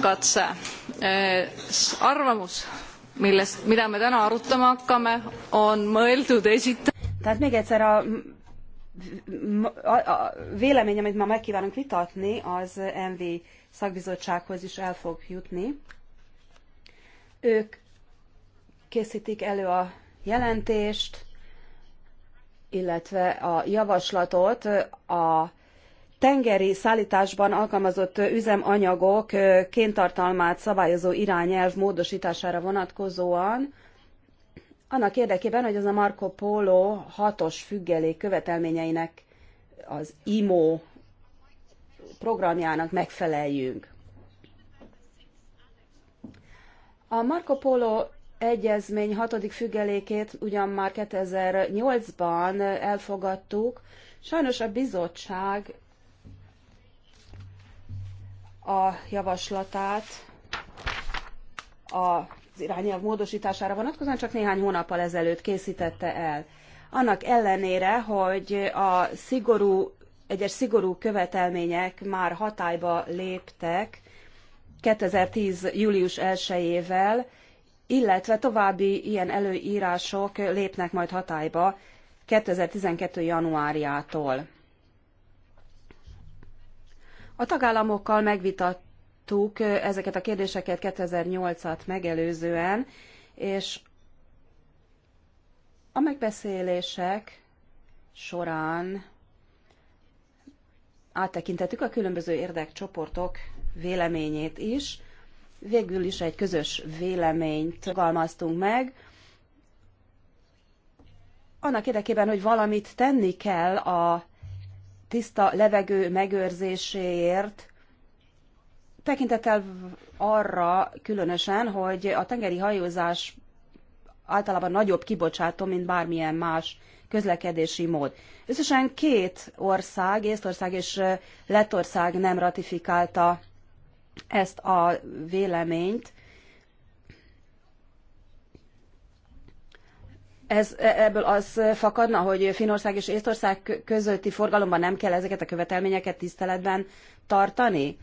katse. Eh, arvamus, millest, mida me täna arutama hakkame, on mõeldud esita-... Tehát még egyszer a, a, a vélemény, amit ma megkívánunk vitatni, az MV szakbizottsághoz is el fog jutni. Ők készítik elő a jelentést, illetve a javaslatot a tengeri szállításban alkalmazott üzemanyagok kéntartalmát szabályozó irányelv módosítására vonatkozóan, annak érdekében, hogy az a Marco Polo hatos függelék követelményeinek az IMO programjának megfeleljünk. A Marco Polo egyezmény hatodik függelékét ugyan már 2008-ban elfogadtuk, sajnos a bizottság a javaslatát az irányelv módosítására vonatkozóan csak néhány hónappal ezelőtt készítette el. Annak ellenére, hogy a szigorú, egyes szigorú követelmények már hatályba léptek 2010. július 1-ével, illetve további ilyen előírások lépnek majd hatályba 2012. januárjától. A tagállamokkal megvitattuk ezeket a kérdéseket 2008-at megelőzően, és a megbeszélések során áttekintettük a különböző érdekcsoportok véleményét is. Végül is egy közös véleményt fogalmaztunk meg, annak érdekében, hogy valamit tenni kell a tiszta levegő megőrzéséért, tekintettel arra különösen, hogy a tengeri hajózás általában nagyobb kibocsátó, mint bármilyen más közlekedési mód. Összesen két ország, Észtország és Lettország nem ratifikálta ezt a véleményt, ez, e, ebből az fakadna, hogy Finország és Észtország közötti forgalomban nem kell ezeket a követelményeket tiszteletben tartani?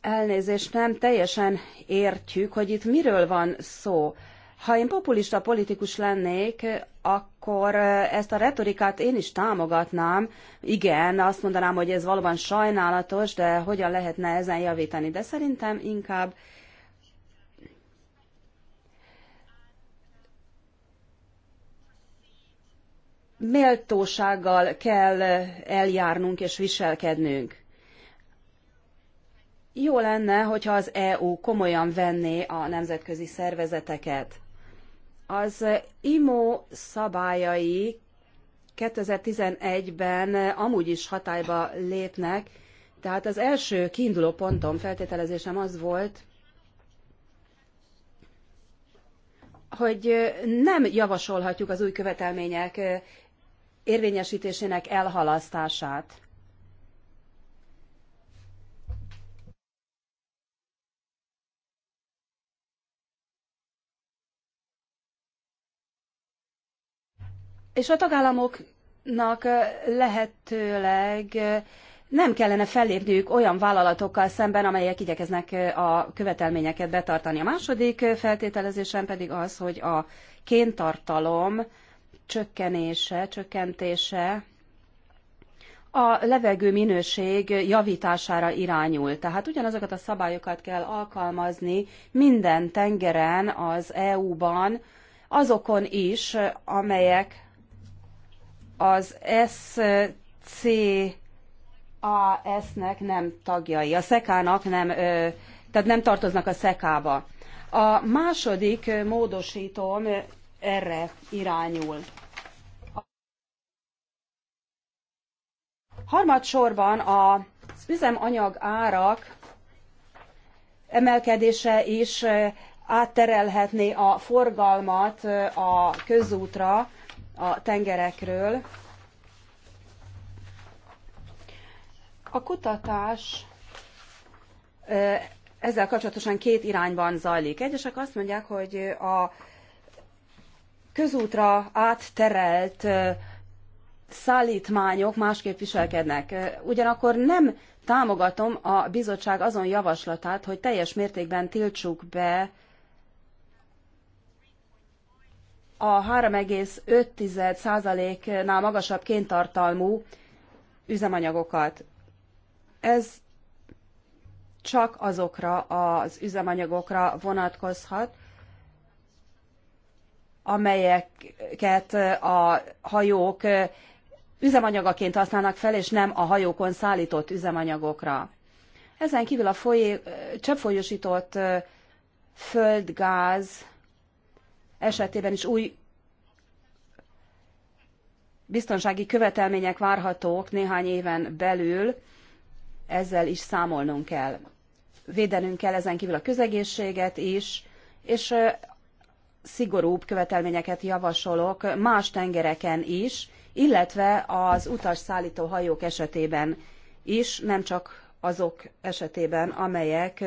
Elnézést, nem teljesen értjük, hogy itt miről van szó. Ha én populista politikus lennék, akkor e, ezt a retorikát én is támogatnám. Igen, azt mondanám, hogy ez valóban sajnálatos, de hogyan lehetne ezen javítani. De szerintem inkább méltósággal kell eljárnunk és viselkednünk. Jó lenne, hogyha az EU komolyan venné a nemzetközi szervezeteket. Az IMO szabályai 2011-ben amúgy is hatályba lépnek, tehát az első kiinduló pontom, feltételezésem az volt, hogy nem javasolhatjuk az új követelmények érvényesítésének elhalasztását. És a tagállamoknak lehetőleg nem kellene fellépniük olyan vállalatokkal szemben, amelyek igyekeznek a követelményeket betartani. A második feltételezésem pedig az, hogy a kéntartalom csökkenése, csökkentése a levegő minőség javítására irányul. Tehát ugyanazokat a szabályokat kell alkalmazni minden tengeren az EU-ban, azokon is, amelyek az SCAS-nek nem tagjai, a szekának nem, tehát nem tartoznak a szekába. A második módosítom erre irányul. Harmadsorban az üzemanyag árak emelkedése is eh, átterelhetné a forgalmat eh, a közútra a tengerekről. A kutatás eh, ezzel kapcsolatosan két irányban zajlik. Egyesek azt mondják, hogy a közútra átterelt szállítmányok másképp viselkednek. Ugyanakkor nem támogatom a bizottság azon javaslatát, hogy teljes mértékben tiltsuk be a 3,5%-nál magasabb kéntartalmú üzemanyagokat. Ez csak azokra az üzemanyagokra vonatkozhat, amelyeket a hajók üzemanyagaként használnak fel, és nem a hajókon szállított üzemanyagokra. Ezen kívül a folyé, cseppfolyósított földgáz esetében is új biztonsági követelmények várhatók néhány éven belül, ezzel is számolnunk kell. Védenünk kell ezen kívül a közegészséget is, és szigorúbb követelményeket javasolok más tengereken is, illetve az utasszállító hajók esetében is, nem csak azok esetében, amelyek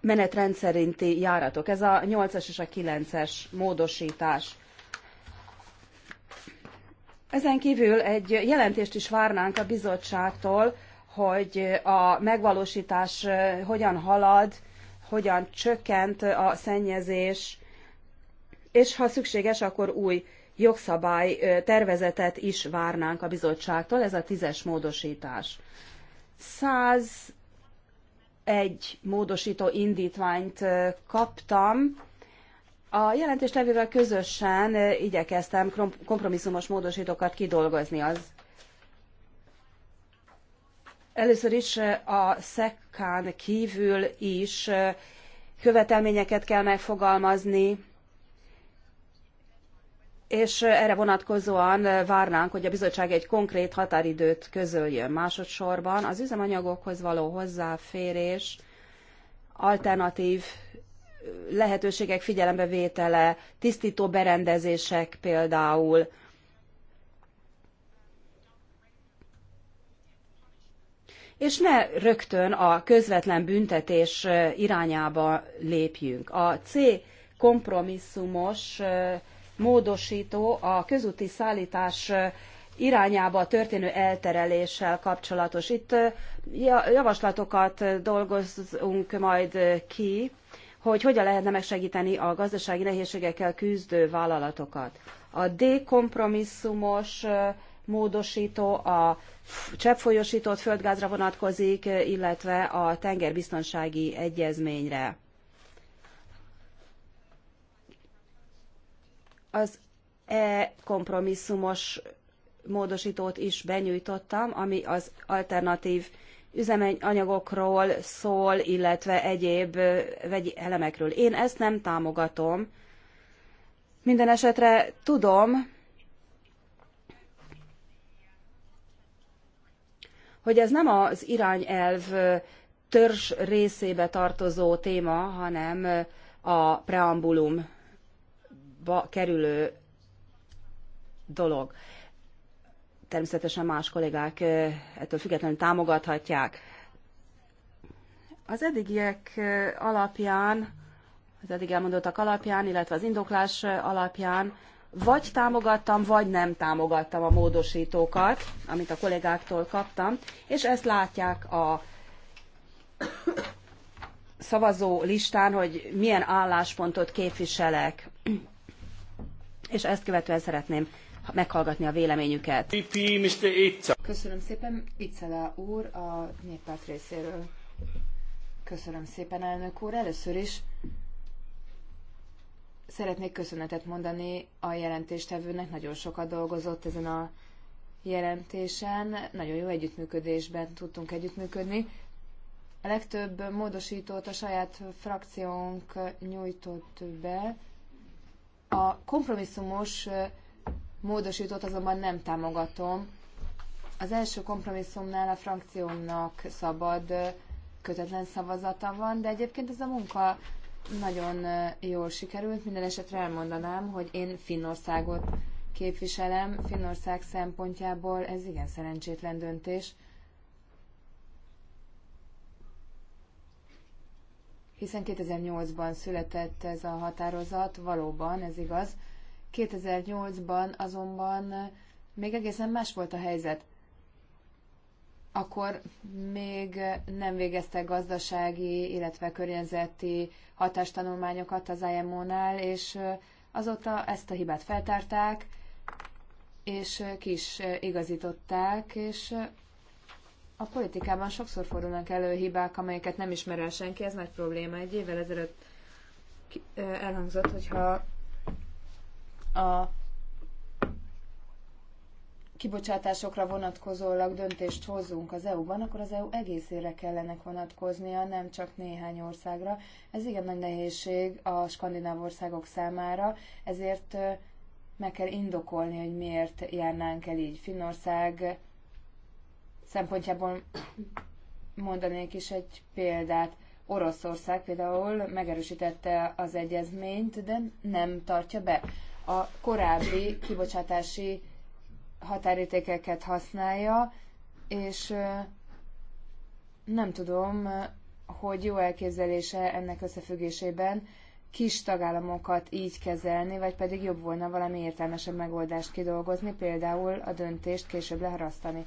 menetrend szerinti járatok. Ez a 8-as és a 9-es módosítás. Ezen kívül egy jelentést is várnánk a bizottságtól, hogy a megvalósítás hogyan halad, hogyan csökkent a szennyezés, és ha szükséges, akkor új jogszabály tervezetet is várnánk a bizottságtól, ez a tízes módosítás. 101 módosító indítványt kaptam, a jelentéstevővel közösen igyekeztem kompromisszumos módosítókat kidolgozni. Az Először is eh, a szekkán kívül is eh, követelményeket kell megfogalmazni, és eh, erre vonatkozóan várnánk, hogy a bizottság egy konkrét határidőt közöljön. Másodszorban az üzemanyagokhoz való hozzáférés, alternatív lehetőségek figyelembevétele, tisztító berendezések például, és ne rögtön a közvetlen büntetés irányába lépjünk. A C kompromisszumos módosító a közúti szállítás irányába történő eltereléssel kapcsolatos. Itt javaslatokat dolgozunk majd ki, hogy hogyan lehetne megsegíteni a gazdasági nehézségekkel küzdő vállalatokat. A D kompromisszumos módosító a cseppfolyósított földgázra vonatkozik, illetve a tengerbiztonsági egyezményre. Az e kompromisszumos módosítót is benyújtottam, ami az alternatív üzemanyagokról szól, illetve egyéb vegyi elemekről. Én ezt nem támogatom. Minden esetre tudom, hogy ez nem az irányelv törzs részébe tartozó téma, hanem a preambulumba kerülő dolog. Természetesen más kollégák ettől függetlenül támogathatják. Az eddigiek alapján, az eddig elmondottak alapján, illetve az indoklás alapján vagy támogattam, vagy nem támogattam a módosítókat, amit a kollégáktól kaptam, és ezt látják a szavazó listán, hogy milyen álláspontot képviselek, és ezt követően szeretném meghallgatni a véleményüket. Köszönöm szépen, Icela úr a néppárt részéről. Köszönöm szépen, elnök úr. Először is Szeretnék köszönetet mondani a jelentéstevőnek, nagyon sokat dolgozott ezen a jelentésen, nagyon jó együttműködésben tudtunk együttműködni. A legtöbb módosítót a saját frakciónk nyújtott be. A kompromisszumos módosítót azonban nem támogatom. Az első kompromisszumnál a frakciónak szabad kötetlen szavazata van, de egyébként ez a munka nagyon jól sikerült. Minden esetre elmondanám, hogy én Finnországot képviselem. Finnország szempontjából ez igen szerencsétlen döntés. Hiszen 2008-ban született ez a határozat, valóban, ez igaz. 2008-ban azonban még egészen más volt a helyzet akkor még nem végeztek gazdasági, illetve környezeti hatástanulmányokat az IMO-nál, és azóta ezt a hibát feltárták, és ki is igazították, és a politikában sokszor fordulnak elő hibák, amelyeket nem ismer el senki, ez nagy probléma. Egy évvel ezelőtt elhangzott, hogyha a kibocsátásokra vonatkozólag döntést hozzunk az EU-ban, akkor az EU egészére kellene vonatkoznia, nem csak néhány országra. Ez igen nagy nehézség a skandináv országok számára, ezért meg kell indokolni, hogy miért járnánk el így. Finnország szempontjából mondanék is egy példát. Oroszország például megerősítette az egyezményt, de nem tartja be. A korábbi kibocsátási határértékeket használja, és nem tudom, hogy jó elképzelése ennek összefüggésében kis tagállamokat így kezelni, vagy pedig jobb volna valami értelmesebb megoldást kidolgozni, például a döntést később leharasztani.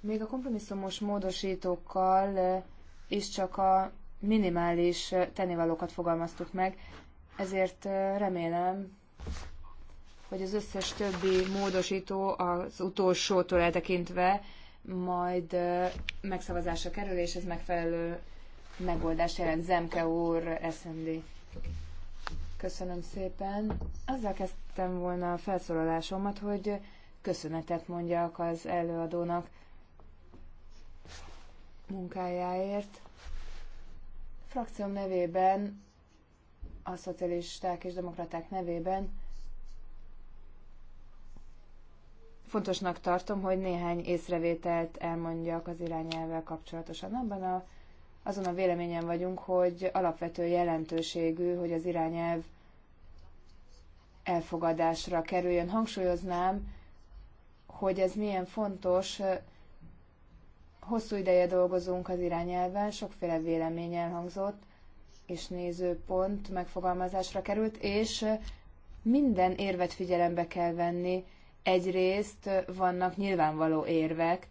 Még a kompromisszumos módosítókkal is csak a minimális tenivalókat fogalmaztuk meg, ezért remélem, hogy az összes többi módosító az utolsótól eltekintve majd megszavazásra kerül, és ez megfelelő megoldást jelent. Zemke úr, SND. Köszönöm szépen. Azzal kezdtem volna a felszólalásomat, hogy köszönetet mondjak az előadónak munkájáért. Frakcióm nevében, a szocialisták és demokraták nevében Fontosnak tartom, hogy néhány észrevételt elmondjak az irányelvvel kapcsolatosan. Abban a, azon a véleményen vagyunk, hogy alapvető jelentőségű, hogy az irányelv elfogadásra kerüljön. Hangsúlyoznám, hogy ez milyen fontos, hosszú ideje dolgozunk az irányelven, sokféle vélemény elhangzott, és nézőpont megfogalmazásra került, és minden érvet figyelembe kell venni, Egyrészt vannak nyilvánvaló érvek,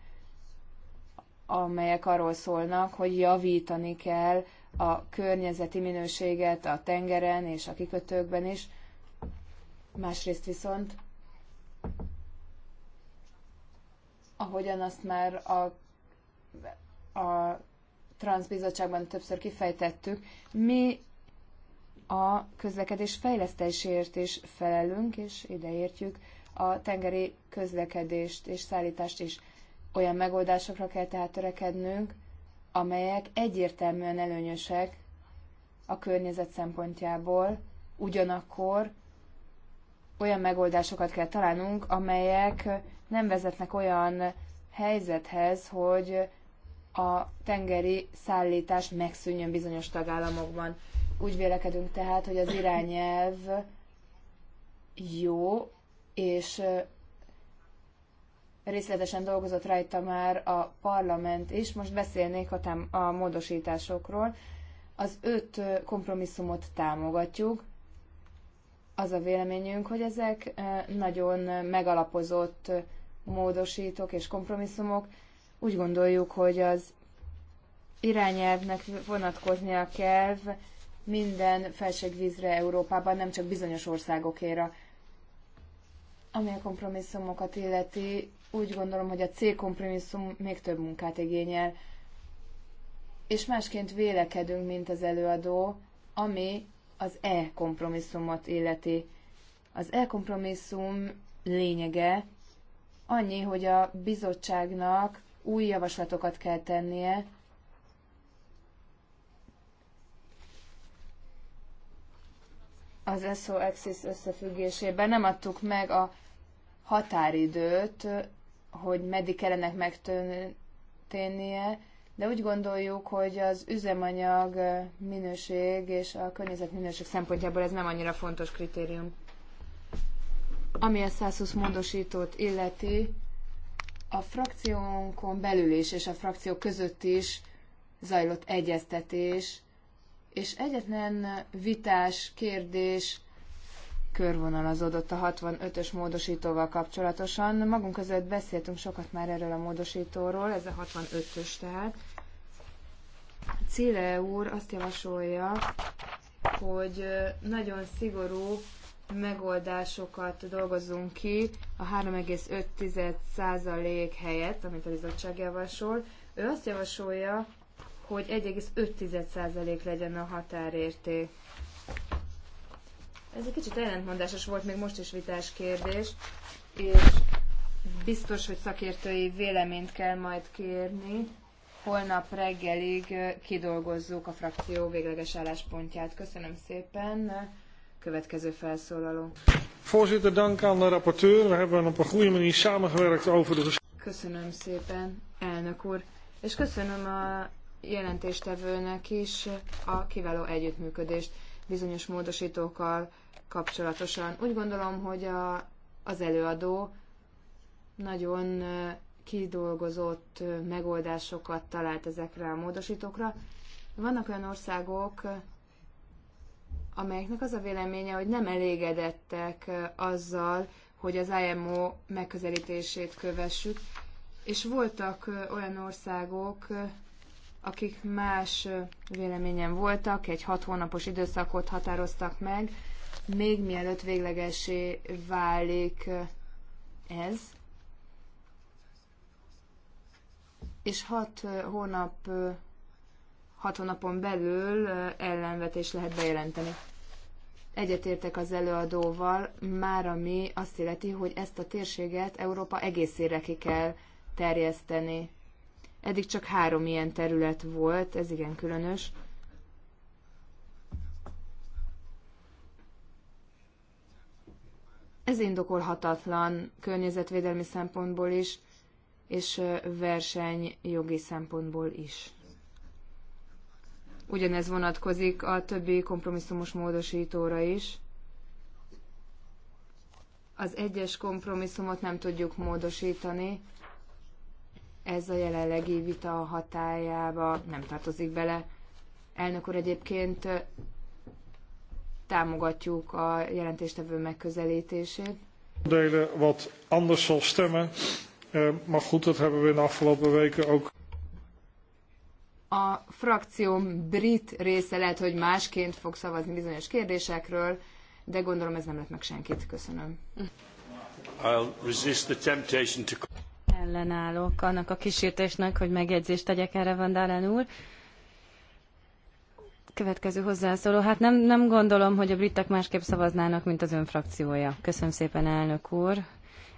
amelyek arról szólnak, hogy javítani kell a környezeti minőséget a tengeren és a kikötőkben is. Másrészt viszont, ahogyan azt már a, a Transzbizottságban többször kifejtettük, mi a közlekedés fejlesztésért is felelünk, és ideértjük a tengeri közlekedést és szállítást is. Olyan megoldásokra kell tehát törekednünk, amelyek egyértelműen előnyösek a környezet szempontjából, ugyanakkor olyan megoldásokat kell találnunk, amelyek nem vezetnek olyan helyzethez, hogy a tengeri szállítás megszűnjön bizonyos tagállamokban. Úgy vélekedünk tehát, hogy az irányelv jó, és részletesen dolgozott rajta már a parlament is. Most beszélnék a, tám- a módosításokról. Az öt kompromisszumot támogatjuk. Az a véleményünk, hogy ezek nagyon megalapozott módosítók és kompromisszumok. Úgy gondoljuk, hogy az irányelvnek vonatkoznia kell minden felségvízre Európában, nem csak bizonyos országokéra. Ami a kompromisszumokat illeti, úgy gondolom, hogy a C kompromisszum még több munkát igényel, és másként vélekedünk, mint az előadó, ami az E kompromisszumot illeti. Az E kompromisszum lényege annyi, hogy a bizottságnak új javaslatokat kell tennie, az SO Axis összefüggésében nem adtuk meg a határidőt, hogy meddig kellene megtörténnie, de úgy gondoljuk, hogy az üzemanyag minőség és a környezet minőség szempontjából ez nem annyira fontos kritérium. Ami a 120 módosítót illeti, a frakciónkon belül is és a frakció között is zajlott egyeztetés és egyetlen vitás kérdés körvonalazódott a 65-ös módosítóval kapcsolatosan. Magunk között beszéltünk sokat már erről a módosítóról, ez a 65-ös tehát. Cile úr azt javasolja, hogy nagyon szigorú megoldásokat dolgozunk ki a 3,5% helyett, amit a bizottság javasol. Ő azt javasolja, hogy 1,5% legyen a határérték. Ez egy kicsit ellentmondásos volt, még most is vitás kérdés, és biztos, hogy szakértői véleményt kell majd kérni. Holnap reggelig kidolgozzuk a frakció végleges álláspontját. Köszönöm szépen. Következő felszólaló. Voorzitter, dank aan de rapporteur. We hebben op een goede manier samengewerkt over de... Köszönöm szépen, elnök úr. És köszönöm a jelentéstevőnek is a kiváló együttműködést bizonyos módosítókkal kapcsolatosan. Úgy gondolom, hogy a, az előadó nagyon kidolgozott megoldásokat talált ezekre a módosítókra. Vannak olyan országok, amelyeknek az a véleménye, hogy nem elégedettek azzal, hogy az IMO megközelítését kövessük, és voltak olyan országok, akik más véleményen voltak, egy hat hónapos időszakot határoztak meg, még mielőtt véglegesé válik ez. És hat hónap, hat hónapon belül ellenvetés lehet bejelenteni. Egyetértek az előadóval, már ami azt illeti, hogy ezt a térséget Európa egészére ki kell terjeszteni Eddig csak három ilyen terület volt, ez igen különös. Ez indokolhatatlan környezetvédelmi szempontból is, és versenyjogi szempontból is. Ugyanez vonatkozik a többi kompromisszumos módosítóra is. Az egyes kompromisszumot nem tudjuk módosítani, ez a jelenlegi vita hatájába nem tartozik bele. Elnök úr, egyébként támogatjuk a jelentéstevő megközelítését. Delen wat anders zal stemmen, eh, maar goed, dat hebben we in de afgelopen weken ook. A frakció brit része lehet, hogy másként fog szavazni bizonyos kérdésekről, de gondolom ez nem lett meg senkit. Köszönöm. I'll resist the temptation to ellenállok annak a kísértésnek, hogy megjegyzést tegyek erre Vandalen úr. Következő hozzászóló. Hát nem, nem gondolom, hogy a britek másképp szavaznának, mint az ön frakciója. Köszönöm szépen, elnök úr.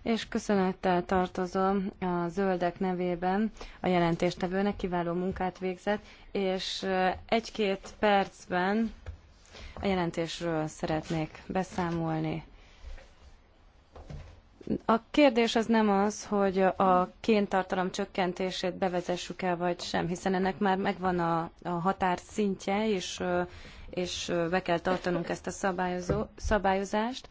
És köszönettel tartozom a zöldek nevében a jelentéstevőnek, kiváló munkát végzett, és eh, egy-két percben a jelentésről szeretnék beszámolni. A kérdés az nem az, hogy a kéntartalom csökkentését bevezessük e vagy sem, hiszen ennek már megvan a, a határ szintje, és, és be kell tartanunk ezt a szabályozó, szabályozást.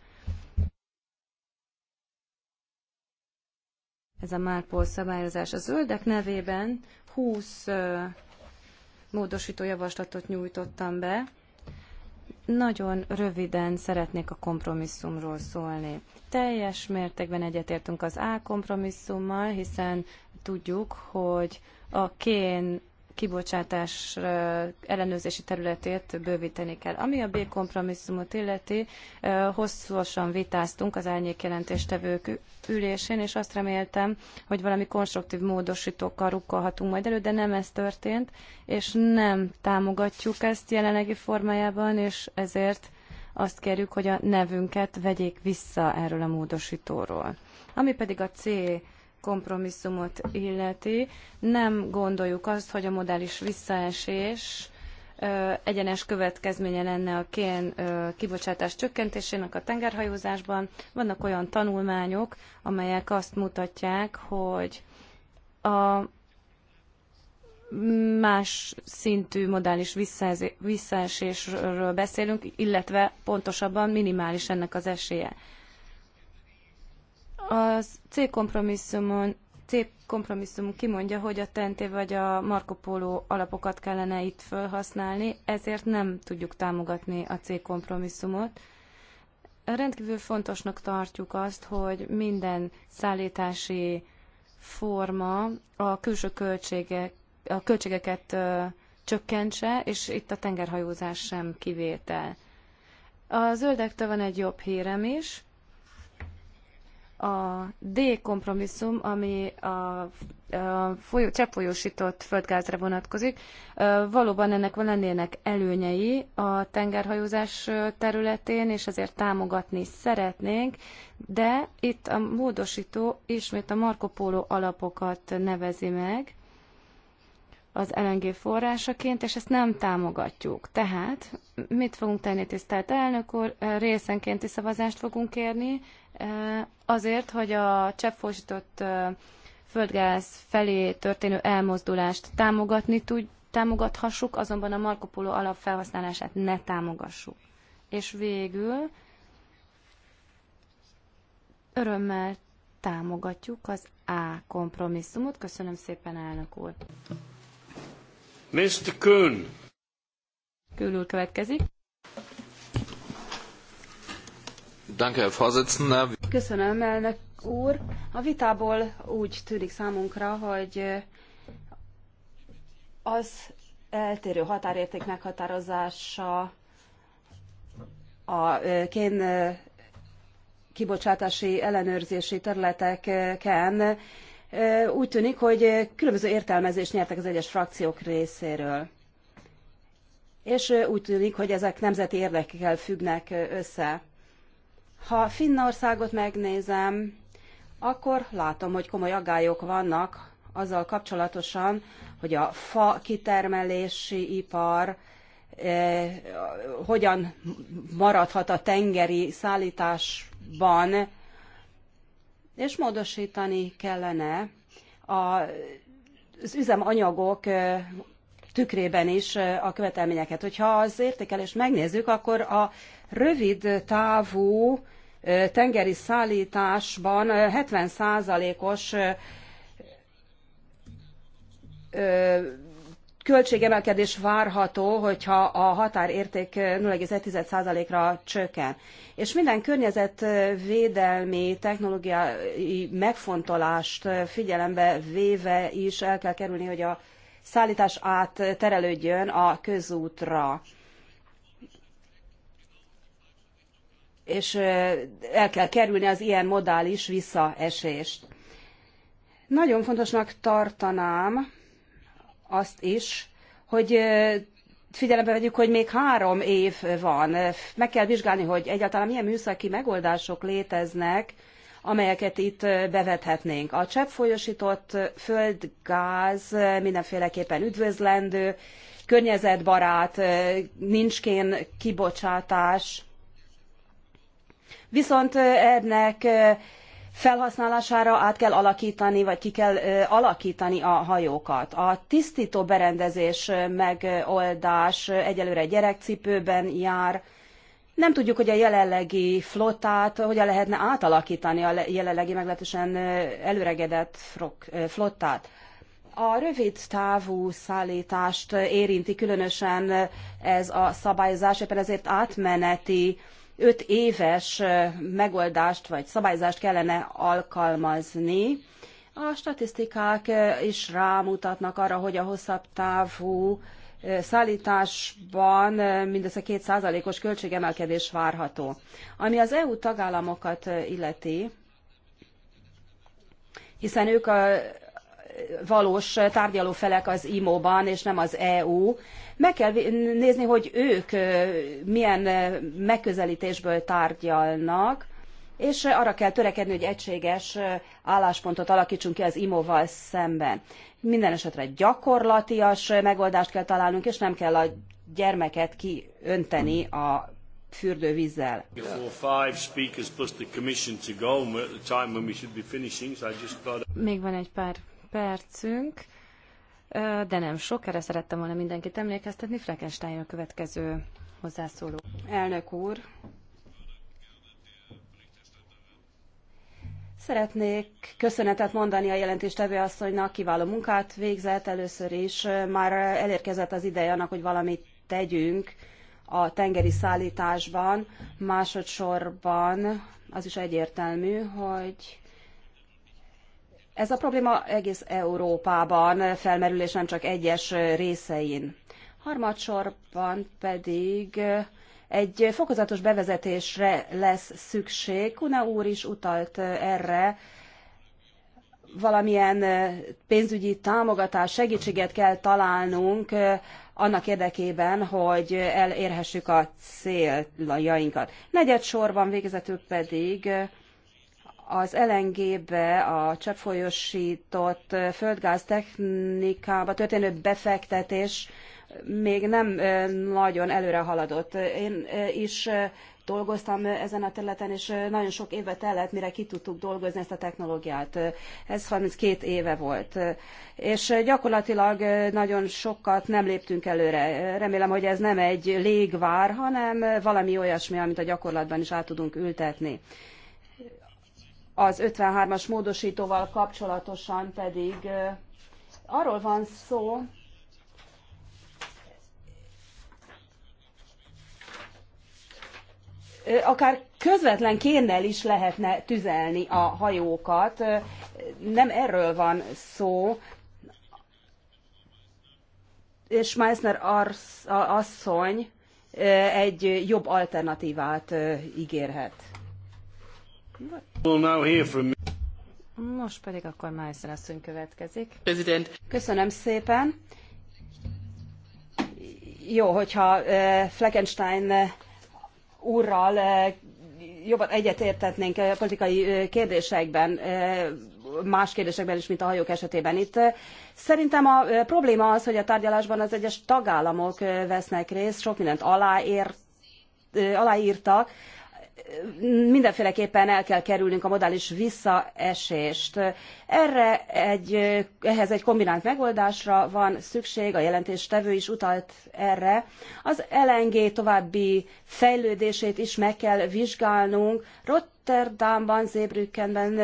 Ez a Márpol szabályozás. A zöldek nevében 20 módosító javaslatot nyújtottam be. Nagyon röviden szeretnék a kompromisszumról szólni. Teljes mértékben egyetértünk az A kompromisszummal, hiszen tudjuk, hogy a kén kibocsátás ellenőrzési területét bővíteni kell. Ami a B kompromisszumot illeti, hosszúosan vitáztunk az árnyékjelentéstevők ülésén, és azt reméltem, hogy valami konstruktív módosítókkal rukkolhatunk majd elő, de nem ez történt, és nem támogatjuk ezt jelenlegi formájában, és ezért azt kérjük, hogy a nevünket vegyék vissza erről a módosítóról. Ami pedig a C kompromisszumot illeti, nem gondoljuk azt, hogy a modális visszaesés egyenes következménye lenne a kén kibocsátás csökkentésének a tengerhajózásban. Vannak olyan tanulmányok, amelyek azt mutatják, hogy a más szintű modális visszaesésről beszélünk, illetve pontosabban minimális ennek az esélye. A C kompromisszumon C kompromisszum kimondja, hogy a TNT vagy a Marco Polo alapokat kellene itt felhasználni, ezért nem tudjuk támogatni a C kompromisszumot. Rendkívül fontosnak tartjuk azt, hogy minden szállítási forma a külső költségek a költségeket csökkentse, és itt a tengerhajózás sem kivétel. A zöldektől van egy jobb hírem is. A D kompromisszum, ami a, a folyó, cseppfolyósított földgázra vonatkozik, valóban ennek lennének előnyei a tengerhajózás területén, és ezért támogatni szeretnénk, de itt a módosító ismét a Marco Polo alapokat nevezi meg, az LNG forrásaként, és ezt nem támogatjuk. Tehát mit fogunk tenni, tisztelt elnök úr? Részenkénti szavazást fogunk kérni azért, hogy a cseppfósított földgáz felé történő elmozdulást támogatni tud, támogathassuk, azonban a Marco Polo alap felhasználását ne támogassuk. És végül örömmel támogatjuk az A kompromisszumot. Köszönöm szépen, elnök úr! Mr. Kuhn. Kuhn úr következik. Danke, Herr Vorsitzender. Köszönöm, elnök úr. A vitából úgy tűnik számunkra, hogy az eltérő határérték meghatározása a kén kibocsátási ellenőrzési területeken úgy tűnik, hogy különböző értelmezést nyertek az egyes frakciók részéről. És úgy tűnik, hogy ezek nemzeti érdekekkel függnek össze. Ha Finnországot megnézem, akkor látom, hogy komoly aggályok vannak azzal kapcsolatosan, hogy a fa kitermelési ipar eh, hogyan maradhat a tengeri szállításban, és módosítani kellene a, az üzemanyagok tükrében is a követelményeket. Hogyha az értékelést megnézzük, akkor a rövid távú tengeri szállításban 70%-os költségemelkedés várható, hogyha a határérték 0,1%-ra csökken. És minden környezetvédelmi technológiai megfontolást figyelembe véve is el kell kerülni, hogy a szállítás átterelődjön a közútra. És el kell kerülni az ilyen modális visszaesést. Nagyon fontosnak tartanám, azt is, hogy figyelembe vegyük, hogy még három év van. Meg kell vizsgálni, hogy egyáltalán milyen műszaki megoldások léteznek, amelyeket itt bevethetnénk. A cseppfolyósított földgáz mindenféleképpen üdvözlendő, környezetbarát, nincskén kibocsátás. Viszont ennek felhasználására át kell alakítani, vagy ki kell alakítani a hajókat. A tisztító berendezés megoldás egyelőre gyerekcipőben jár, nem tudjuk, hogy a jelenlegi flottát hogyan lehetne átalakítani a jelenlegi meglehetősen előregedett flottát. A rövid távú szállítást érinti különösen ez a szabályozás, éppen ezért átmeneti öt éves megoldást vagy szabályzást kellene alkalmazni. A statisztikák is rámutatnak arra, hogy a hosszabb távú szállításban mindössze 2%-os költségemelkedés várható. Ami az EU tagállamokat illeti, hiszen ők a valós tárgyalófelek az IMO-ban, és nem az EU. Meg kell nézni, hogy ők milyen megközelítésből tárgyalnak, és arra kell törekedni, hogy egységes álláspontot alakítsunk ki az imóval szemben. Minden esetre gyakorlatias megoldást kell találnunk, és nem kell a gyermeket kiönteni a fürdővízzel. Még van egy pár percünk de nem sok, erre szerettem volna mindenkit emlékeztetni. Frankenstein a következő hozzászóló. Elnök úr, Szeretnék köszönetet mondani a jelentéstevő asszonynak, kiváló munkát végzett először is. Már elérkezett az ideje annak, hogy valamit tegyünk a tengeri szállításban. Másodszorban az is egyértelmű, hogy ez a probléma egész Európában felmerül, és nem csak egyes részein. Harmadsorban pedig egy fokozatos bevezetésre lesz szükség. Kuna úr is utalt erre, valamilyen pénzügyi támogatás, segítséget kell találnunk eh, annak érdekében, hogy elérhessük a céljainkat. Negyed sorban végezetül pedig eh, az LNG-be, a cseppfolyósított földgáz technikába történő befektetés még nem nagyon előre haladott. Én is dolgoztam ezen a területen, és nagyon sok éve tellett, mire ki tudtuk dolgozni ezt a technológiát. Ez 32 éve volt. És gyakorlatilag nagyon sokat nem léptünk előre. Remélem, hogy ez nem egy légvár, hanem valami olyasmi, amit a gyakorlatban is át tudunk ültetni. Az 53-as módosítóval kapcsolatosan pedig arról van szó, akár közvetlen kénnel is lehetne tüzelni a hajókat. Nem erről van szó. És Meissner asszony egy jobb alternatívát ígérhet. Most pedig akkor Meissner asszony következik. President. Köszönöm szépen. Jó, hogyha Fleckenstein úrral jobban egyetértetnénk a politikai kérdésekben, más kérdésekben is, mint a hajók esetében. Itt szerintem a probléma az, hogy a tárgyalásban az egyes tagállamok vesznek részt, sok mindent aláért, aláírtak, mindenféleképpen el kell kerülnünk a modális visszaesést. Erre egy, ehhez egy kombinált megoldásra van szükség, a jelentéstevő is utalt erre. Az LNG további fejlődését is meg kell vizsgálnunk. Rotterdamban, Zébrükkenben,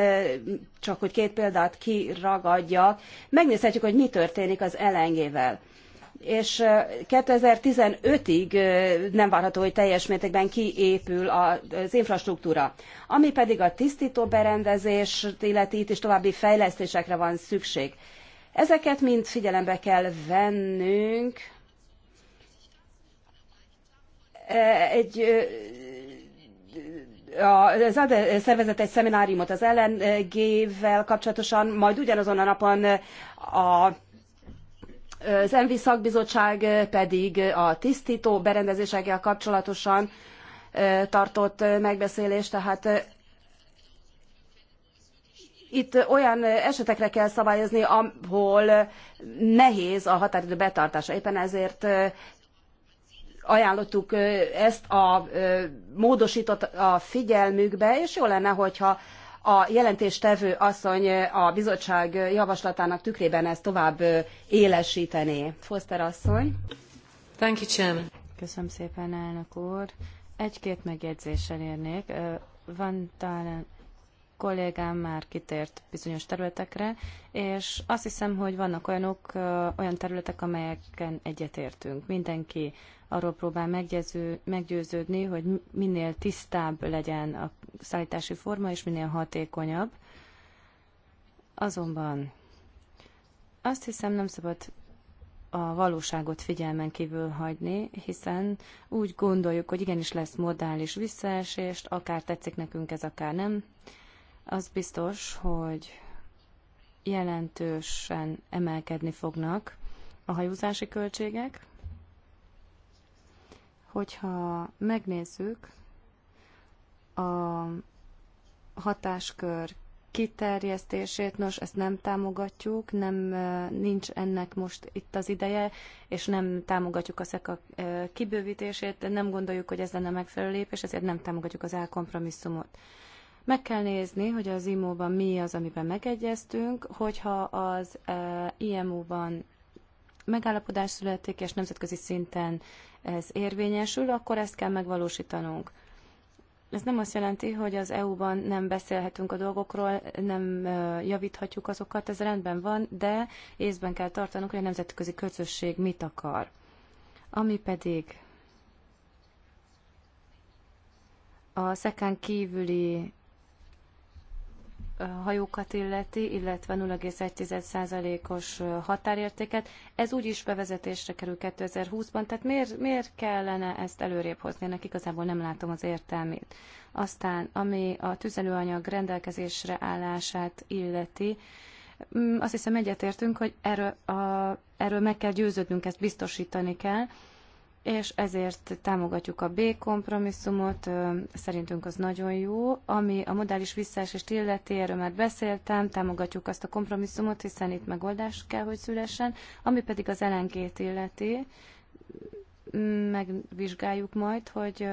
csak hogy két példát kiragadjak, megnézhetjük, hogy mi történik az LNG-vel és 2015-ig nem várható, hogy teljes mértékben kiépül az infrastruktúra. Ami pedig a tisztító berendezést illeti, itt is további fejlesztésekre van szükség. Ezeket mind figyelembe kell vennünk. Egy a ZADE szervezett egy szemináriumot az LNG-vel kapcsolatosan, majd ugyanazon a napon a az ENVI szakbizottság pedig a tisztító berendezésekkel kapcsolatosan tartott megbeszélést, tehát itt olyan esetekre kell szabályozni, ahol nehéz a határidő betartása. Éppen ezért ajánlottuk ezt a módosított a figyelmükbe, és jó lenne, hogyha a jelentéstevő asszony eh, a bizottság javaslatának tükrében ezt tovább eh, élesítené. Foster asszony. Thank you, Chairman. Köszönöm szépen, elnök úr. Egy-két megjegyzéssel érnék. Eh, Van talán kollégám már kitért bizonyos területekre, és azt hiszem, hogy vannak olyanok, olyan területek, amelyeken egyetértünk. Mindenki arról próbál meggyőző, meggyőződni, hogy minél tisztább legyen a szállítási forma, és minél hatékonyabb. Azonban azt hiszem, nem szabad a valóságot figyelmen kívül hagyni, hiszen úgy gondoljuk, hogy igenis lesz modális visszaesést, akár tetszik nekünk ez, akár nem az biztos, hogy jelentősen emelkedni fognak a hajózási költségek. Hogyha megnézzük a hatáskör kiterjesztését, nos, ezt nem támogatjuk, nem nincs ennek most itt az ideje, és nem támogatjuk a szeka kibővítését, nem gondoljuk, hogy ez lenne megfelelő lépés, ezért nem támogatjuk az elkompromisszumot. kompromisszumot. Meg kell nézni, hogy az IMO-ban mi az, amiben megegyeztünk, hogyha az eh, IMO-ban megállapodás születik, és nemzetközi szinten ez érvényesül, akkor ezt kell megvalósítanunk. Ez nem azt jelenti, hogy az EU-ban nem beszélhetünk a dolgokról, nem eh, javíthatjuk azokat, ez rendben van, de észben kell tartanunk, hogy a nemzetközi közösség mit akar. Ami pedig a szekán kívüli hajókat illeti, illetve 0,1%-os határértéket. Ez úgyis bevezetésre kerül 2020-ban, tehát miért, miért kellene ezt előrébb hozni? Ennek igazából nem látom az értelmét. Aztán, ami a tüzelőanyag rendelkezésre állását illeti, mm, azt hiszem egyetértünk, hogy erről, a, erről meg kell győződnünk, ezt biztosítani kell és ezért támogatjuk a B kompromisszumot, szerintünk az nagyon jó. Ami a modális visszaesést illeti, erről már beszéltem, támogatjuk azt a kompromisszumot, hiszen itt megoldás kell, hogy szülessen. Ami pedig az elengét illeti, megvizsgáljuk majd, hogy,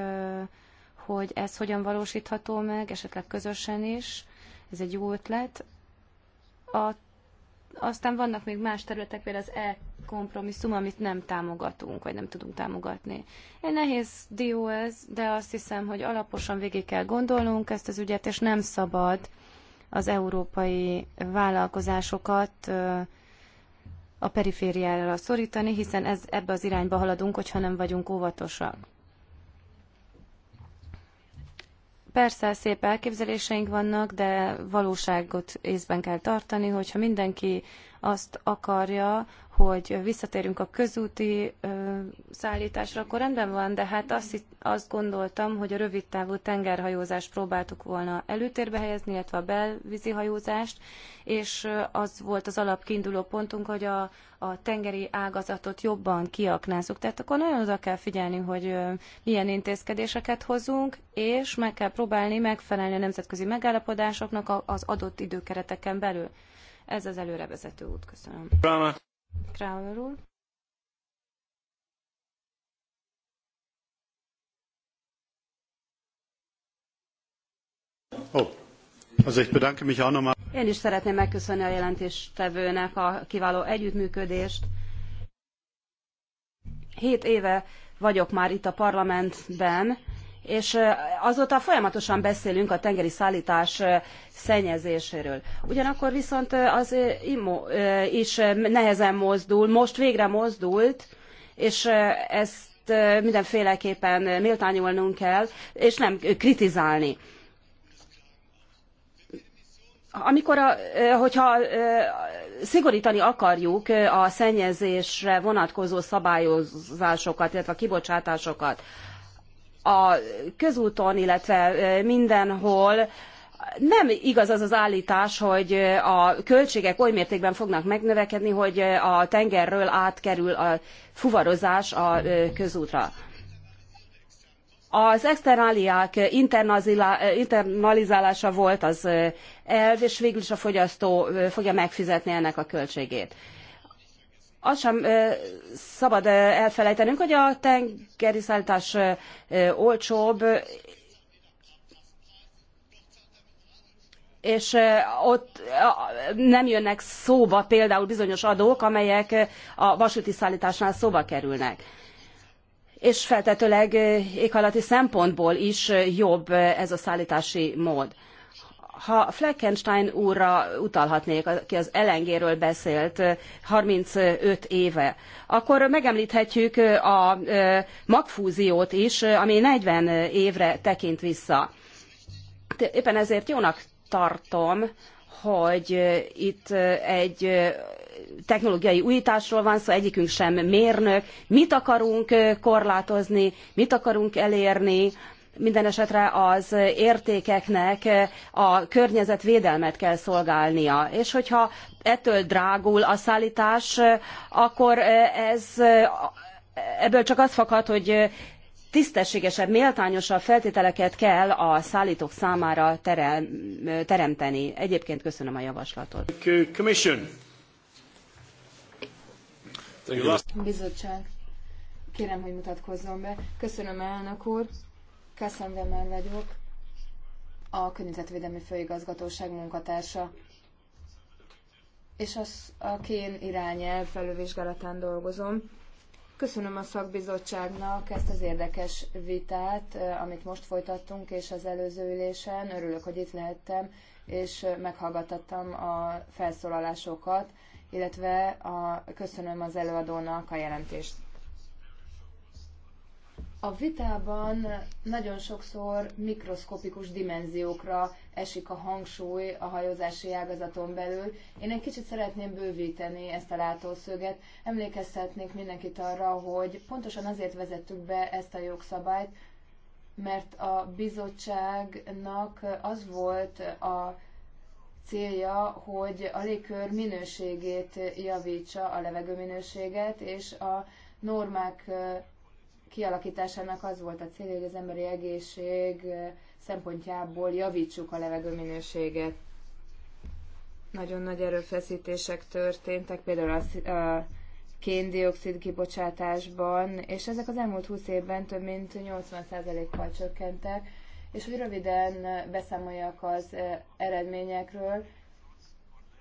hogy ez hogyan valósítható meg, esetleg közösen is. Ez egy jó ötlet. A aztán vannak még más területek, például az e kompromisszum, amit nem támogatunk, vagy nem tudunk támogatni. Egy nehéz dió ez, de azt hiszem, hogy alaposan végig kell gondolnunk ezt az ügyet, és nem szabad az európai vállalkozásokat a perifériára szorítani, hiszen ez, ebbe az irányba haladunk, hogyha nem vagyunk óvatosak. Persze szép elképzeléseink vannak, de valóságot észben kell tartani, hogyha mindenki azt akarja, hogy visszatérünk a közúti ö, szállításra, akkor rendben van, de hát azt, azt gondoltam, hogy a rövid távú tengerhajózást próbáltuk volna előtérbe helyezni, illetve a belvízi hajózást, és az volt az alap kiinduló pontunk, hogy a, a tengeri ágazatot jobban kiaknázzuk. Tehát akkor nagyon oda kell figyelni, hogy milyen intézkedéseket hozunk, és meg kell próbálni megfelelni a nemzetközi megállapodásoknak az adott időkereteken belül. Ez az előrevezető út. Köszönöm. Kramer úr. Oh. Also ich bedanke mich auch nochmal. Én is szeretném megköszönni a jelentéstevőnek a kiváló együttműködést. Hét éve vagyok már itt a parlamentben, és azóta folyamatosan beszélünk a tengeri szállítás szennyezéséről. Ugyanakkor viszont az IMO is nehezen mozdul, most végre mozdult, és ezt mindenféleképpen méltányolnunk kell, és nem kritizálni. Amikor, a, hogyha szigorítani akarjuk a szennyezésre vonatkozó szabályozásokat, illetve a kibocsátásokat, a közúton, illetve mindenhol nem igaz az az állítás, hogy a költségek oly mértékben fognak megnövekedni, hogy a tengerről átkerül a fuvarozás a közútra. Az externáliák internalizálása volt az elv, és végül is a fogyasztó fogja megfizetni ennek a költségét azt sem szabad elfelejtenünk, hogy a tengeri szállítás olcsóbb, és ott nem jönnek szóba például bizonyos adók, amelyek a vasúti szállításnál szóba kerülnek. És feltetőleg éghajlati szempontból is jobb ez a szállítási mód. Ha Fleckenstein úrra utalhatnék, aki az elengéről beszélt 35 éve, akkor megemlíthetjük a magfúziót is, ami 40 évre tekint vissza. Éppen ezért jónak tartom, hogy itt egy technológiai újításról van szó, egyikünk sem mérnök, mit akarunk korlátozni, mit akarunk elérni, minden esetre az értékeknek a környezetvédelmet kell szolgálnia, és hogyha ettől drágul a szállítás, akkor ez ebből csak az fakad, hogy tisztességesebb, méltányosabb feltételeket kell a szállítók számára teremteni. Egyébként köszönöm a javaslatot. Commission. Bizottság, kérem, hogy mutatkozzon be. Köszönöm, elnök úr. Kasszandemán vagyok, a Környezetvédelmi Főigazgatóság munkatársa, és az, a kén irányelv felülvizsgálatán dolgozom. Köszönöm a szakbizottságnak ezt az érdekes vitát, eh, amit most folytattunk, és az előző ülésen. Örülök, hogy itt lehettem, és meghallgattam a felszólalásokat, illetve a, köszönöm az előadónak a jelentést. A vitában nagyon sokszor mikroszkopikus dimenziókra esik a hangsúly a hajózási ágazaton belül. Én egy kicsit szeretném bővíteni ezt a látószöget. Emlékeztetnék mindenkit arra, hogy pontosan azért vezettük be ezt a jogszabályt, mert a bizottságnak az volt a célja, hogy a légkör minőségét javítsa, a levegő minőséget, és a normák kialakításának az volt a célja, hogy az emberi egészség eh, szempontjából javítsuk a levegőminőséget. Nagyon nagy erőfeszítések történtek, például a kén kén-dioxid kibocsátásban, és ezek az elmúlt 20 évben több mint 80%-kal csökkentek, és hogy röviden eh, beszámoljak az eh, eredményekről,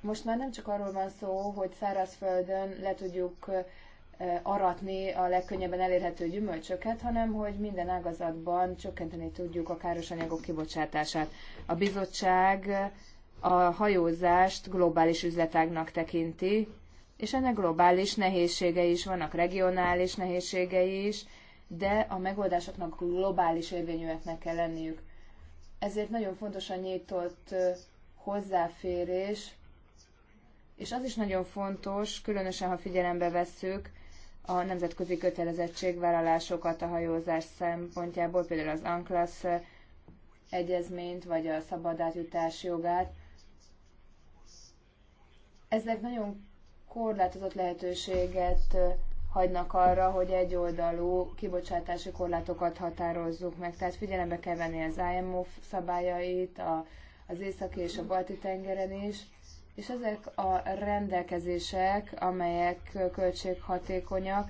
most már nem csak arról van szó, hogy szárazföldön le tudjuk aratni a legkönnyebben elérhető gyümölcsöket, hanem hogy minden ágazatban csökkenteni tudjuk a káros anyagok kibocsátását. A bizottság a hajózást globális üzletágnak tekinti, és ennek globális nehézségei is vannak, regionális nehézségei is, de a megoldásoknak globális érvényűeknek kell lenniük. Ezért nagyon fontos a nyitott hozzáférés, és az is nagyon fontos, különösen ha figyelembe vesszük a nemzetközi kötelezettségvállalásokat a hajózás szempontjából, például az ANCLAS egyezményt, vagy a szabad átjutás jogát. Ezek nagyon korlátozott lehetőséget hagynak arra, hogy egyoldalú kibocsátási korlátokat határozzuk meg. Tehát figyelembe kell venni az IMO szabályait, a, az északi és a balti tengeren is, és ezek a rendelkezések, amelyek költséghatékonyak,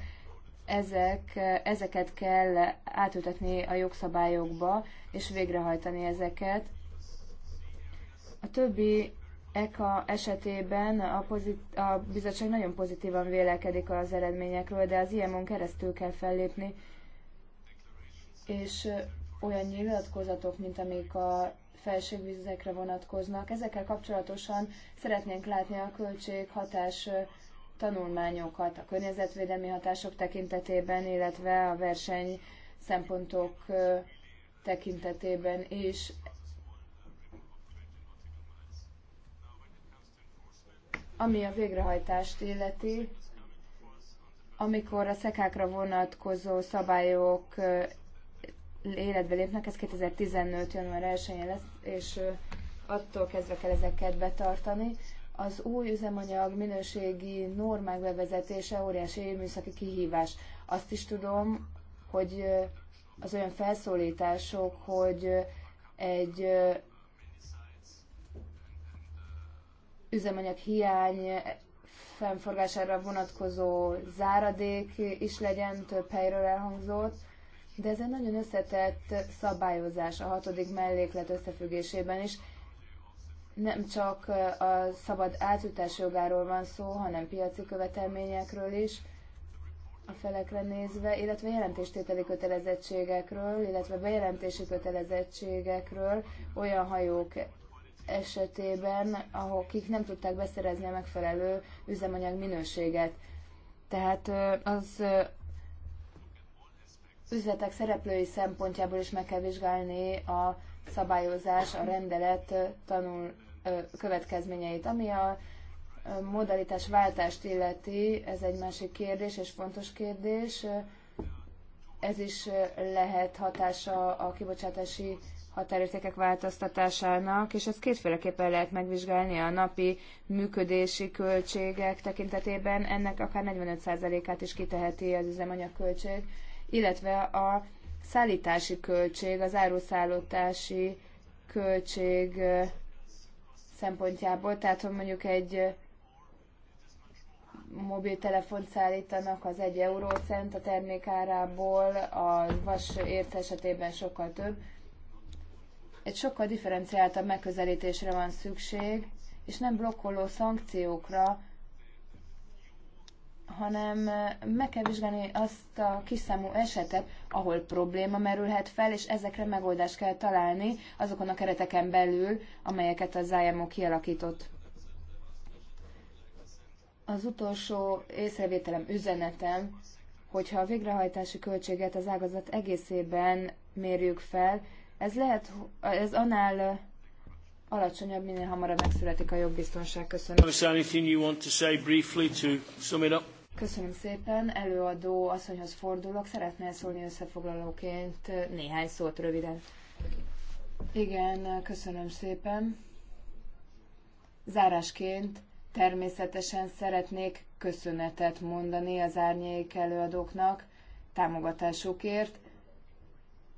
ezek, ezeket kell átültetni a jogszabályokba, és végrehajtani ezeket. A többi ECA esetében a, pozit- a bizottság nagyon pozitívan vélekedik az eredményekről, de az IMO-n keresztül kell fellépni, és olyan nyilatkozatok, mint amik a felségvizekre vonatkoznak. Ezekkel kapcsolatosan szeretnénk látni a költség-hatás tanulmányokat a környezetvédelmi hatások tekintetében, illetve a verseny szempontok tekintetében is. Ami a végrehajtást illeti, amikor a szekákra vonatkozó szabályok életbe lépnek, ez 2015. január 1 lesz, és attól kezdve kell ezeket betartani. Az új üzemanyag minőségi normák bevezetése óriási műszaki kihívás. Azt is tudom, hogy az olyan felszólítások, hogy egy üzemanyag hiány fennforgására vonatkozó záradék is legyen, több helyről elhangzott, de ez egy nagyon összetett szabályozás a hatodik melléklet összefüggésében is. Nem csak a szabad átjutás jogáról van szó, hanem piaci követelményekről is a felekre nézve, illetve jelentéstételi kötelezettségekről, illetve bejelentési kötelezettségekről olyan hajók esetében, ahol kik nem tudták beszerezni a megfelelő üzemanyag minőséget. Tehát az üzletek szereplői szempontjából is meg kell vizsgálni a szabályozás, a rendelet tanul következményeit. Ami a modalitás váltást illeti, ez egy másik kérdés és fontos kérdés. Ez is lehet hatása a kibocsátási határértékek változtatásának, és ezt kétféleképpen lehet megvizsgálni a napi működési költségek tekintetében. Ennek akár 45%-át is kiteheti az üzemanyagköltség. költség illetve a szállítási költség, az áruszállítási költség szempontjából, tehát hogy mondjuk egy mobiltelefont szállítanak, az egy eurócent a termék árából, a vas ért esetében sokkal több. Egy sokkal differenciáltabb megközelítésre van szükség, és nem blokkoló szankciókra, hanem meg kell vizsgálni azt a kiszámú esetet, ahol probléma merülhet fel, és ezekre megoldást kell találni azokon a kereteken belül, amelyeket az IMO kialakított. Az utolsó észrevételem, üzenetem, hogyha a végrehajtási költséget az ágazat egészében mérjük fel, ez lehet, ez annál alacsonyabb, minél hamarabb megszületik a jogbiztonság. Köszönöm. Anything you want to say briefly to sum it up? Köszönöm szépen. Előadó asszonyhoz fordulok. Szeretnél szólni összefoglalóként néhány szót röviden? Igen, köszönöm szépen. Zárásként természetesen szeretnék köszönetet mondani az árnyék előadóknak támogatásukért,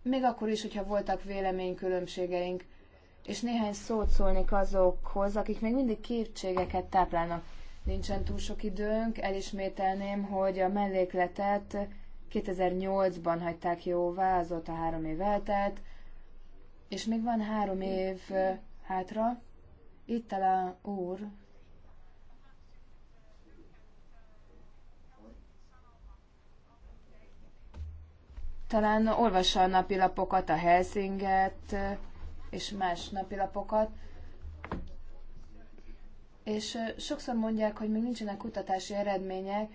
még akkor is, hogyha voltak véleménykülönbségeink, és néhány szót szólnék azokhoz, akik még mindig kétségeket táplálnak nincsen túl sok időnk. Elismételném, hogy a mellékletet 2008-ban hagyták jóvá, azóta három év eltelt, és még van három év hátra. Itt talán úr talán olvassa a napilapokat, a Helsinget és más napilapokat, és sokszor mondják, hogy még nincsenek kutatási eredmények,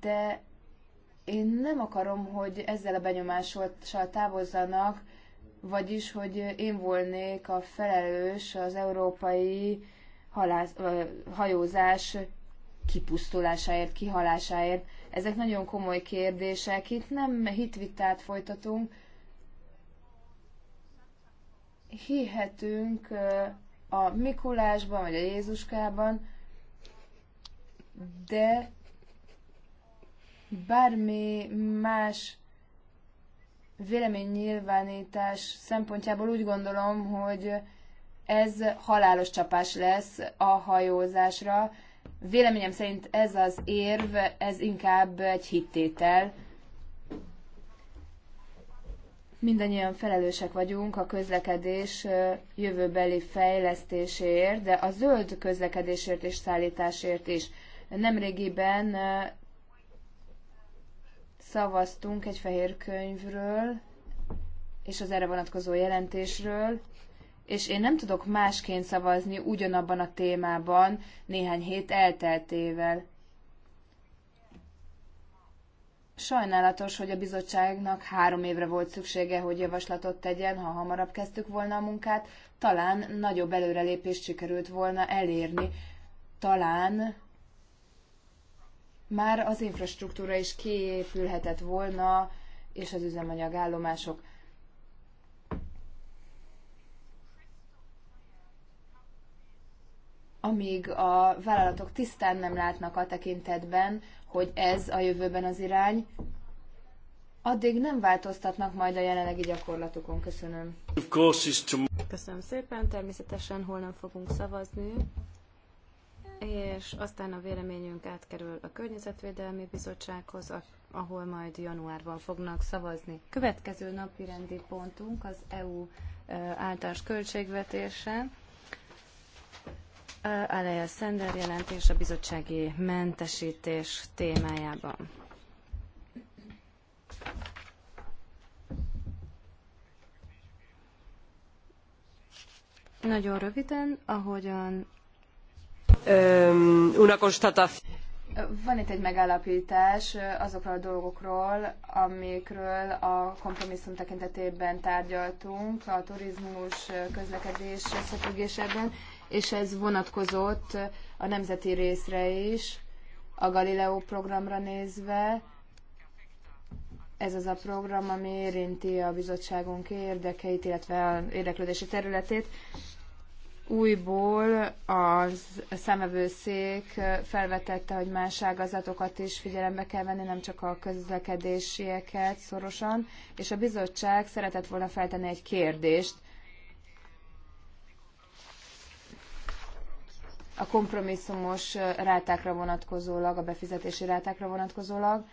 de én nem akarom, hogy ezzel a benyomással távozzanak, vagyis, hogy én volnék a felelős az európai halász, hajózás kipusztulásáért, kihalásáért. Ezek nagyon komoly kérdések. Itt nem hitvitát folytatunk. Hihetünk a Mikulásban, vagy a Jézuskában, de bármi más véleménynyilvánítás szempontjából úgy gondolom, hogy ez halálos csapás lesz a hajózásra. Véleményem szerint ez az érv, ez inkább egy hittétel, mindannyian felelősek vagyunk a közlekedés jövőbeli fejlesztéséért, de a zöld közlekedésért és szállításért is. Nemrégiben szavaztunk egy fehér könyvről és az erre vonatkozó jelentésről, és én nem tudok másként szavazni ugyanabban a témában néhány hét elteltével. Sajnálatos, hogy a bizottságnak három évre volt szüksége, hogy javaslatot tegyen, ha hamarabb kezdtük volna a munkát, talán nagyobb előrelépést sikerült volna elérni. Talán már az infrastruktúra is kiépülhetett volna, és az üzemanyagállomások. Amíg a vállalatok tisztán nem látnak a tekintetben, hogy ez a jövőben az irány, addig nem változtatnak majd a jelenlegi gyakorlatukon. Köszönöm. Köszönöm szépen, természetesen holnap fogunk szavazni, és aztán a véleményünk átkerül a Környezetvédelmi Bizottsághoz, ahol majd januárban fognak szavazni. Következő napi rendi pontunk az EU általános költségvetése. Aleja Sender jelentés a bizottsági mentesítés témájában. Nagyon röviden, ahogyan... Van itt egy megállapítás azokról a dolgokról, amikről a kompromisszum tekintetében tárgyaltunk, a turizmus közlekedés összefüggésében és ez vonatkozott a nemzeti részre is, a Galileo programra nézve. Ez az a program, ami érinti a bizottságunk érdekeit, illetve a érdeklődési területét. Újból a szemevőszék felvetette, hogy más ágazatokat is figyelembe kell venni, nem csak a közlekedésieket szorosan, és a bizottság szeretett volna feltenni egy kérdést – a kompromisszumos rátákra vonatkozólag, a befizetési rátákra vonatkozólag,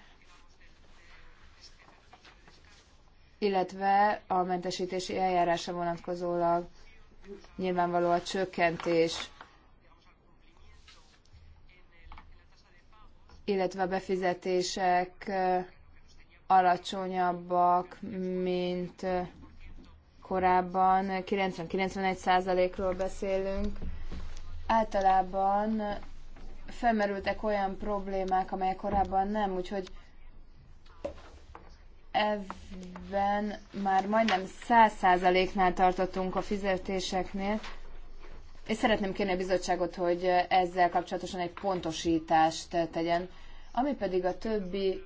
illetve a mentesítési eljárásra vonatkozólag nyilvánvaló a csökkentés, illetve a befizetések alacsonyabbak, mint korábban. 90-91 százalékról beszélünk általában felmerültek olyan problémák, amelyek korábban nem, úgyhogy ebben már majdnem száz százaléknál tartottunk a fizetéseknél, és szeretném kérni a bizottságot, hogy ezzel kapcsolatosan egy pontosítást tegyen. Ami pedig a többi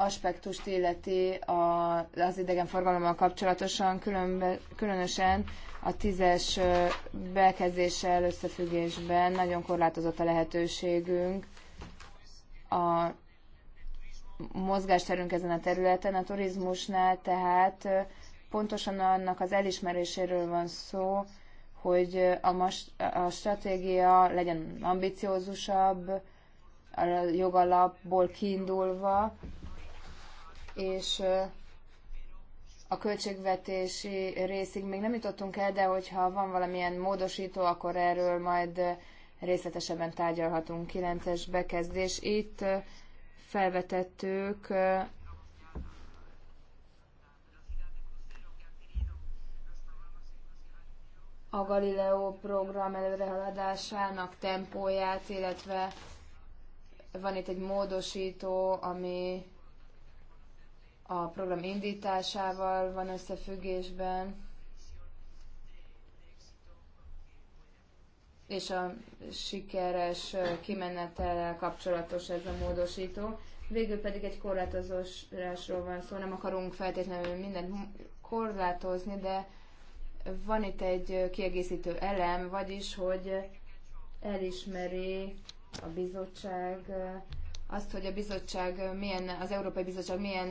aspektust illeti a, az idegenforgalommal kapcsolatosan, különbe, különösen a tízes bekezdéssel összefüggésben nagyon korlátozott a lehetőségünk a mozgásterünk ezen a területen, a turizmusnál, tehát pontosan annak az elismeréséről van szó, hogy a, mas, a stratégia legyen ambiciózusabb, a jogalapból kiindulva, és a költségvetési részig még nem jutottunk el, de hogyha van valamilyen módosító, akkor erről majd részletesebben tárgyalhatunk. 9-es bekezdés. Itt felvetettük a Galileo program előrehaladásának tempóját, illetve van itt egy módosító, ami a program indításával van összefüggésben, és a sikeres kimenetel kapcsolatos ez a módosító. Végül pedig egy korlátozásról van szó, nem akarunk feltétlenül mindent korlátozni, de van itt egy kiegészítő elem, vagyis, hogy elismeri a bizottság azt, hogy a bizottság milyen, az Európai Bizottság milyen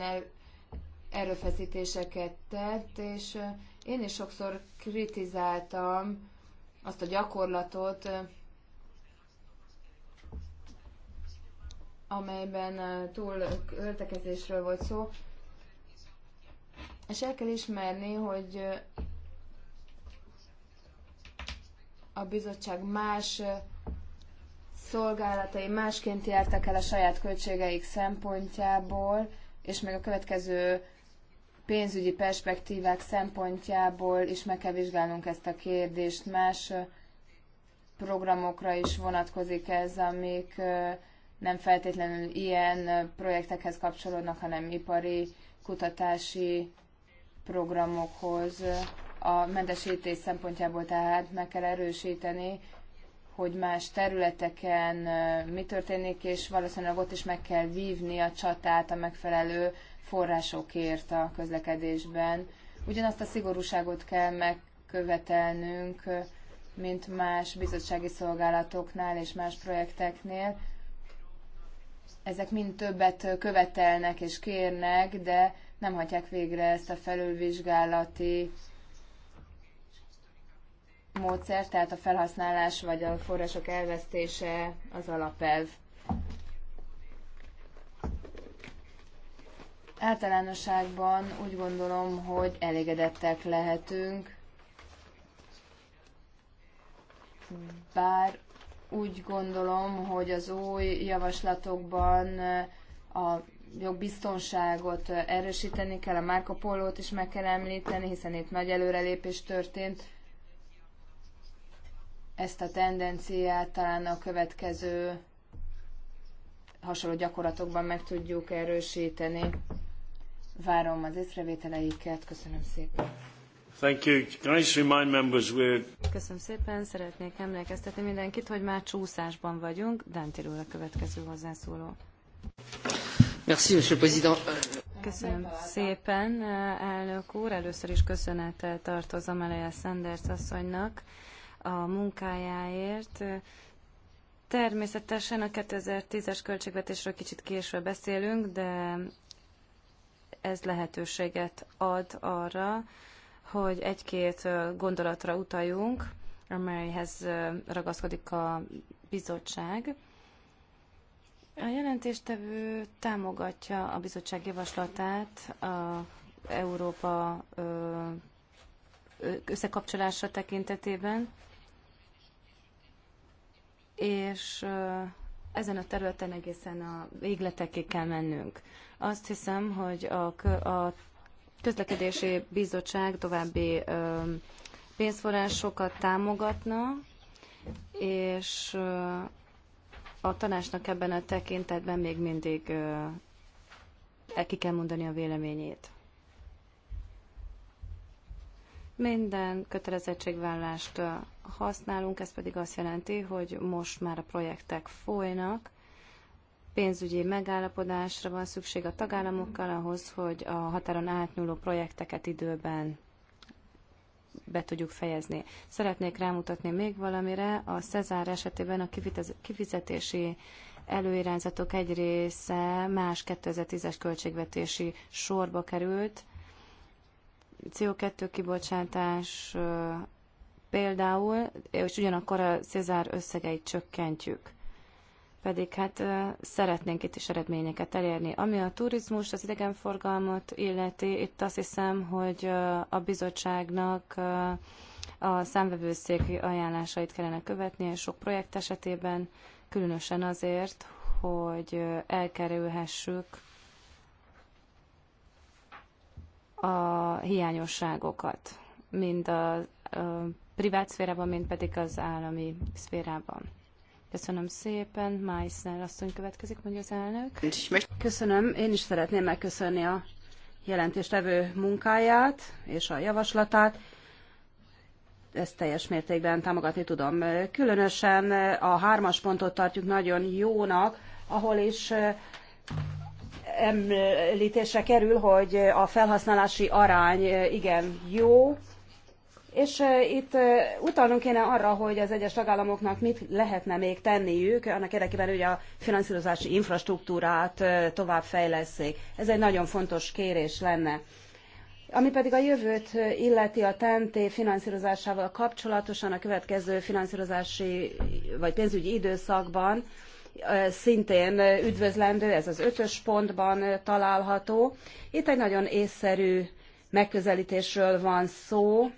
erőfeszítéseket tett, és én is sokszor kritizáltam azt a gyakorlatot, amelyben túl öltekezésről volt szó, és el kell ismerni, hogy a bizottság más szolgálatai másként jártak el a saját költségeik szempontjából, és meg a következő pénzügyi perspektívák szempontjából is meg kell vizsgálnunk ezt a kérdést. Más programokra is vonatkozik ez, amik nem feltétlenül ilyen projektekhez kapcsolódnak, hanem ipari, kutatási programokhoz. A mentesítés szempontjából tehát meg kell erősíteni, hogy más területeken mi történik, és valószínűleg ott is meg kell vívni a csatát a megfelelő forrásokért a közlekedésben. Ugyanazt a szigorúságot kell megkövetelnünk, mint más bizottsági szolgálatoknál és más projekteknél. Ezek mind többet követelnek és kérnek, de nem hagyják végre ezt a felülvizsgálati módszert, tehát a felhasználás vagy a források elvesztése az alapelv. Általánosságban úgy gondolom, hogy elégedettek lehetünk, bár úgy gondolom, hogy az új javaslatokban a jogbiztonságot erősíteni kell, a Marco Pólót is meg kell említeni, hiszen itt nagy előrelépés történt. Ezt a tendenciát talán a következő hasonló gyakorlatokban meg tudjuk erősíteni várom az észrevételeiket. Köszönöm szépen. Thank you. Can I just remind members we're... Köszönöm szépen, szeretnék emlékeztetni mindenkit, hogy már csúszásban vagyunk. Dante a következő hozzászóló. Merci, Monsieur le Président. Köszönöm szépen, elnök úr. Először is köszönettel tartozom Eleje Sanders asszonynak a munkájáért. Természetesen a 2010-es költségvetésről kicsit később beszélünk, de ez lehetőséget ad arra, hogy egy-két gondolatra utaljunk, amelyhez ragaszkodik a bizottság. A jelentéstevő támogatja a bizottság javaslatát a Európa összekapcsolása tekintetében, és ezen a területen egészen a végletekig kell mennünk. Azt hiszem, hogy a, a közlekedési bizottság további ö, pénzforrásokat támogatna, és ö, a tanácsnak ebben a tekintetben még mindig ö, el ki kell mondani a véleményét. Minden kötelezettségvállást használunk, ez pedig azt jelenti, hogy most már a projektek folynak, pénzügyi megállapodásra van szükség a tagállamokkal ahhoz, hogy a határon átnyúló projekteket időben be tudjuk fejezni. Szeretnék rámutatni még valamire, a Cezár esetében a kifizetési előirányzatok egy része más 2010-es költségvetési sorba került, CO2 kibocsátás például, és ugyanakkor a Cézár összegeit csökkentjük. Pedig hát szeretnénk itt is eredményeket elérni. Ami a turizmus, az idegenforgalmat illeti, itt azt hiszem, hogy a bizottságnak a számvevőszék ajánlásait kellene és sok projekt esetében, különösen azért, hogy elkerülhessük a hiányosságokat, mind a, a privát szférában, mind pedig az állami szférában. Köszönöm szépen. Meissner asszony következik, mondja az elnök. Köszönöm. Én is szeretném megköszönni a jelentéstevő munkáját és a javaslatát. Ezt teljes mértékben támogatni tudom. Különösen a hármas pontot tartjuk nagyon jónak, ahol is említésre kerül, hogy a felhasználási arány igen jó, és itt utalnunk kéne arra, hogy az egyes tagállamoknak mit lehetne még tenniük, annak érdekében, hogy a finanszírozási infrastruktúrát tovább fejleszik. Ez egy nagyon fontos kérés lenne. Ami pedig a jövőt illeti a TNT finanszírozásával kapcsolatosan a következő finanszírozási vagy pénzügyi időszakban, szintén üdvözlendő, ez az ötös pontban található. Itt egy nagyon észszerű megközelítésről van szó.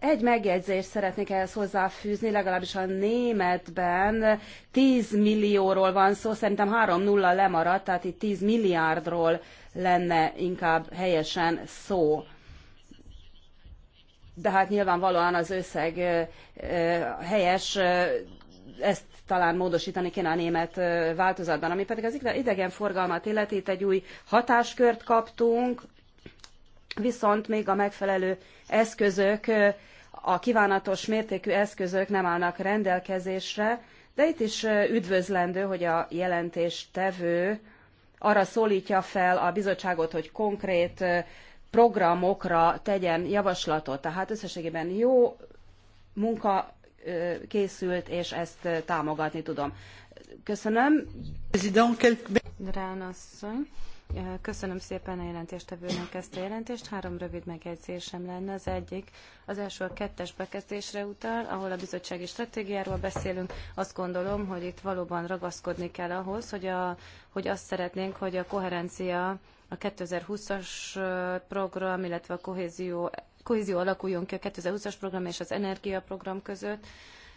Egy megjegyzést szeretnék ehhez hozzáfűzni, legalábbis a németben 10 millióról van szó, szerintem 3 nulla lemaradt, tehát itt 10 milliárdról lenne inkább helyesen szó de hát nyilvánvalóan az összeg helyes, ezt talán módosítani kéne a német változatban. Ami pedig az idegenforgalmat illeti, itt egy új hatáskört kaptunk, viszont még a megfelelő eszközök, a kívánatos mértékű eszközök nem állnak rendelkezésre, de itt is üdvözlendő, hogy a jelentéstevő arra szólítja fel a bizottságot, hogy konkrét programokra tegyen javaslatot. Tehát összességében jó munka készült, és ezt támogatni tudom. Köszönöm. Drán asszony. Köszönöm szépen a jelentéstevőnek ezt a jelentést. Három rövid megjegyzésem lenne. Az egyik, az első a kettes bekezdésre utal, ahol a bizottsági stratégiáról beszélünk. Azt gondolom, hogy itt valóban ragaszkodni kell ahhoz, hogy, a, hogy azt szeretnénk, hogy a koherencia a 2020-as program, illetve a kohézió kohézió alakuljon ki a 2020-as program és az energiaprogram között,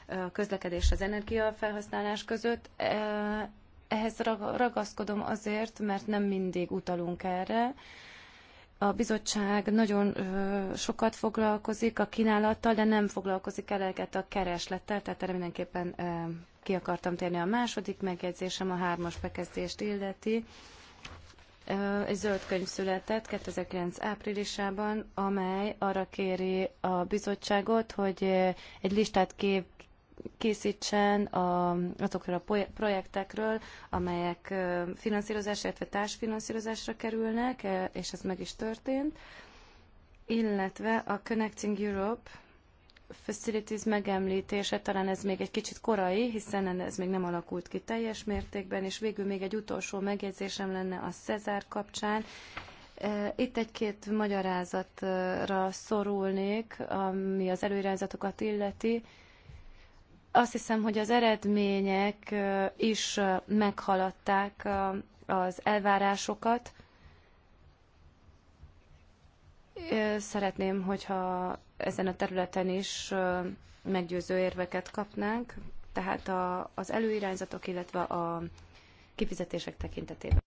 a közlekedés az energiafelhasználás között. E, ehhez ragaszkodom azért, mert nem mindig utalunk erre. A bizottság nagyon sokat foglalkozik a kínálattal, de nem foglalkozik eleget a kereslettel, tehát erre mindenképpen ki akartam térni. A második megjegyzésem a hármas bekezdést illeti egy zöld könyv született 2009 áprilisában, amely arra kéri a bizottságot, hogy egy listát kép, készítsen a, azokról a projektekről, amelyek finanszírozásra, illetve társfinanszírozásra kerülnek, és ez meg is történt, illetve a Connecting Europe facilities megemlítése, talán ez még egy kicsit korai, hiszen ez még nem alakult ki teljes mértékben, és végül még egy utolsó megjegyzésem lenne a Cezár kapcsán. E, itt egy-két magyarázatra szorulnék, ami az előirányzatokat illeti. Azt hiszem, hogy az eredmények e, is e, meghaladták az elvárásokat. Szeretném, hogyha ezen a területen is meggyőző érveket kapnánk, tehát a, az előirányzatok, illetve a kifizetések tekintetében.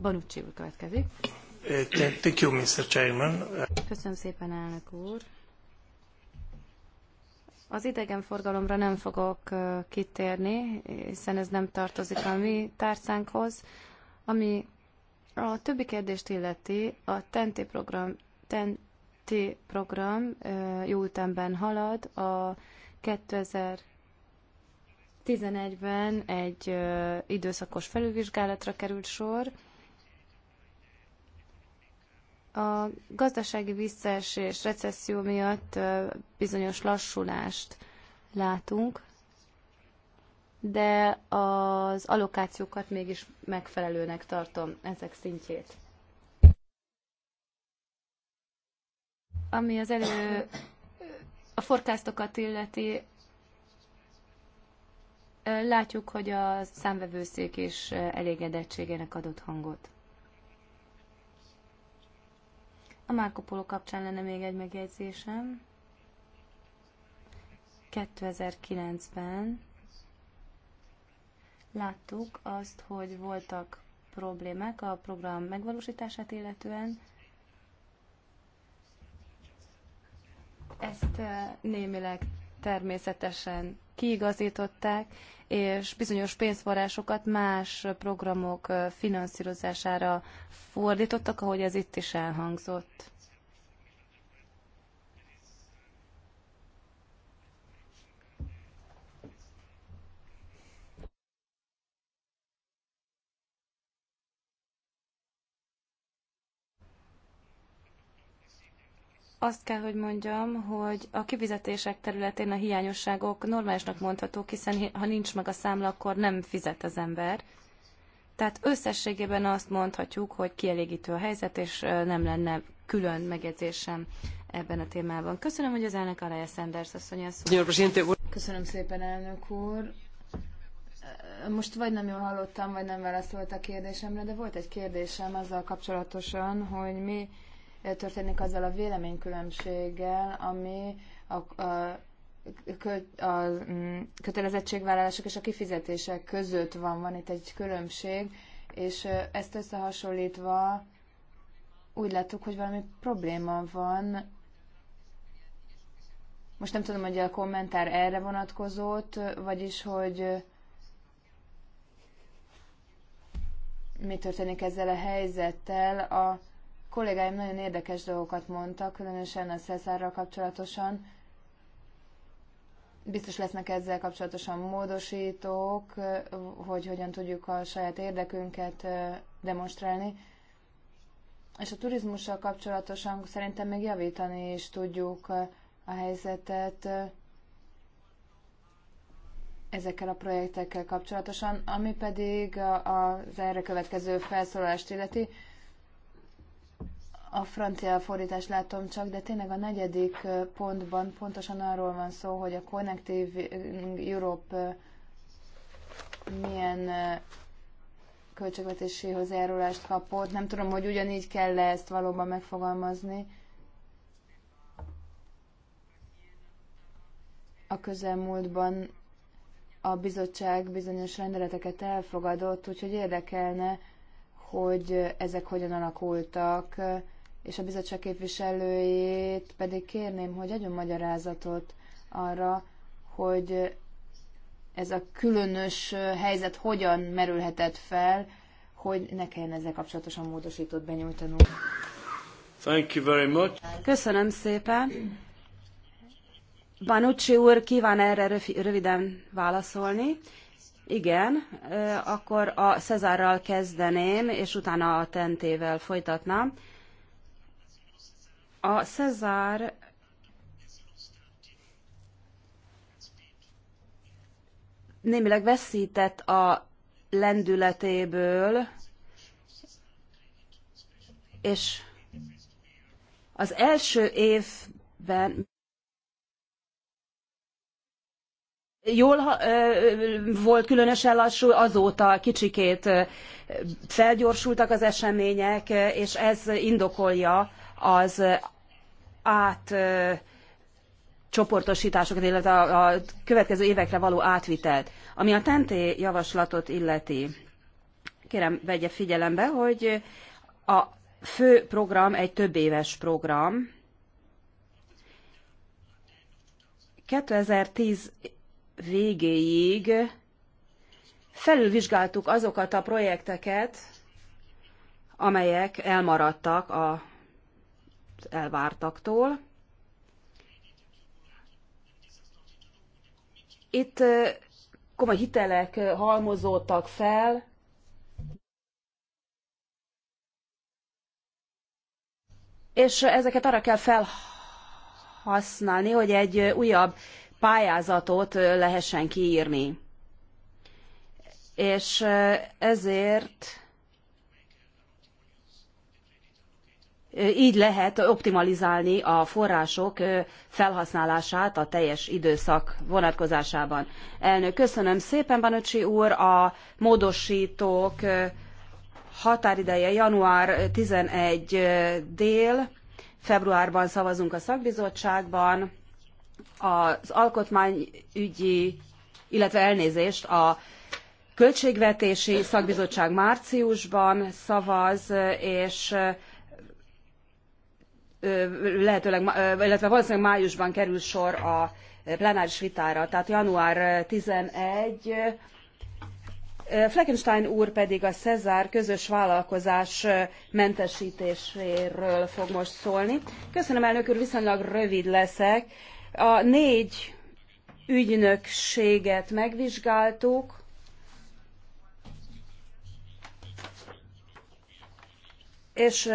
Banucci úr következik. Thank you, Mr. Chairman. Köszönöm szépen, elnök úr. Az idegenforgalomra nem fogok kitérni, hiszen ez nem tartozik a mi tárcánkhoz. Ami a többi kérdést illeti, a TENTI program, T program jó ütemben halad. A 2011-ben egy időszakos felülvizsgálatra került sor. A gazdasági visszaesés, recesszió miatt bizonyos lassulást látunk, de az allokációkat mégis megfelelőnek tartom ezek szintjét. Ami az elő a forkáztokat illeti, látjuk, hogy a számvevőszék is elégedettségének adott hangot. A Marco Polo kapcsán lenne még egy megjegyzésem. 2009-ben láttuk azt, hogy voltak problémák a program megvalósítását illetően, Ezt némileg természetesen kiigazították, és bizonyos pénzforrásokat más programok finanszírozására fordítottak, ahogy ez itt is elhangzott. azt kell, hogy mondjam, hogy a kifizetések területén a hiányosságok normálisnak mondhatók, hiszen ha nincs meg a számla, akkor nem fizet az ember. Tehát összességében azt mondhatjuk, hogy kielégítő a helyzet, és nem lenne külön megjegyzésem ebben a témában. Köszönöm, hogy az elnök Araya Sanders asszony a Köszönöm szépen, elnök úr. Most vagy nem jól hallottam, vagy nem válaszolt a kérdésemre, de volt egy kérdésem azzal kapcsolatosan, hogy mi történik azzal a véleménykülönbséggel, ami a, a, kö, a mm, kötelezettségvállalások és a kifizetések között van, van itt egy különbség, és ezt összehasonlítva úgy láttuk, hogy valami probléma van. Most nem tudom, hogy a kommentár erre vonatkozott, vagyis, hogy mi történik ezzel a helyzettel. A kollégáim nagyon érdekes dolgokat mondtak, különösen a Cezárral kapcsolatosan. Biztos lesznek ezzel kapcsolatosan módosítók, hogy hogyan tudjuk a saját érdekünket demonstrálni. És a turizmussal kapcsolatosan szerintem még javítani is tudjuk a helyzetet ezekkel a projektekkel kapcsolatosan, ami pedig az erre következő felszólalást illeti a francia fordítást látom csak, de tényleg a negyedik pontban pontosan arról van szó, hogy a Connective Europe milyen költségvetési hozzájárulást kapott. Nem tudom, hogy ugyanígy kell -e ezt valóban megfogalmazni. A közelmúltban a bizottság bizonyos rendeleteket elfogadott, úgyhogy érdekelne, hogy ezek hogyan alakultak, és a bizottság képviselőjét pedig kérném, hogy adjon magyarázatot arra, hogy ez a különös helyzet hogyan merülhetett fel, hogy ne kelljen ezzel kapcsolatosan módosított benyújtanunk. Thank you very much. Köszönöm szépen. Banucci úr kíván erre röviden válaszolni. Igen, akkor a Cezárral kezdeném, és utána a Tentével folytatnám. A Cezár némileg veszített a lendületéből, és az első évben jól volt különösen lassú, azóta kicsikét felgyorsultak az események, és ez indokolja az át csoportosításokat, illetve a, következő évekre való átvitelt. Ami a tenté javaslatot illeti, kérem vegye figyelembe, hogy a fő program egy több éves program. 2010 végéig felülvizsgáltuk azokat a projekteket, amelyek elmaradtak a elvártaktól. Itt komoly hitelek halmozódtak fel, és ezeket arra kell felhasználni, hogy egy újabb pályázatot lehessen kiírni. És ezért így lehet optimalizálni a források felhasználását a teljes időszak vonatkozásában. Elnök, köszönöm szépen, Banocsi úr, a módosítók határideje január 11 dél, februárban szavazunk a szakbizottságban, az alkotmányügyi, illetve elnézést, a költségvetési szakbizottság márciusban szavaz, és lehetőleg, illetve valószínűleg májusban kerül sor a plenáris vitára, tehát január 11. Fleckenstein úr pedig a Cezár közös vállalkozás mentesítéséről fog most szólni. Köszönöm, elnök úr, viszonylag rövid leszek. A négy ügynökséget megvizsgáltuk, és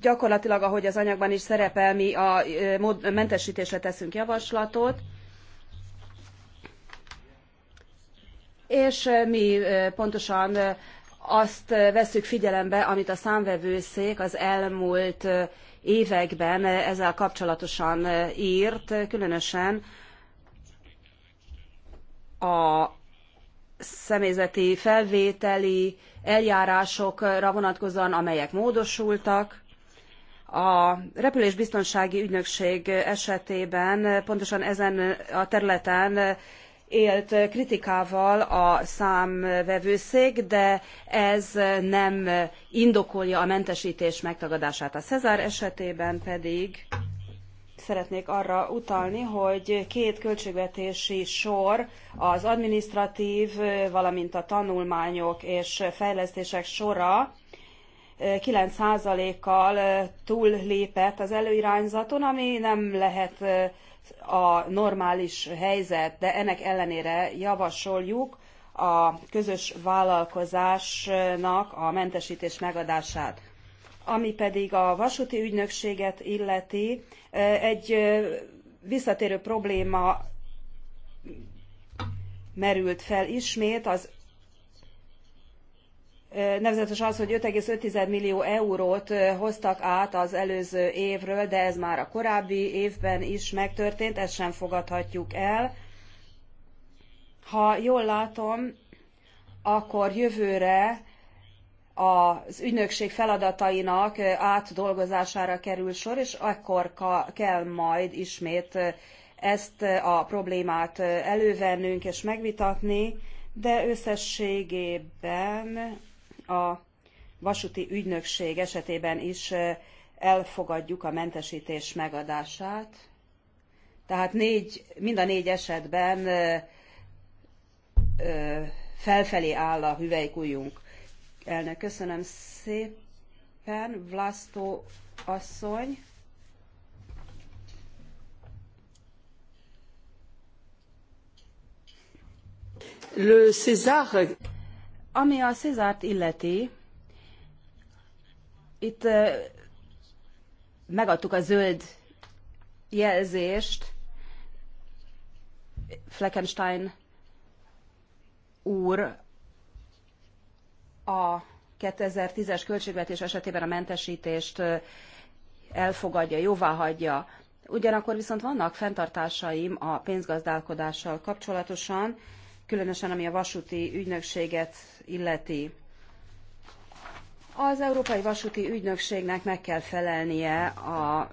gyakorlatilag, ahogy az anyagban is szerepel, mi a mentesítésre teszünk javaslatot, és mi pontosan azt vesszük figyelembe, amit a számvevőszék az elmúlt években ezzel kapcsolatosan írt, különösen a személyzeti felvételi eljárásokra vonatkozóan, amelyek módosultak, a repülésbiztonsági ügynökség esetében pontosan ezen a területen élt kritikával a számvevőszék, de ez nem indokolja a mentesítés megtagadását. A Cezár esetében pedig szeretnék arra utalni, hogy két költségvetési sor, az administratív, valamint a tanulmányok és fejlesztések sora 9%-kal túllépett az előirányzaton, ami nem lehet a normális helyzet, de ennek ellenére javasoljuk a közös vállalkozásnak a mentesítés megadását. Ami pedig a vasúti ügynökséget illeti, egy visszatérő probléma merült fel ismét, az Nevezetesen az, hogy five millió eurót hoztak át az előző évről, de ez már a korábbi évben is megtörtént, ezt sem fogadhatjuk el. Ha jól látom, akkor jövőre az ügynökség feladatainak átdolgozására kerül sor, és akkor kell majd ismét ezt a problémát elővennünk és megvitatni, de összességében a vasúti ügynökség esetében is elfogadjuk a mentesítés megadását. Tehát négy, mind a négy esetben ö, felfelé áll a hüvelykujjunk. Elnök, köszönöm szépen. Vlasztó asszony. Le César. Ami a Szezárt illeti, itt megadtuk a zöld jelzést Fleckenstein úr a 2010-es költségvetés esetében a mentesítést elfogadja, jóváhagyja. Ugyanakkor viszont vannak fenntartásaim a pénzgazdálkodással kapcsolatosan, különösen ami a vasúti ügynökséget illeti. Az Európai Vasúti Ügynökségnek meg kell felelnie a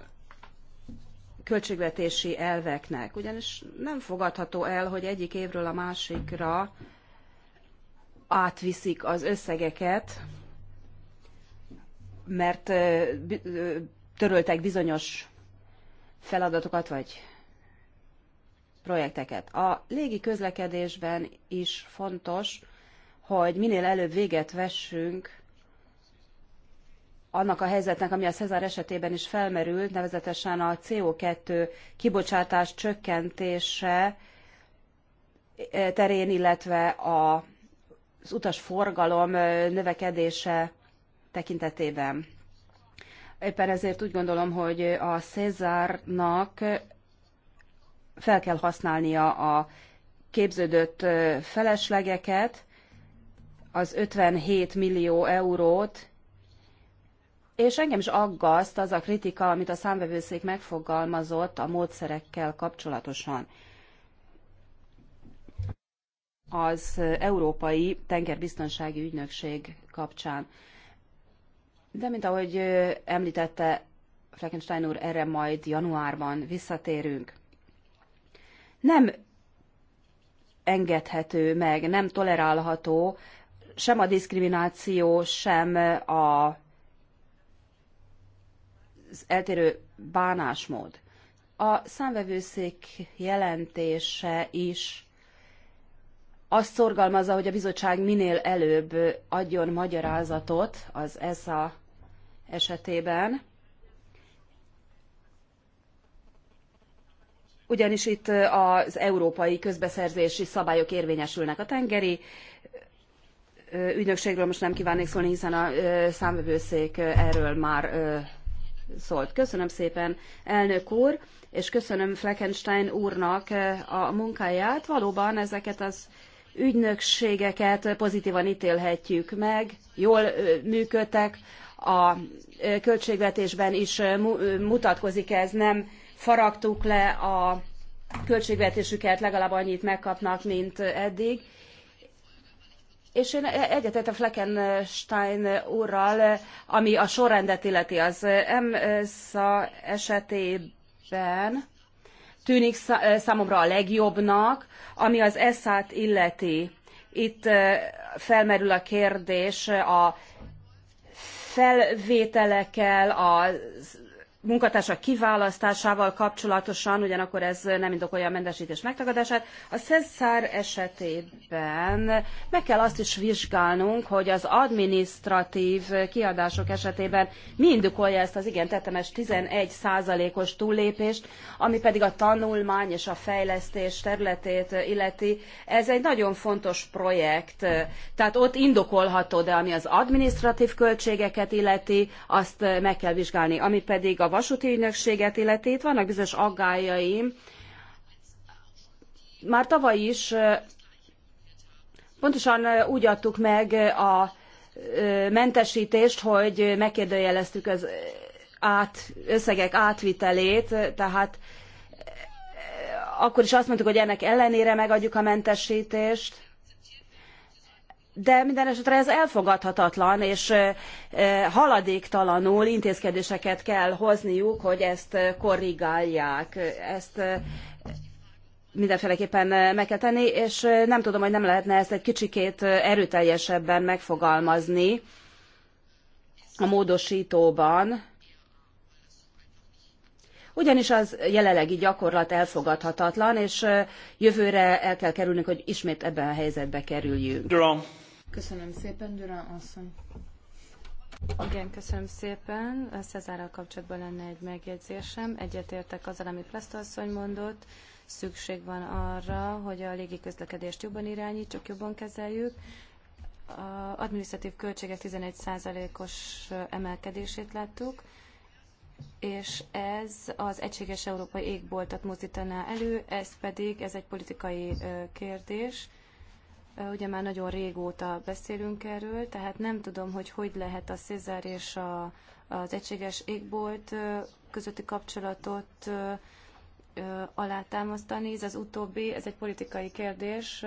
költségvetési elveknek, ugyanis nem fogadható el, hogy egyik évről a másikra átviszik az összegeket, mert töröltek bizonyos feladatokat vagy projekteket. A légi közlekedésben is fontos, hogy minél előbb véget vessünk annak a helyzetnek, ami a Cezár esetében is felmerült, nevezetesen a CO2 kibocsátás csökkentése eh, terén, illetve a, az utasforgalom eh, növekedése tekintetében. Éppen ezért úgy gondolom, hogy a Cézárnak fel kell használnia a képződött feleslegeket, az 57 millió eurót, és engem is aggaszt az a kritika, amit a számvevőszék megfogalmazott a módszerekkel kapcsolatosan. Az Európai Tengerbiztonsági Ügynökség kapcsán. De mint ahogy említette Frankenstein úr, erre majd januárban visszatérünk nem engedhető meg, nem tolerálható sem a diszkrimináció, sem a, az eltérő bánásmód. A számvevőszék jelentése is azt szorgalmazza, hogy a bizottság minél előbb adjon magyarázatot az ESA esetében. ugyanis itt az európai közbeszerzési szabályok érvényesülnek a tengeri ügynökségről most nem kívánnék szólni, hiszen a számvevőszék erről már szólt. Köszönöm szépen, elnök úr, és köszönöm Fleckenstein úrnak a munkáját. Valóban ezeket az ügynökségeket pozitívan ítélhetjük meg, jól működtek, a költségvetésben is mutatkozik ez, nem faragtuk le a költségvetésüket, legalább annyit megkapnak, mint eddig. És én egyetet a Fleckenstein úrral, ami a sorrendet illeti, az MSZA esetében tűnik számomra a legjobbnak, ami az ESZÁT illeti. Itt felmerül a kérdés a felvételekkel, az munkatársak kiválasztásával kapcsolatosan, ugyanakkor ez nem indokolja a mentesítés megtagadását. A Szeszár esetében meg kell azt is vizsgálnunk, hogy az administratív kiadások esetében mi indokolja ezt az igen tetemes 11 százalékos túllépést, ami pedig a tanulmány és a fejlesztés területét illeti. Ez egy nagyon fontos projekt, tehát ott indokolható, de ami az administratív költségeket illeti, azt meg kell vizsgálni. Ami pedig a vasúti ügynökséget illeti, itt vannak bizonyos aggájaim. Már tavaly is pontosan úgy adtuk meg a mentesítést, hogy megkérdőjeleztük az át, összegek átvitelét, tehát akkor is azt mondtuk, hogy ennek ellenére megadjuk a mentesítést de minden esetre ez elfogadhatatlan, és haladéktalanul intézkedéseket kell hozniuk, hogy ezt korrigálják. Ezt mindenféleképpen meg kell tenni, és nem tudom, hogy nem lehetne ezt egy kicsikét erőteljesebben megfogalmazni a módosítóban. Ugyanis az jelenlegi gyakorlat elfogadhatatlan, és jövőre el kell kerülnünk, hogy ismét ebben a helyzetbe kerüljünk. Durant. Köszönöm szépen, Durán asszony. Igen, köszönöm szépen. A Cezárral kapcsolatban lenne egy megjegyzésem. Egyetértek azzal, amit Plesztasszony mondott. Szükség van arra, hogy a légiközlekedést jobban irányítsuk, jobban kezeljük. A adminisztratív költségek 11%-os emelkedését láttuk, és ez az egységes európai égboltot mozdítaná elő, ez pedig, ez egy politikai kérdés, Ugye már nagyon régóta beszélünk erről, tehát nem tudom, hogy hogy lehet a Cézár és a, az egységes égbolt közötti kapcsolatot alátámasztani. Ez az utóbbi, ez egy politikai kérdés.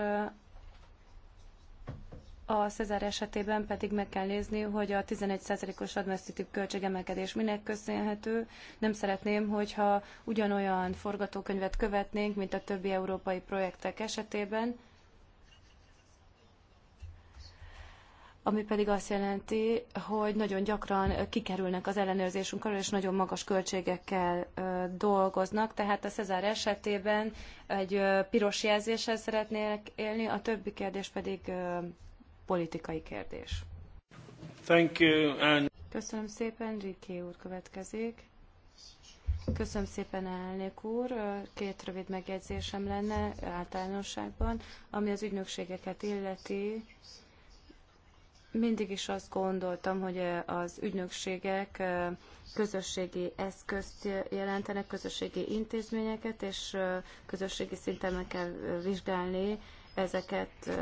A Cézár esetében pedig meg kell nézni, hogy a 11%-os adminisztratív költségemelkedés minek köszönhető. Nem szeretném, hogyha ugyanolyan forgatókönyvet követnénk, mint a többi európai projektek esetében ami pedig azt jelenti, hogy nagyon gyakran kikerülnek az ellenőrzésünk alól, és nagyon magas költségekkel dolgoznak. Tehát a Cezár esetében egy piros jelzéssel szeretnének élni, a többi kérdés pedig politikai kérdés. Thank you, and... Köszönöm szépen, Riki úr következik. Köszönöm szépen, elnök úr. Két rövid megjegyzésem lenne általánosságban, ami az ügynökségeket illeti mindig is azt gondoltam, hogy az ügynökségek közösségi eszközt jelentenek, közösségi intézményeket, és közösségi szinten meg kell vizsgálni ezeket,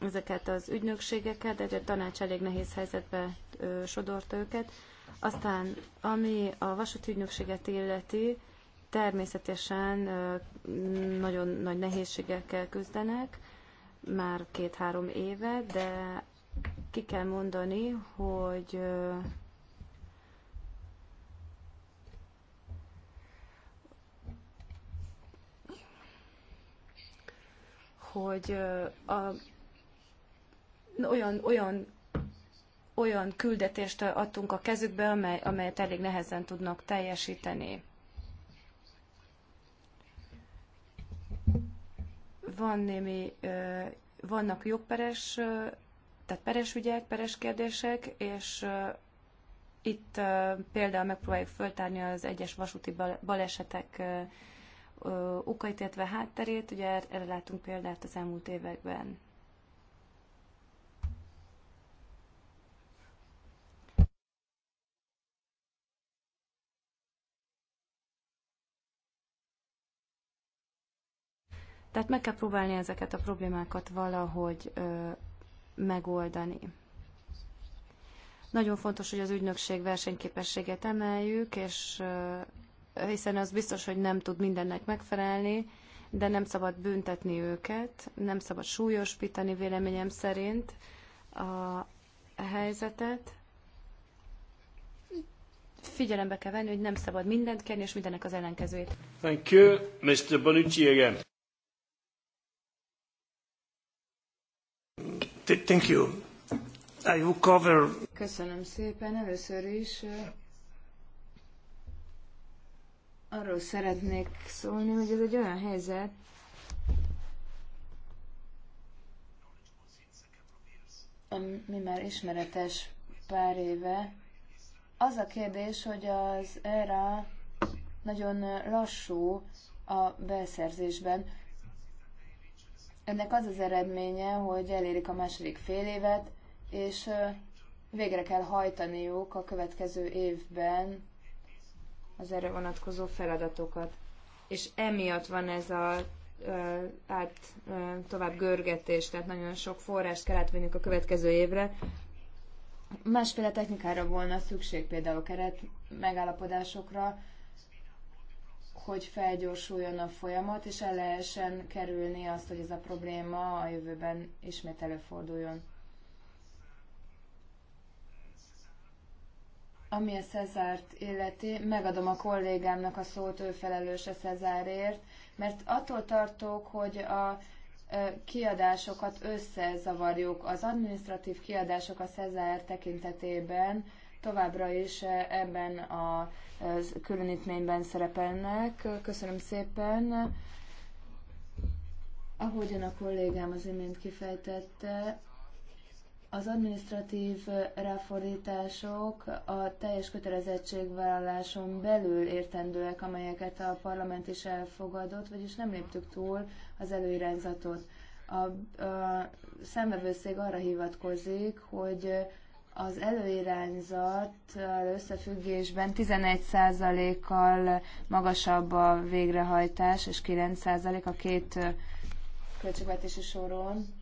ezeket az ügynökségeket, de a tanács elég nehéz helyzetbe sodort őket. Aztán, ami a vasúti ügynökséget illeti, természetesen nagyon nagy nehézségekkel küzdenek, már két-három éve, de ki kell mondani, hogy hogy a, olyan, olyan, olyan küldetést adtunk a kezükbe, amely, amelyet elég nehezen tudnak teljesíteni. Van némi, vannak jogperes tehát peres ügyek, peres kérdések, és itt például megpróbáljuk föltárni az egyes vasúti balesetek okait, illetve hátterét, ugye er-, erre látunk példát az elmúlt években. Tehát meg kell próbálni ezeket a problémákat valahogy megoldani. Nagyon fontos, hogy az ügynökség versenyképességet emeljük, és hiszen az biztos, hogy nem tud mindennek megfelelni, de nem szabad büntetni őket, nem szabad súlyosbítani véleményem szerint a helyzetet. Figyelembe kell venni, hogy nem szabad mindent kérni, és mindennek az ellenkezőjét. Thank you, Mr. Bonucci again. Thank you. I will cover... Köszönöm szépen. Először is arról szeretnék szólni, hogy ez egy olyan helyzet, ami már ismeretes pár éve. Az a kérdés, hogy az ERA nagyon lassú a beszerzésben. Ennek az az eredménye, hogy elérik a második fél évet, és végre kell hajtaniuk a következő évben az erre vonatkozó feladatokat. És emiatt van ez a át tovább görgetés, tehát nagyon sok forrást kell átvenniük a következő évre. Másféle technikára volna szükség, például keret megállapodásokra, hogy felgyorsuljon a folyamat, és el lehessen kerülni azt, hogy ez a probléma a jövőben ismét előforduljon. Ami a Cezárt illeti, megadom a kollégámnak a szót, ő felelős a Cezárért, mert attól tartok, hogy a kiadásokat összezavarjuk. Az administratív kiadások a Cezár tekintetében továbbra is eh, ebben a eh, különítményben szerepelnek. Köszönöm szépen. Ahogyan a kollégám az imént kifejtette, az administratív eh, ráfordítások a teljes kötelezettségvállaláson belül értendőek, amelyeket a parlament is elfogadott, vagyis nem léptük túl az előirányzatot. A, a szemvevőszég arra hivatkozik, hogy az előirányzat összefüggésben 11%-kal magasabb a végrehajtás, és 9% a két költségvetési soron.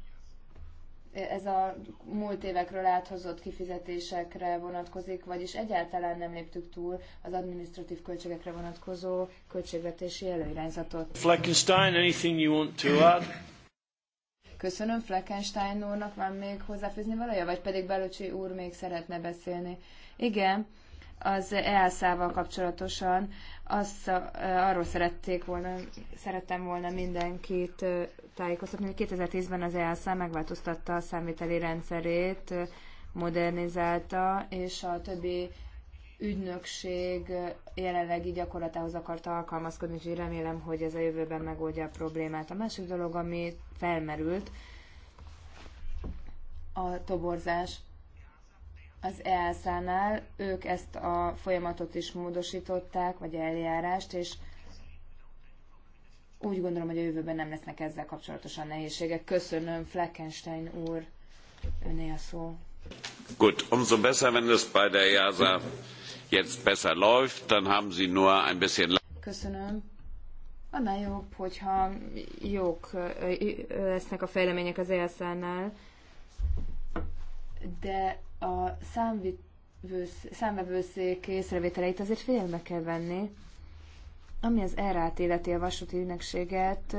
Ez a múlt évekről áthozott kifizetésekre vonatkozik, vagyis egyáltalán nem léptük túl az administratív költségekre vonatkozó költségvetési előirányzatot. Fleckenstein, anything you want to add? Köszönöm Fleckenstein úrnak, van még hozzáfűzni valója, vagy pedig Belocsi úr még szeretne beszélni? Igen, az EASZ-val kapcsolatosan az, arról szerették volna, szerettem volna mindenkit tájékoztatni, hogy 2010-ben az EASZ megváltoztatta a számíteli rendszerét, modernizálta, és a többi ügynökség jelenlegi gyakorlatához akart alkalmazkodni, úgyhogy remélem, hogy ez a jövőben megoldja a problémát. A másik dolog, ami felmerült, a toborzás az EASA-nál. Ők ezt a folyamatot is módosították, vagy eljárást, és úgy gondolom, hogy a jövőben nem lesznek ezzel kapcsolatosan nehézségek. Köszönöm, Fleckenstein úr, öné a szó. Gut, umso besser, wenn es bei der EASA jetzt besser läuft, dann haben Sie nur ein bisschen... Köszönöm. Annál jobb, hogyha jók lesznek a fejlemények az ESZ-nál, de a számvevőszék észrevételeit azért figyelembe kell venni. Ami az errát életi a vasúti ünnepséget,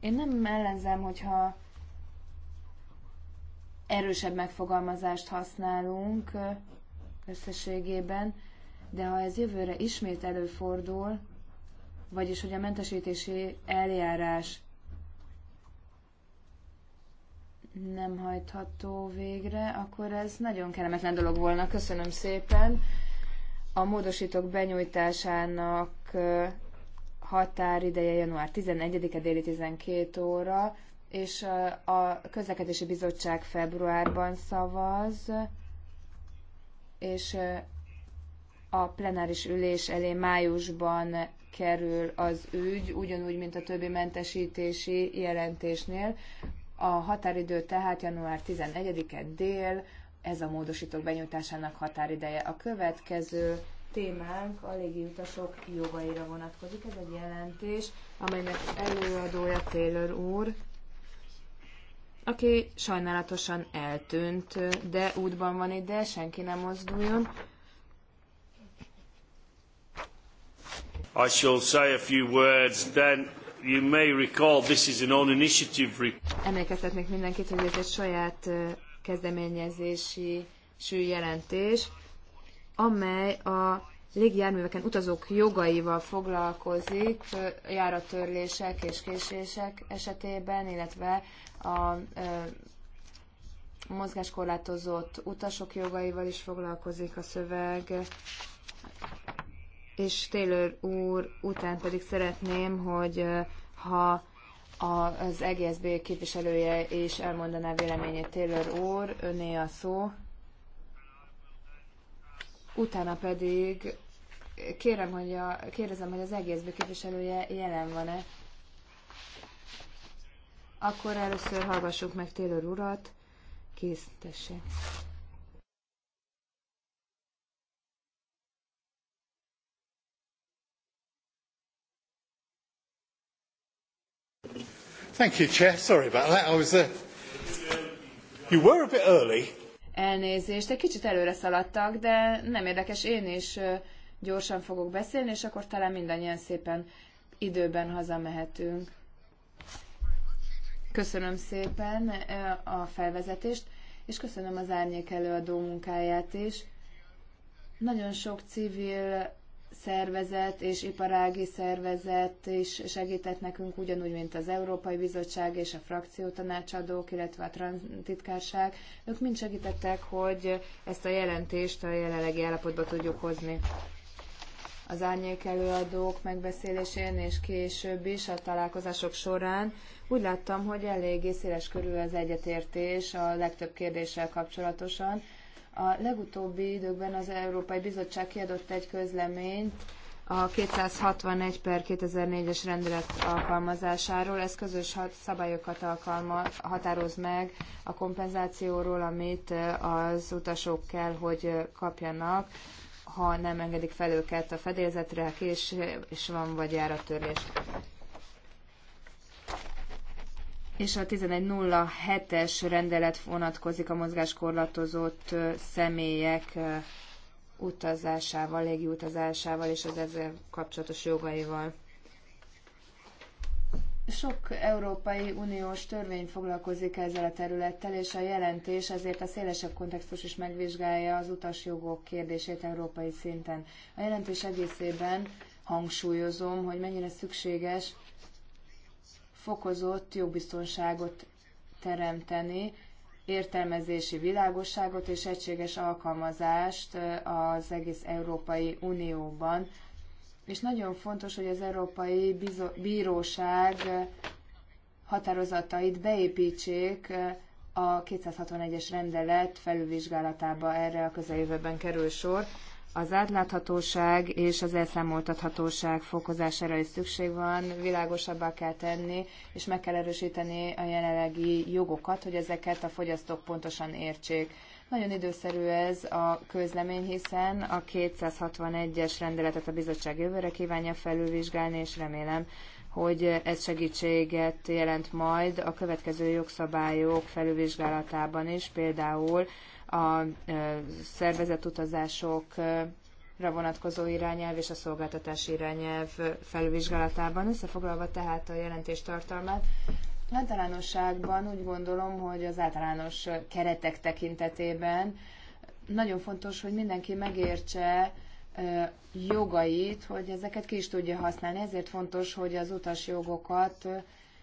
én nem ellenzem, hogyha erősebb megfogalmazást használunk összességében, de ha ez jövőre ismét előfordul, vagyis hogy a mentesítési eljárás nem hajtható végre, akkor ez nagyon kellemetlen dolog volna. Köszönöm szépen. A módosítók benyújtásának határideje január 11-e déli 12 óra, és a közlekedési bizottság februárban szavaz, és a plenáris ülés elé májusban kerül az ügy, ugyanúgy, mint a többi mentesítési jelentésnél. A határidő tehát január 11-e dél, ez a módosítók benyújtásának határideje. A következő témánk a légiutasok jogaira vonatkozik. Ez egy jelentés, amelynek előadója Taylor úr, aki sajnálatosan eltűnt, de útban van ide, senki nem mozduljon. I shall say a few words then. You may recall this is an own initiative report. Emlékeztetnék mindenkit, hogy ez egy saját kezdeményezési sű jelentés, amely a légjárműveken utazók jogaival foglalkozik járatörlések és késések esetében, illetve a mozgáskorlátozott utasok jogaival is foglalkozik a szöveg, és Taylor úr után pedig szeretném, hogy ha az EGSB képviselője is elmondaná véleményét Taylor úr, öné a szó. Utána pedig kérem, hogy a, kérdezem, hogy az EGSB képviselője jelen van-e. Akkor először hallgassuk meg Taylor urat. Kész, tessék. Thank you, Chair. Sorry about that. I was, uh... You were a bit early. Elnézést, egy kicsit előre szaladtak, de nem érdekes, én is gyorsan fogok beszélni, és akkor talán mindannyian szépen időben hazamehetünk. Köszönöm szépen a felvezetést, és köszönöm az árnyék előadó munkáját is. Nagyon sok civil szervezet és iparági szervezet is segített nekünk, ugyanúgy, mint az Európai Bizottság és a frakciótanácsadók, illetve a transztitkárság. Ők mind segítettek, hogy ezt a jelentést a jelenlegi állapotba tudjuk hozni. Az árnyék előadók megbeszélésén és később is a találkozások során úgy láttam, hogy eléggé széles körül az egyetértés a legtöbb kérdéssel kapcsolatosan a legutóbbi időkben az Európai Bizottság kiadott egy közleményt a 261 per 2004-es rendelet alkalmazásáról. Ez közös szabályokat alkalma, határoz meg a kompenzációról, amit az utasok kell, hogy kapjanak ha nem engedik fel őket a fedélzetre, és van, vagy járattörlés és a 1107-es rendelet vonatkozik a mozgáskorlátozott személyek utazásával, légi utazásával és az ezzel kapcsolatos jogaival. Sok Európai Uniós törvény foglalkozik ezzel a területtel, és a jelentés ezért a szélesebb kontextus is megvizsgálja az utasjogok kérdését európai szinten. A jelentés egészében hangsúlyozom, hogy mennyire szükséges fokozott jogbiztonságot teremteni, értelmezési világosságot és egységes alkalmazást az egész Európai Unióban. És nagyon fontos, hogy az Európai Bíróság határozatait beépítsék a 261-es rendelet felülvizsgálatába erre a közeljövőben kerül sor. Az átláthatóság és az elszámoltathatóság fokozására is szükség van, világosabbá kell tenni, és meg kell erősíteni a jelenlegi jogokat, hogy ezeket a fogyasztók pontosan értsék. Nagyon időszerű ez a közlemény, hiszen a 261-es rendeletet a bizottság jövőre kívánja felülvizsgálni, és remélem, hogy ez segítséget jelent majd a következő jogszabályok felülvizsgálatában is, például a e, szervezett utazásokra vonatkozó irányelv és a szolgáltatási irányelv felvizsgálatában. Összefoglalva tehát a jelentés tartalmát, általánosságban úgy gondolom, hogy az általános keretek tekintetében nagyon fontos, hogy mindenki megértse e, jogait, hogy ezeket ki is tudja használni. Ezért fontos, hogy az utas jogokat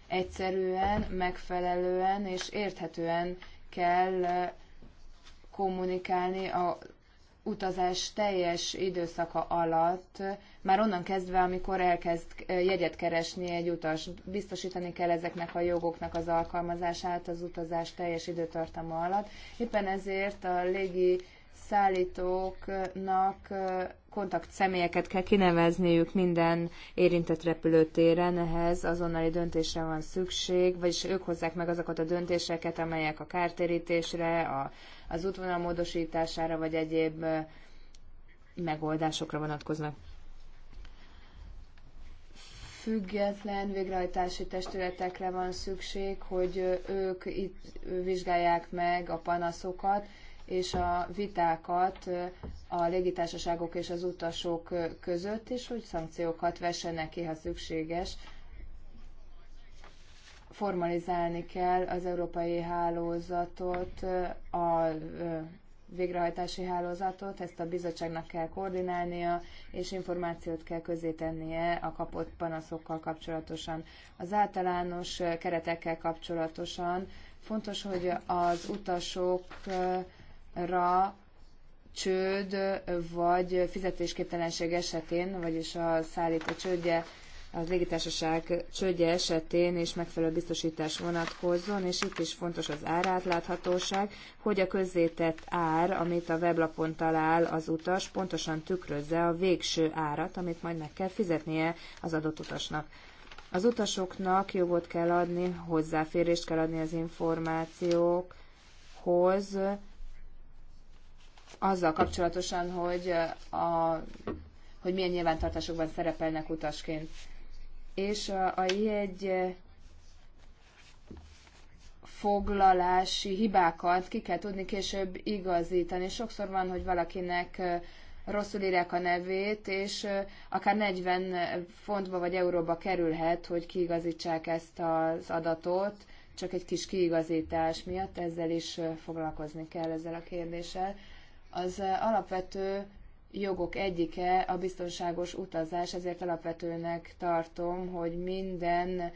egyszerűen, megfelelően és érthetően kell e, kommunikálni a utazás teljes időszaka alatt, már onnan kezdve, amikor elkezd eh, jegyet keresni egy utas, biztosítani kell ezeknek a jogoknak az alkalmazását az utazás teljes időtartama alatt. Éppen ezért a légi szállítóknak eh, kontakt személyeket kell kinevezniük minden érintett repülőtéren, ehhez azonnali döntésre van szükség, vagyis ők hozzák meg azokat a döntéseket, amelyek a kártérítésre, a az útvonal módosítására vagy egyéb megoldásokra vonatkoznak. Független végrehajtási testületekre van szükség, hogy ők itt vizsgálják meg a panaszokat, és a vitákat a légitársaságok és az utasok között, és hogy szankciókat vessenek ki, ha szükséges, formalizálni kell az európai hálózatot, a végrehajtási hálózatot, ezt a bizottságnak kell koordinálnia, és információt kell közzétennie a kapott panaszokkal kapcsolatosan. Az általános keretekkel kapcsolatosan fontos, hogy az utasokra csőd vagy fizetésképtelenség esetén, vagyis a szállító csődje az légitársaság csődje esetén és megfelelő biztosítás vonatkozzon, és itt is fontos az árátláthatóság, hogy a közzétett ár, amit a weblapon talál az utas, pontosan tükrözze a végső árat, amit majd meg kell fizetnie az adott utasnak. Az utasoknak jogot kell adni, hozzáférést kell adni az információkhoz, azzal kapcsolatosan, hogy a hogy milyen nyilvántartásokban szerepelnek utasként és a, a jegy eh, foglalási hibákat ki kell tudni később igazítani. Sokszor van, hogy valakinek eh, rosszul írják a nevét, és eh, akár 40 fontba vagy euróba kerülhet, hogy kiigazítsák ezt az adatot, csak egy kis kiigazítás miatt ezzel is foglalkozni kell ezzel a kérdéssel. Az alapvető jogok egyike a biztonságos utazás, ezért alapvetőnek tartom, hogy minden eh,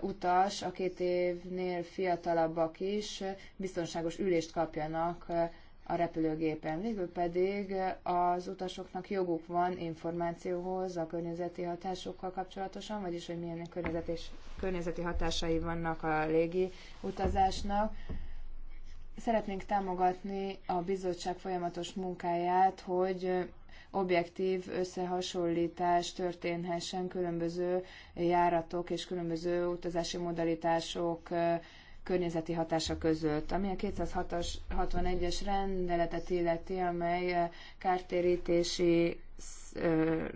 utas, a két évnél fiatalabbak is eh, biztonságos ülést kapjanak eh, a repülőgépen. Végül pedig az utasoknak joguk van információhoz a környezeti hatásokkal kapcsolatosan, vagyis hogy milyen környezeti hatásai vannak a légi utazásnak Szeretnénk támogatni a bizottság folyamatos munkáját, hogy objektív összehasonlítás történhessen különböző járatok és különböző utazási modalitások környezeti hatása között. Ami a 261-es rendeletet illeti, amely kártérítési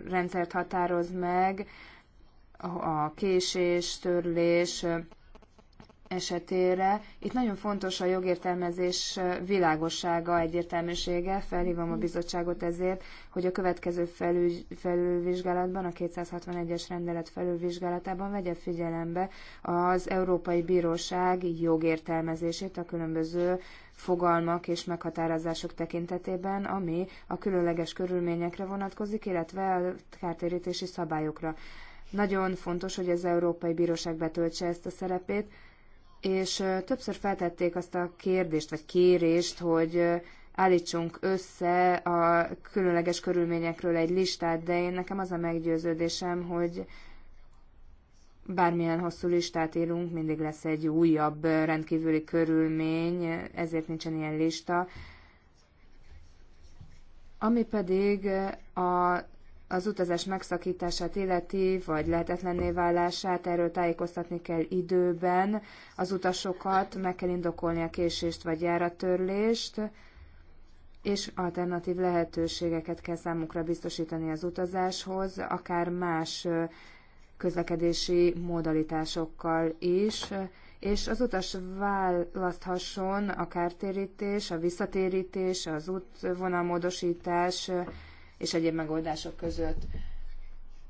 rendszert határoz meg, a késés, törlés, esetére. Itt nagyon fontos a jogértelmezés világossága, egyértelműsége. Felhívom a bizottságot ezért, hogy a következő felül, felülvizsgálatban, a 261-es rendelet felülvizsgálatában vegye figyelembe az Európai Bíróság jogértelmezését a különböző fogalmak és meghatározások tekintetében, ami a különleges körülményekre vonatkozik, illetve a kártérítési szabályokra. Nagyon fontos, hogy az Európai Bíróság betöltse ezt a szerepét, és többször feltették azt a kérdést, vagy kérést, hogy állítsunk össze a különleges körülményekről egy listát, de én nekem az a meggyőződésem, hogy bármilyen hosszú listát írunk, mindig lesz egy újabb rendkívüli körülmény, ezért nincsen ilyen lista. Ami pedig a az utazás megszakítását illeti, vagy lehetetlenné válását, erről tájékoztatni kell időben az utasokat, meg kell indokolni a késést vagy járattörlést, és alternatív lehetőségeket kell számukra biztosítani az utazáshoz, akár más közlekedési modalitásokkal is, és az utas választhasson a kártérítés, a visszatérítés, az útvonalmódosítás, módosítás, és egyéb megoldások között.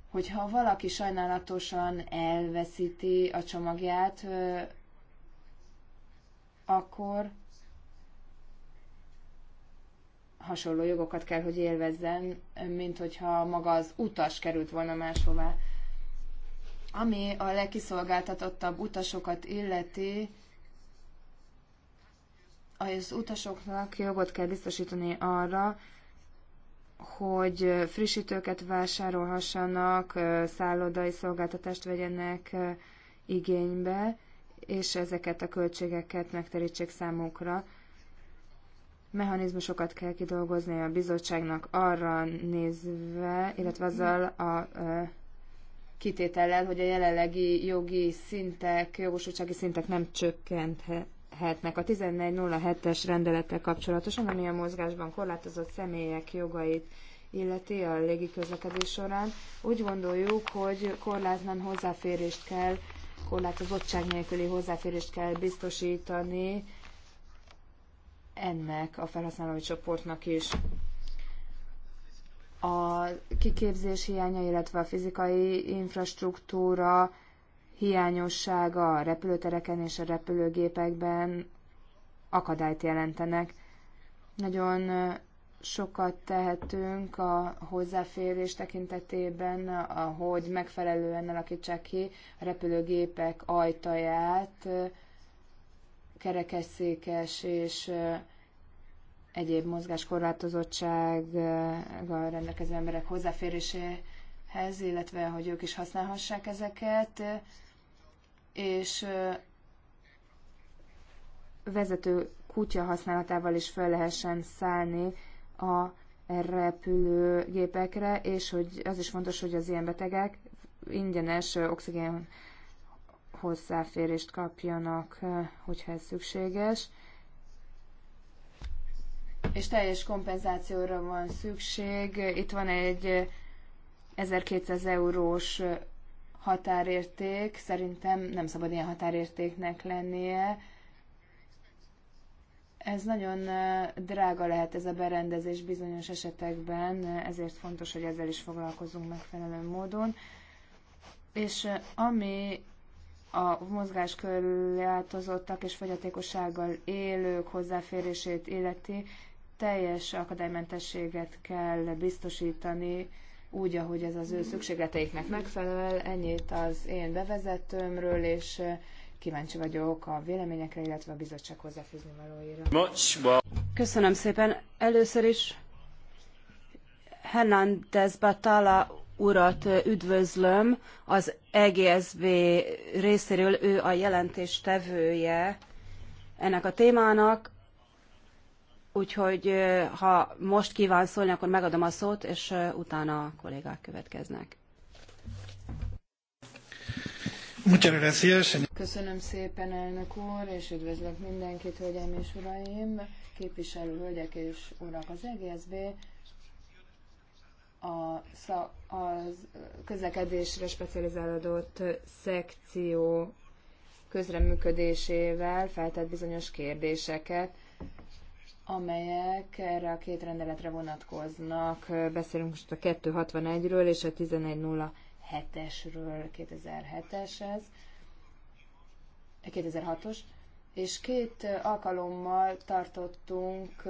Hogyha valaki sajnálatosan elveszíti a csomagját, akkor hasonló jogokat kell, hogy élvezzen, mint hogyha maga az utas került volna máshová. Ami a legkiszolgáltatottabb utasokat illeti, az utasoknak jogot kell biztosítani arra, hogy frissítőket vásárolhassanak, szállodai szolgáltatást vegyenek igénybe, és ezeket a költségeket megterítsék számukra. Mechanizmusokat kell kidolgozni a bizottságnak arra nézve, illetve azzal a kitétellel, hogy a jelenlegi jogi szintek, jogosultsági szintek nem csökkenthet, lehetnek a 1407-es rendelettel kapcsolatosan, ami a mozgásban korlátozott személyek jogait illeti a légiközlekedés során. Úgy gondoljuk, hogy korlátlan hozzáférést kell, korlátozottság nélküli hozzáférést kell biztosítani ennek a felhasználói csoportnak is. A kiképzés hiánya, illetve a fizikai infrastruktúra hiányossága a repülőtereken és a repülőgépekben akadályt jelentenek. Nagyon sokat tehetünk a hozzáférés tekintetében, ahogy megfelelően alakítsák ki a repülőgépek ajtaját, kerekesszékes és egyéb mozgáskorlátozottsággal rendelkező emberek hozzáféréséhez, illetve hogy ők is használhassák ezeket és vezető kutya használatával is fel lehessen szállni a repülőgépekre, és hogy az is fontos, hogy az ilyen betegek ingyenes oxigén hozzáférést kapjanak, hogyha ez szükséges. És teljes kompenzációra van szükség. Itt van egy 1200 eurós határérték, szerintem nem szabad ilyen határértéknek lennie. Ez nagyon drága lehet ez a berendezés bizonyos esetekben, ezért fontos, hogy ezzel is foglalkozunk megfelelő módon. És ami a mozgás mozgáskorlátozottak és fogyatékossággal élők hozzáférését illeti, teljes akadálymentességet kell biztosítani úgy, ahogy ez az ő szükségleteiknek megfelel. Ennyit az én bevezetőmről, és kíváncsi vagyok a véleményekre, illetve a bizottság hozzáfűzni valóira. Köszönöm szépen. Először is Hernández Batala urat üdvözlöm. Az EGSB részéről ő a jelentéstevője ennek a témának. Úgyhogy ha most kíván szólni, akkor megadom a szót, és utána a kollégák következnek. Köszönöm szépen, elnök úr, és üdvözlök mindenkit, hölgyeim és uraim, képviselő hölgyek és urak. Az EGSB a, szak, a közlekedésre specializálódott szekció közreműködésével feltett bizonyos kérdéseket, amelyek erre a két rendeletre vonatkoznak. Beszélünk most a 261-ről és a 1107-esről, 2007-es ez, 2006-os, és két alkalommal tartottunk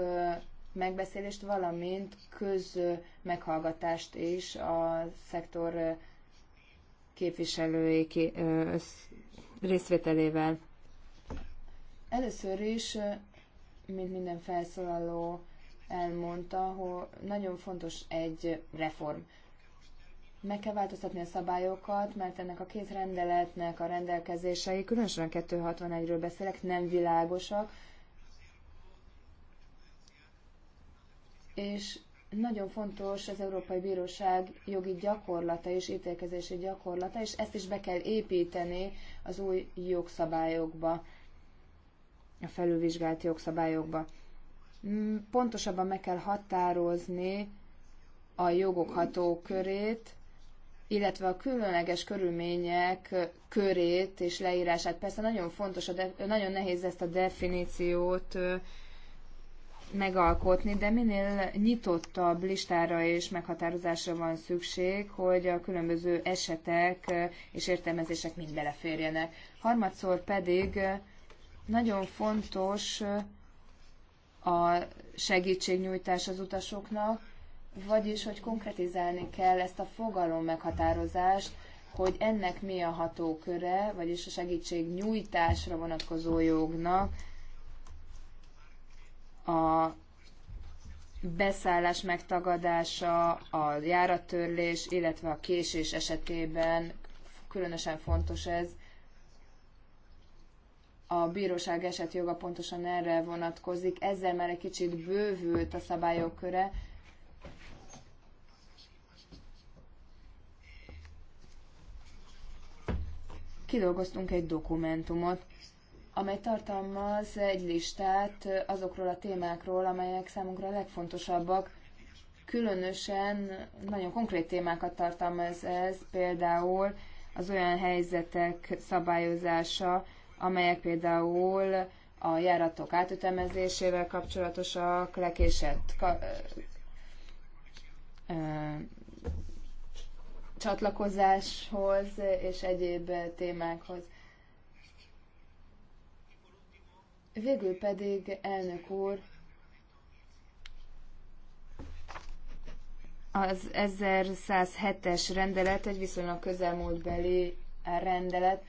megbeszélést, valamint köz meghallgatást is a szektor képviselői részvételével. Először is mint minden felszólaló elmondta, hogy nagyon fontos egy reform. Meg kell változtatni a szabályokat, mert ennek a két rendeletnek a rendelkezései, különösen a 261-ről beszélek, nem világosak, és nagyon fontos az Európai Bíróság jogi gyakorlata és ítélkezési gyakorlata, és ezt is be kell építeni az új jogszabályokba a felülvizsgált jogszabályokba. Mm, pontosabban meg kell határozni a jogok hatókörét, illetve a különleges körülmények körét és leírását. Persze nagyon fontos, a de, nagyon nehéz ezt a definíciót megalkotni, de minél nyitottabb listára és meghatározásra van szükség, hogy a különböző esetek és értelmezések mind beleférjenek. Harmadszor pedig nagyon fontos a segítségnyújtás az utasoknak, vagyis, hogy konkretizálni kell ezt a fogalom meghatározást, hogy ennek mi a hatóköre, vagyis a segítségnyújtásra vonatkozó jognak a beszállás megtagadása, a járattörlés, illetve a késés esetében különösen fontos ez, a bíróság joga pontosan erre vonatkozik, ezzel már egy kicsit bővült a szabályok köre. Kidolgoztunk egy dokumentumot, amely tartalmaz egy listát azokról a témákról, amelyek számunkra a legfontosabbak. Különösen nagyon konkrét témákat tartalmaz ez, például az olyan helyzetek szabályozása, amelyek például a járatok átütemezésével kapcsolatosak, lekésett ka- ö, ö, csatlakozáshoz és egyéb témákhoz. Végül pedig, elnök úr, az 1107-es rendelet egy viszonylag közelmúltbeli rendelet,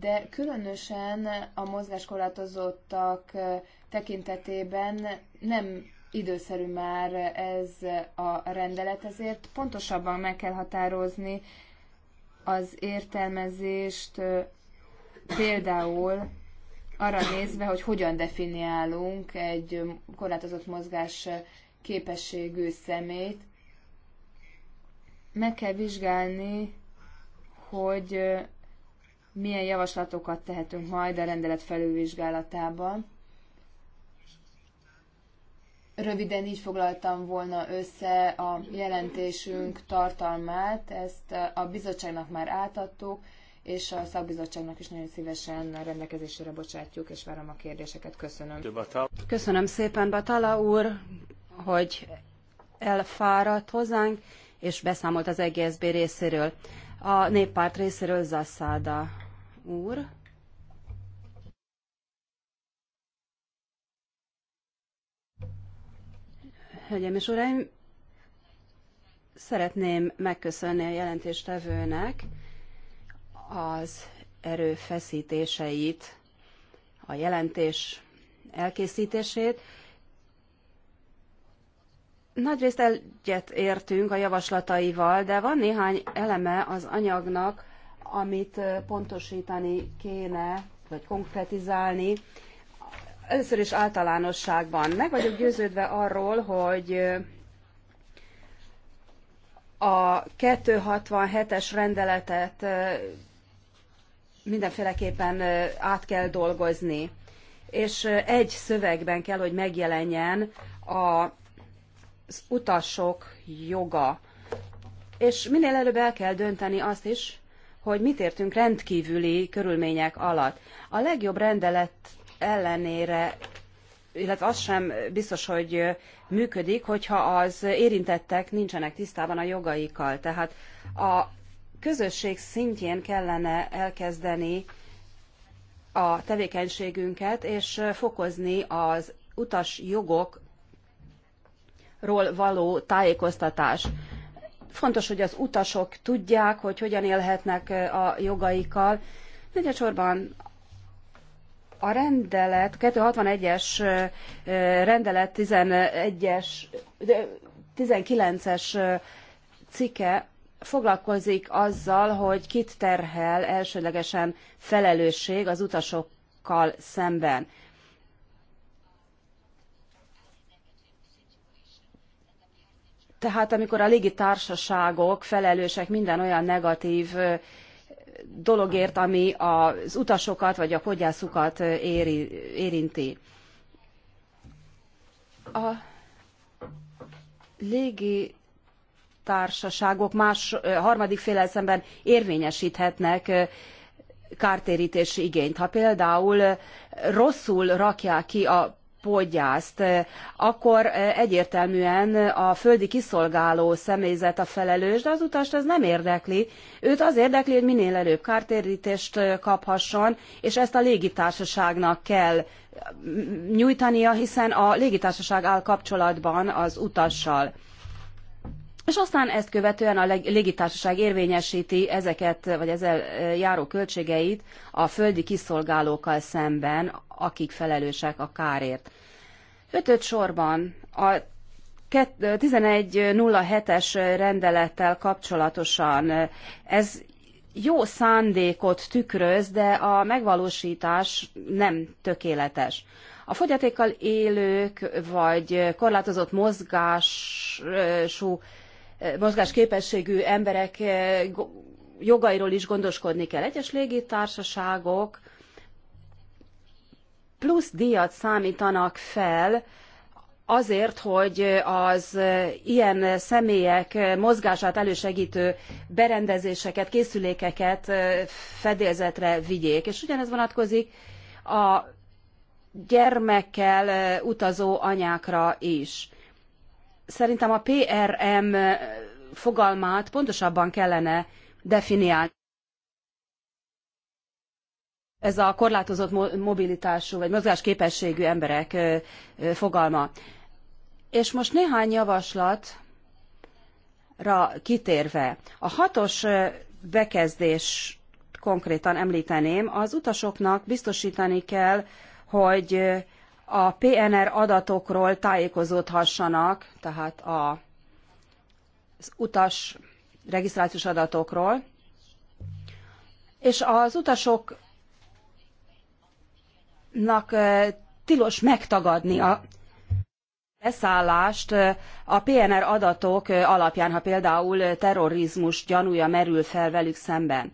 de különösen a mozgáskorlátozottak tekintetében nem időszerű már ez a rendelet, ezért pontosabban meg kell határozni az értelmezést például arra nézve, hogy hogyan definiálunk egy korlátozott mozgás képességű szemét. Meg kell vizsgálni, hogy milyen javaslatokat tehetünk majd a rendelet felülvizsgálatában. Röviden így foglaltam volna össze a jelentésünk tartalmát, ezt a bizottságnak már átadtuk, és a szakbizottságnak is nagyon szívesen rendelkezésére bocsátjuk, és várom a kérdéseket. Köszönöm. Köszönöm szépen, Batala úr, hogy elfáradt hozzánk, és beszámolt az egész részéről. A néppárt részéről Zasszáda úr. Hölgyeim és uraim, szeretném megköszönni a jelentéstevőnek az erőfeszítéseit, a jelentés elkészítését. Nagyrészt egyet értünk a javaslataival, de van néhány eleme az anyagnak, amit pontosítani kéne, vagy konkretizálni. Először is általánosságban. Meg vagyok győződve arról, hogy a 267-es rendeletet mindenféleképpen át kell dolgozni, és egy szövegben kell, hogy megjelenjen az utasok joga. És minél előbb el kell dönteni azt is, hogy mit értünk rendkívüli körülmények alatt. A legjobb rendelet ellenére illetve az sem biztos, hogy működik, hogyha az érintettek nincsenek tisztában a jogaikkal. Tehát a közösség szintjén kellene elkezdeni a tevékenységünket, és fokozni az utas jogokról való tájékoztatást. Fontos, hogy az utasok tudják, hogy hogyan élhetnek eh, a jogaikkal. Negyedsorban a rendelet, 261-es eh, eh, rendelet 11-es, 19-es cikke foglalkozik azzal, hogy kit terhel elsőlegesen felelősség az utasokkal szemben. Tehát amikor a légitársaságok felelősek minden olyan negatív dologért, ami az utasokat vagy a fogyászukat éri, érinti. A légi társaságok más harmadik féle szemben érvényesíthetnek kártérítési igényt. Ha például rosszul rakják ki a podgyászt, eh, akkor eh, egyértelműen a földi kiszolgáló személyzet a felelős, de az utast ez nem érdekli. Őt az érdekli, hogy minél előbb kártérítést eh, kaphasson, és ezt a légitársaságnak kell mm, nyújtania, hiszen a légitársaság áll kapcsolatban az utassal. És aztán ezt követően a légitársaság érvényesíti ezeket, vagy ezzel járó költségeit a földi kiszolgálókkal szemben, akik felelősek a kárért. Ötöt sorban a 1107-es rendelettel kapcsolatosan ez jó szándékot tükröz, de a megvalósítás nem tökéletes. A fogyatékkal élők vagy korlátozott mozgású, mozgásképességű emberek jogairól is gondoskodni kell. Egyes légitársaságok plusz díjat számítanak fel, azért, hogy az ilyen személyek mozgását elősegítő berendezéseket, készülékeket fedélzetre vigyék. És ugyanez vonatkozik a gyermekkel utazó anyákra is. Szerintem a PRM fogalmát pontosabban kellene definiálni ez a korlátozott mobilitású vagy mozgásképességű emberek fogalma. És most néhány javaslatra kitérve. A hatos bekezdés konkrétan említeném, az utasoknak biztosítani kell, hogy a PNR adatokról tájékozódhassanak, tehát a, az utas regisztrációs adatokról, és az utasok nak tilos megtagadni a beszállást a PNR adatok alapján, ha például terrorizmus gyanúja merül fel velük szemben.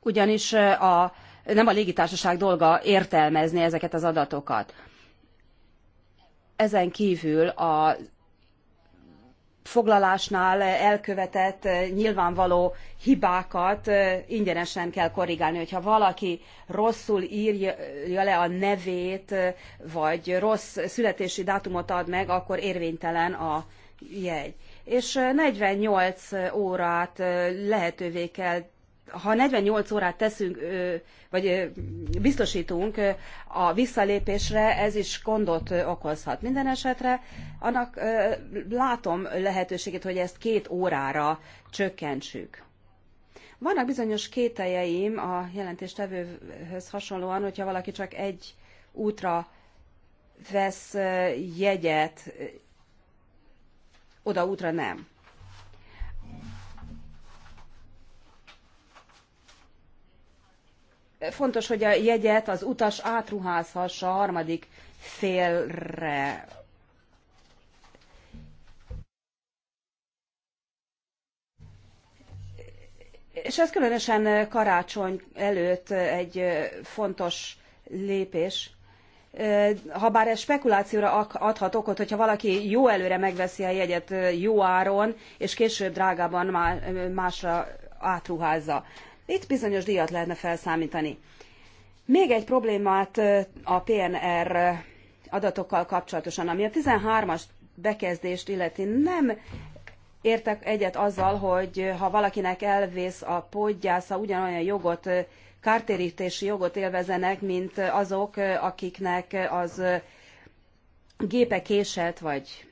Ugyanis a, nem a légitársaság dolga értelmezni ezeket az adatokat. Ezen kívül a foglalásnál elkövetett eh, nyilvánvaló hibákat eh, ingyenesen kell korrigálni. Hogyha valaki rosszul írja le a nevét, eh, vagy rossz születési dátumot ad meg, akkor érvénytelen a jegy. És 48 órát lehetővé kell ha 48 órát teszünk, vagy biztosítunk a visszalépésre, ez is gondot okozhat. Minden esetre annak látom lehetőségét, hogy ezt két órára csökkentsük. Vannak bizonyos kételjeim a jelentéstevőhöz hasonlóan, hogyha valaki csak egy útra vesz jegyet, oda útra nem. fontos, hogy a jegyet az utas átruházhassa a harmadik félre. És ez különösen karácsony előtt egy fontos lépés. Habár ez spekulációra adhat okot, hogyha valaki jó előre megveszi a jegyet jó áron, és később drágában másra átruházza. Itt bizonyos díjat lehetne felszámítani. Még egy problémát a PNR adatokkal kapcsolatosan, ami a 13-as bekezdést illeti, nem értek egyet azzal, hogy ha valakinek elvész a podgyásza, ugyanolyan jogot, kártérítési jogot élvezenek, mint azok, akiknek az gépe késett, vagy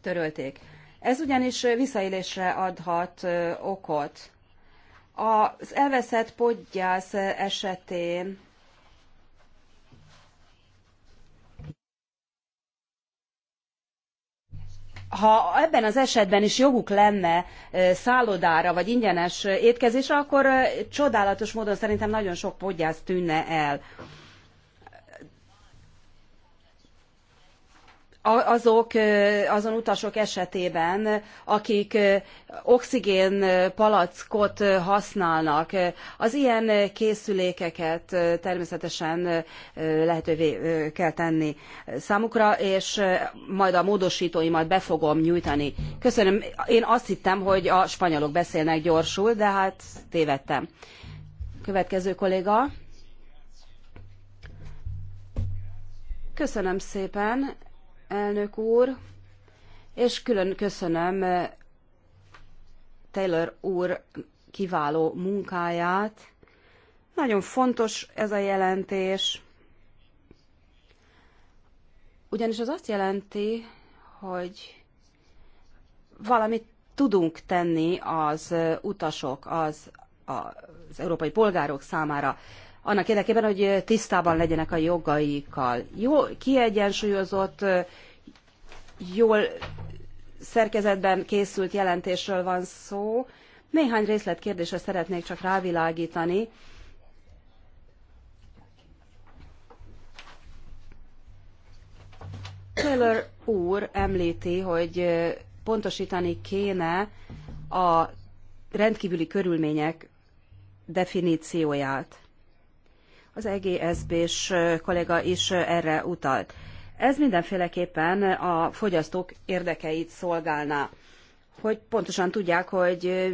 törölték. Ez ugyanis visszaélésre adhat okot. Az elveszett podgyász esetén ha ebben az esetben is joguk lenne szállodára vagy ingyenes étkezésre, akkor csodálatos módon szerintem nagyon sok podgyász tűnne el. azok, azon utasok esetében, akik oxigén palackot használnak, az ilyen készülékeket természetesen lehetővé kell tenni számukra, és majd a módosítóimat be fogom nyújtani. Köszönöm. Én azt hittem, hogy a spanyolok beszélnek gyorsul, de hát tévedtem. Következő kolléga. Köszönöm szépen elnök úr, és külön köszönöm eh, Taylor úr kiváló munkáját. Nagyon fontos ez a jelentés, ugyanis az azt jelenti, hogy valamit tudunk tenni az eh, utasok, az, az európai polgárok számára annak érdekében, hogy tisztában legyenek a jogaikkal. Jó, kiegyensúlyozott, jól szerkezetben készült jelentésről van szó. Néhány részletkérdésre szeretnék csak rávilágítani. Taylor úr említi, hogy pontosítani kéne a rendkívüli körülmények definícióját az EGSB-s kollega is erre utalt. Ez mindenféleképpen a fogyasztók érdekeit szolgálná, hogy pontosan tudják, hogy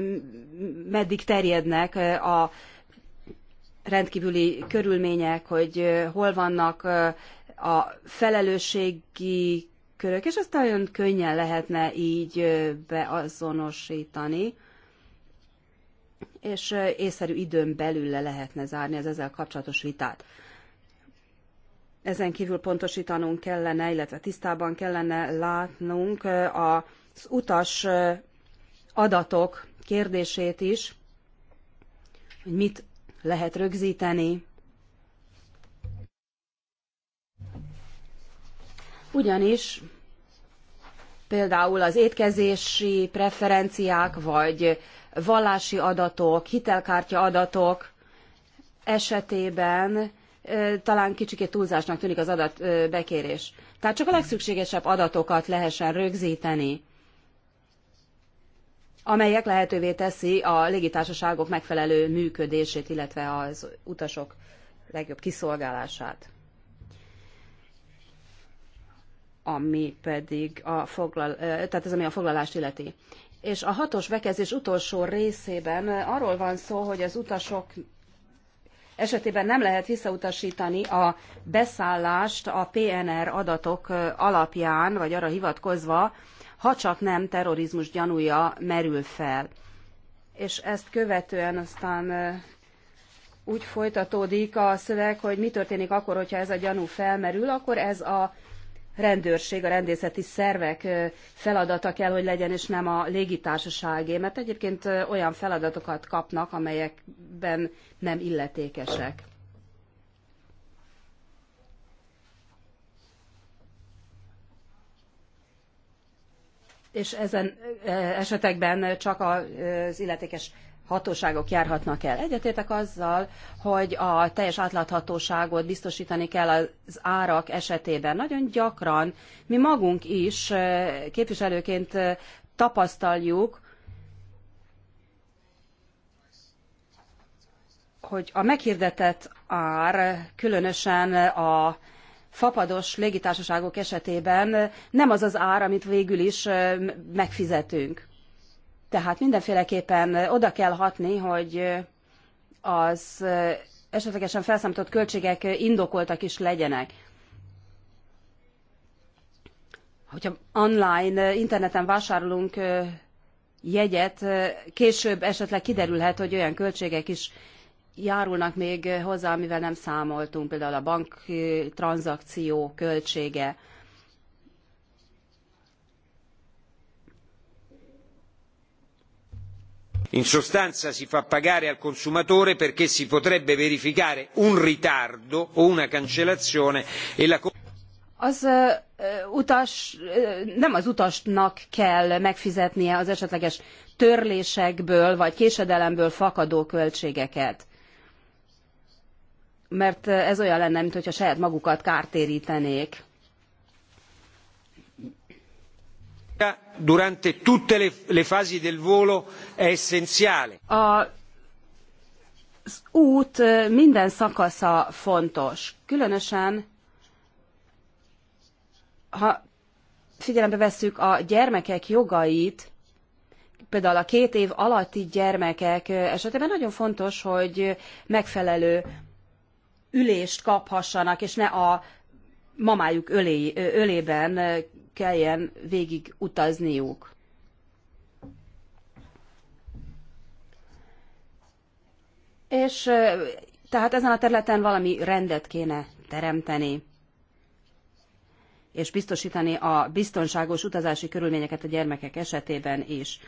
meddig terjednek a rendkívüli körülmények, hogy hol vannak a felelősségi körök, és ezt nagyon könnyen lehetne így beazonosítani és észszerű időn belül le lehetne zárni az ezzel kapcsolatos vitát. Ezen kívül pontosítanunk kellene, illetve tisztában kellene látnunk az utas adatok kérdését is, hogy mit lehet rögzíteni. Ugyanis például az étkezési preferenciák vagy vallási adatok, hitelkártya adatok esetében talán kicsikét túlzásnak tűnik az adatbekérés. Tehát csak a legszükségesebb adatokat lehessen rögzíteni, amelyek lehetővé teszi a légitársaságok megfelelő működését, illetve az utasok legjobb kiszolgálását. Ami pedig a foglal, tehát ez ami a foglalást illeti és a hatos bekezés utolsó részében arról van szó, hogy az utasok esetében nem lehet visszautasítani a beszállást a PNR adatok alapján, vagy arra hivatkozva, ha csak nem terrorizmus gyanúja merül fel. És ezt követően aztán úgy folytatódik a szöveg, hogy mi történik akkor, hogyha ez a gyanú felmerül, akkor ez a rendőrség, a rendészeti szervek feladata kell, hogy legyen, és nem a légitársaságé, mert egyébként olyan feladatokat kapnak, amelyekben nem illetékesek. És ezen esetekben csak az illetékes hatóságok járhatnak el. Egyetétek azzal, hogy a teljes átláthatóságot biztosítani kell az árak esetében. Nagyon gyakran mi magunk is képviselőként tapasztaljuk, hogy a meghirdetett ár különösen a fapados légitársaságok esetében nem az az ár, amit végül is megfizetünk. Tehát mindenféleképpen oda kell hatni, hogy az esetlegesen felszámított költségek indokoltak is legyenek. Hogyha online, interneten vásárolunk jegyet, később esetleg kiderülhet, hogy olyan költségek is járulnak még hozzá, amivel nem számoltunk, például a bank tranzakció költsége, In sostanza si fa pagare al consumatore perché si potrebbe verificare un ritardo o una cancellazione e la az utas, nem az utasnak kell megfizetnie az esetleges törlésekből vagy késedelemből fakadó költségeket. Mert ez olyan lenne, mintha saját magukat kártérítenék. durante tutte le, fasi del volo è essenziale. az út minden szakasza fontos, különösen ha figyelembe vesszük a gyermekek jogait, például a két év alatti gyermekek esetében nagyon fontos, hogy megfelelő ülést kaphassanak, és ne a mamájuk ölé, ölében kelljen végig utazniuk. És tehát ezen a területen valami rendet kéne teremteni, és biztosítani a biztonságos utazási körülményeket a gyermekek esetében is.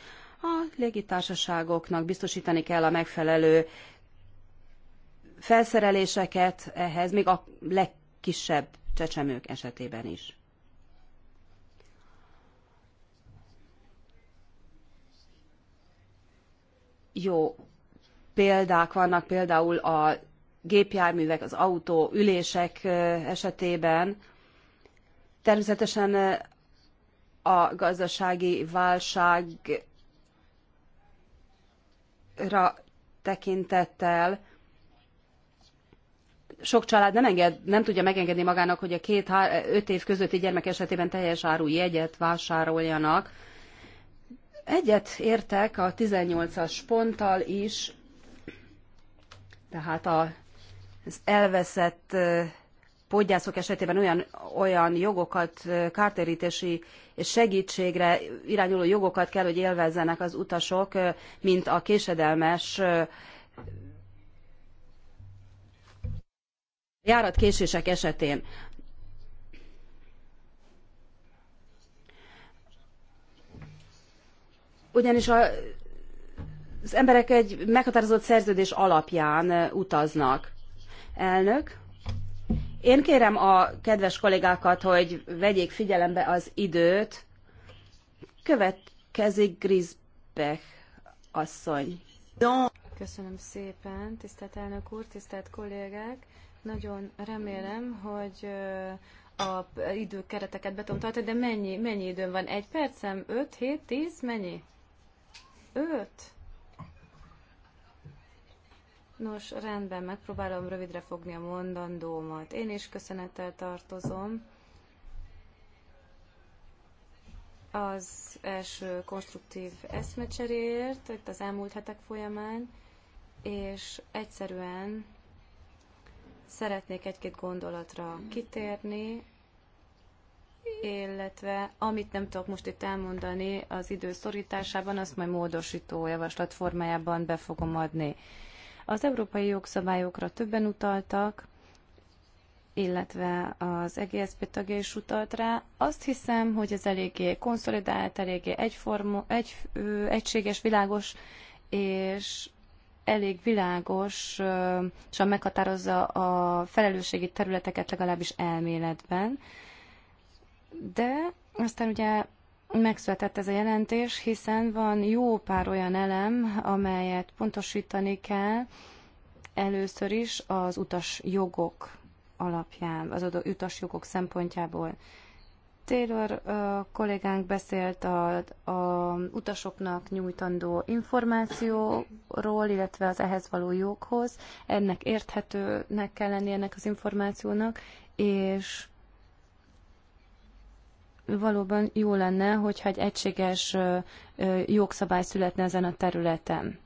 A légitársaságoknak biztosítani kell a megfelelő felszereléseket ehhez, még a legkisebb csecsemők esetében is. jó példák vannak, például a gépjárművek, az autó, ülések esetében. Természetesen a gazdasági válságra tekintettel sok család nem, enged, nem tudja megengedni magának, hogy a két-öt év közötti gyermek esetében teljes áru jegyet vásároljanak, Egyet értek a 18-as ponttal is, tehát az elveszett podgyászok esetében olyan, olyan jogokat, kártérítési és segítségre irányuló jogokat kell, hogy élvezzenek az utasok, mint a késedelmes járatkésések esetén. ugyanis a, az emberek egy meghatározott szerződés alapján utaznak. Elnök, én kérem a kedves kollégákat, hogy vegyék figyelembe az időt. Következik Grisbeck asszony. Köszönöm szépen, tisztelt elnök úr, tisztelt kollégák. Nagyon remélem, hogy a időkereteket be tudom tartani, de mennyi, mennyi időm van? Egy percem? Öt, hét, tíz? Mennyi? öt? Nos, rendben, megpróbálom rövidre fogni a mondandómat. Én is köszönettel tartozom az első konstruktív eszmecseréért itt az elmúlt hetek folyamán, és egyszerűen szeretnék egy-két gondolatra kitérni, illetve amit nem tudok most itt elmondani az idő szorításában, azt majd módosító javaslat formájában be fogom adni. Az európai jogszabályokra többen utaltak, illetve az EGSZP tagja is utalt rá. Azt hiszem, hogy ez eléggé konszolidált, eléggé egyforma, egy, ö, egységes, világos, és elég világos, ö, és meghatározza a felelősségi területeket legalábbis elméletben. Ö, de aztán ugye megszületett ez a jelentés, hiszen van jó pár olyan elem, amelyet pontosítani kell először is az utas jogok alapján, az utas jogok szempontjából. Taylor uh, kollégánk beszélt a, a utasoknak nyújtandó információról, illetve az ehhez való joghoz. Ennek érthetőnek kell lenni ennek az információnak, és valóban jó lenne, hogyha egy egységes jogszabály születne ezen a területen.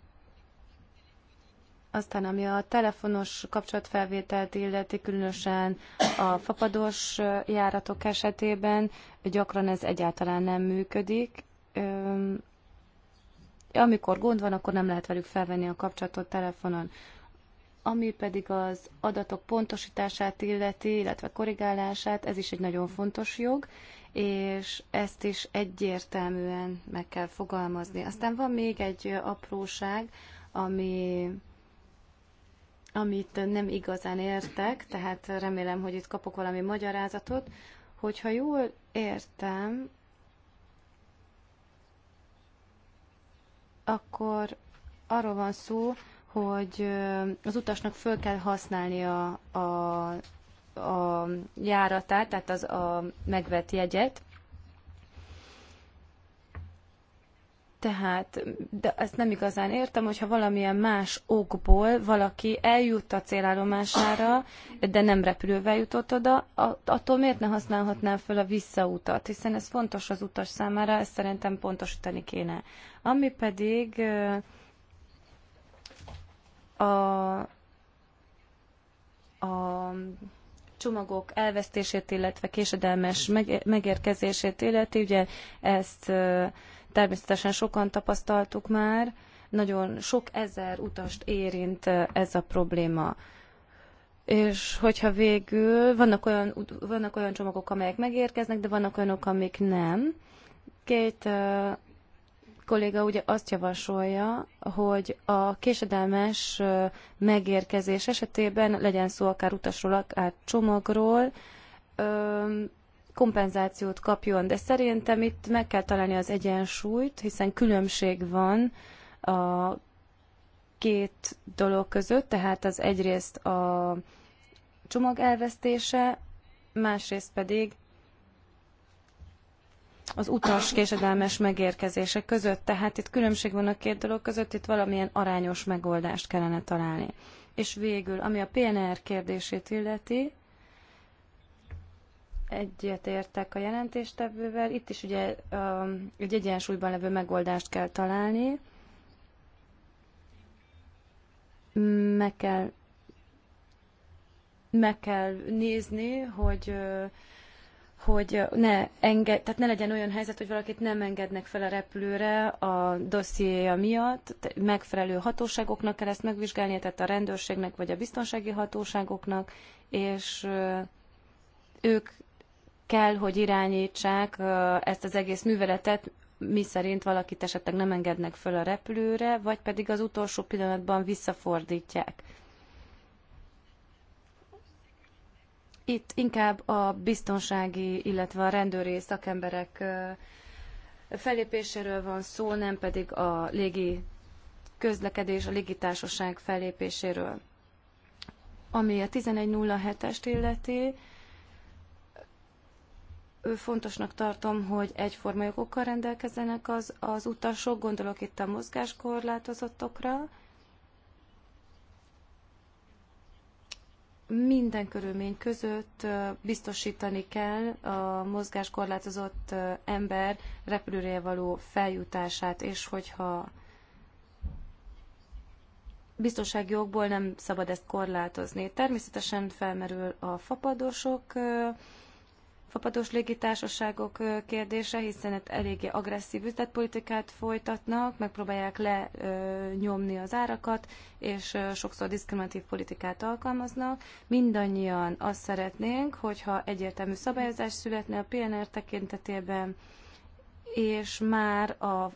Aztán, ami a telefonos kapcsolatfelvételt illeti, különösen a fapados járatok esetében, gyakran ez egyáltalán nem működik. Amikor gond van, akkor nem lehet velük felvenni a kapcsolatot telefonon. Ami pedig az adatok pontosítását illeti, illetve korrigálását, ez is egy nagyon fontos jog, és ezt is egyértelműen meg kell fogalmazni. Aztán van még egy apróság, ami, amit nem igazán értek, tehát remélem, hogy itt kapok valami magyarázatot, hogyha jól értem, akkor arról van szó, hogy az utasnak föl kell használnia a, a a járatát, tehát az a megvett jegyet. Tehát, de ezt nem igazán értem, hogyha valamilyen más okból valaki eljut a célállomására, de nem repülővel jutott oda, attól miért ne használhatnám fel a visszautat? Hiszen ez fontos az utas számára, ezt szerintem pontosítani kéne. Ami pedig a, a csomagok elvesztését, illetve késedelmes megérkezését illeti, ugye ezt természetesen sokan tapasztaltuk már, nagyon sok ezer utast érint ez a probléma. És hogyha végül vannak olyan, vannak olyan csomagok, amelyek megérkeznek, de vannak olyanok, amik nem. Két kolléga ugye azt javasolja, hogy a késedelmes megérkezés esetében legyen szó akár utasról, akár csomagról, kompenzációt kapjon, de szerintem itt meg kell találni az egyensúlyt, hiszen különbség van a két dolog között, tehát az egyrészt a csomag elvesztése, másrészt pedig az utas késedelmes megérkezése között. Tehát itt különbség van a két dolog között, itt valamilyen arányos megoldást kellene találni. És végül, ami a PNR kérdését illeti, egyetértek a jelentéstevővel. Itt is ugye um, egy egyensúlyban levő megoldást kell találni. Meg kell, meg kell nézni, hogy uh, hogy ne, enge, tehát ne legyen olyan helyzet, hogy valakit nem engednek fel a repülőre a dossziéja miatt, megfelelő hatóságoknak kell ezt megvizsgálni, tehát a rendőrségnek vagy a biztonsági hatóságoknak, és ők kell, hogy irányítsák ezt az egész műveletet, mi szerint valakit esetleg nem engednek föl a repülőre, vagy pedig az utolsó pillanatban visszafordítják Itt inkább a biztonsági, illetve a rendőri szakemberek fellépéséről van szó, nem pedig a légi közlekedés, a légitársaság fellépéséről. Ami a 1107-est illeti, fontosnak tartom, hogy egyforma jogokkal rendelkezzenek az, az utasok, gondolok itt a mozgáskorlátozottokra, minden körülmény között biztosítani kell a mozgáskorlátozott ember repülőre való feljutását, és hogyha biztonsági okból nem szabad ezt korlátozni. Természetesen felmerül a fapadosok fapados légitársaságok kérdése, hiszen itt eléggé agresszív üzletpolitikát folytatnak, megpróbálják lenyomni az árakat, és sokszor diszkriminatív politikát alkalmaznak. Mindannyian azt szeretnénk, hogyha egyértelmű szabályozás születne a PNR tekintetében, és már a, a,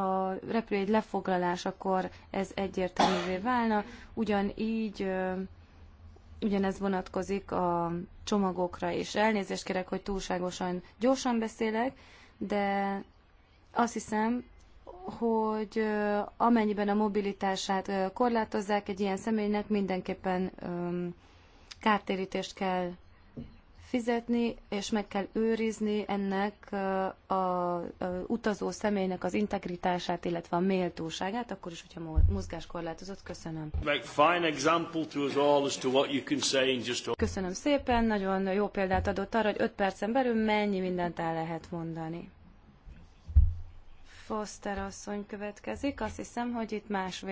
a repülőjegy lefoglalásakor ez egyértelművé válna, ugyanígy Ugyanez vonatkozik a csomagokra is. Elnézést kérek, hogy túlságosan gyorsan beszélek, de azt hiszem, hogy amennyiben a mobilitását korlátozzák egy ilyen személynek, mindenképpen kártérítést kell fizetni, és meg kell őrizni ennek a, utazó személynek az integritását, illetve a méltóságát, akkor is, hogyha mozgás Köszönöm. Köszönöm szépen, nagyon jó példát adott arra, hogy 5 percen belül mennyi mindent el lehet mondani. Foster asszony következik. Azt hiszem, hogy itt más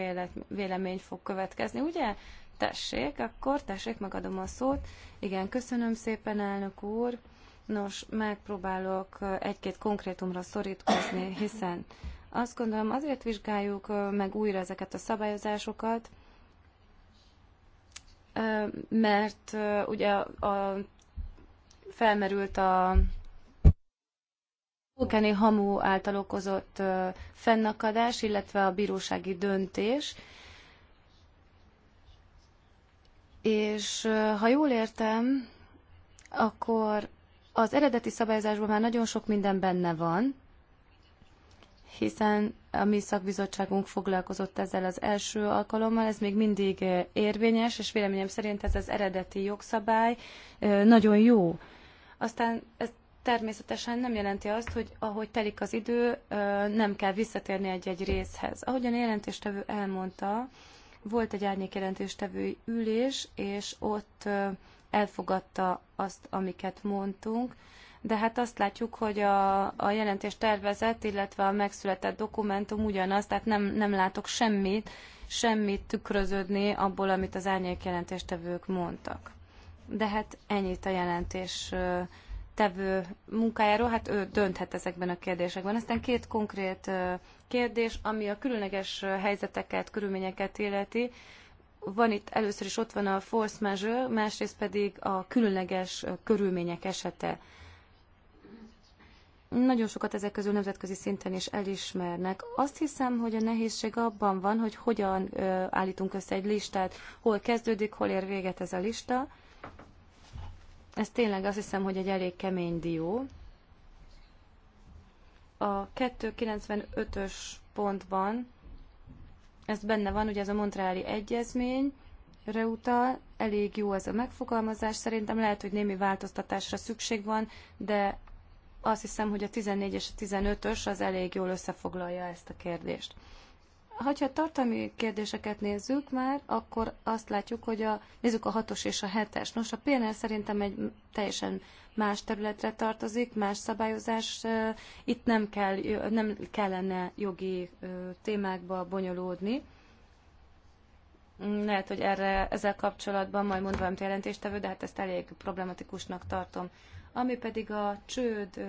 vélemény fog következni, ugye? Tessék, akkor tessék, megadom a szót. Igen, köszönöm szépen, elnök úr. Nos, megpróbálok egy-két konkrétumra szorítkozni, hiszen azt gondolom azért vizsgáljuk meg újra ezeket a szabályozásokat, mert ugye a, felmerült a vulkáni hamu által okozott fennakadás, illetve a bírósági döntés, és ha jól értem, akkor az eredeti szabályozásban már nagyon sok minden benne van, hiszen a mi szakbizottságunk foglalkozott ezzel az első alkalommal, ez még mindig érvényes, és véleményem szerint ez az eredeti jogszabály nagyon jó. Aztán ez természetesen nem jelenti azt, hogy ahogy telik az idő, nem kell visszatérni egy-egy részhez. Ahogyan a jelentéstevő elmondta, volt egy árnyékjelentéstevő ülés, és ott elfogadta azt, amiket mondtunk, de hát azt látjuk, hogy a, a jelentés tervezet illetve a megszületett dokumentum ugyanaz, tehát nem, nem látok semmit, semmit tükröződni abból, amit az árnyékjelentéstevők mondtak. De hát ennyit a jelentés tevő munkájáról, hát ő dönthet ezekben a kérdésekben. Aztán két konkrét kérdés, ami a különleges helyzeteket, körülményeket illeti. Van itt először is ott van a force majeure, másrészt pedig a különleges körülmények esete. Nagyon sokat ezek közül nemzetközi szinten is elismernek. Azt hiszem, hogy a nehézség abban van, hogy hogyan állítunk össze egy listát, hol kezdődik, hol ér véget ez a lista. Ez tényleg azt hiszem, hogy egy elég kemény dió. A 295-ös pontban, ez benne van, ugye ez a Montreali Egyezmény, utal, elég jó ez a megfogalmazás. Szerintem lehet, hogy némi változtatásra szükség van, de azt hiszem, hogy a 14 és a 15-ös az elég jól összefoglalja ezt a kérdést. Ha tartalmi kérdéseket nézzük már, akkor azt látjuk, hogy a, nézzük a 6-os és a 7-es. Nos, a PNL szerintem egy teljesen más területre tartozik, más szabályozás. Itt nem, kell, nem kellene jogi témákba bonyolódni. Lehet, hogy erre ezzel kapcsolatban majd mond valamit jelentéstevő, de hát ezt elég problematikusnak tartom. Ami pedig a csőd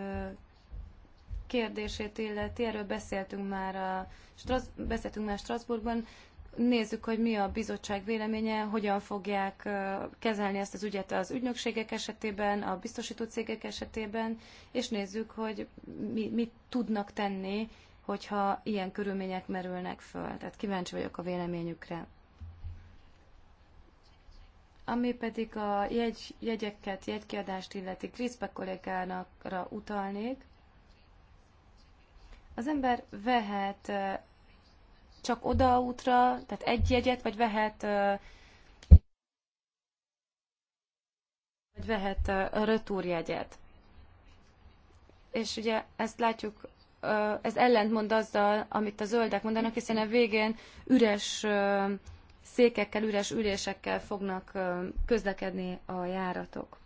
kérdését illeti, erről beszéltünk már, a, Strasz, beszéltünk már Strasbourgban, Nézzük, hogy mi a bizottság véleménye, hogyan fogják kezelni ezt az ügyet az ügynökségek esetében, a biztosító cégek esetében, és nézzük, hogy mi, mit tudnak tenni, hogyha ilyen körülmények merülnek föl. Tehát kíváncsi vagyok a véleményükre. Ami pedig a jegy, jegyeket, jegykiadást illeti Kriszpe kollégának utalnék, az ember vehet csak oda útra, tehát egy jegyet, vagy vehet vagy vehet jegyet. És ugye ezt látjuk, ez ellentmond azzal, amit a zöldek mondanak, hiszen a végén üres székekkel, üres ülésekkel fognak közlekedni a járatok.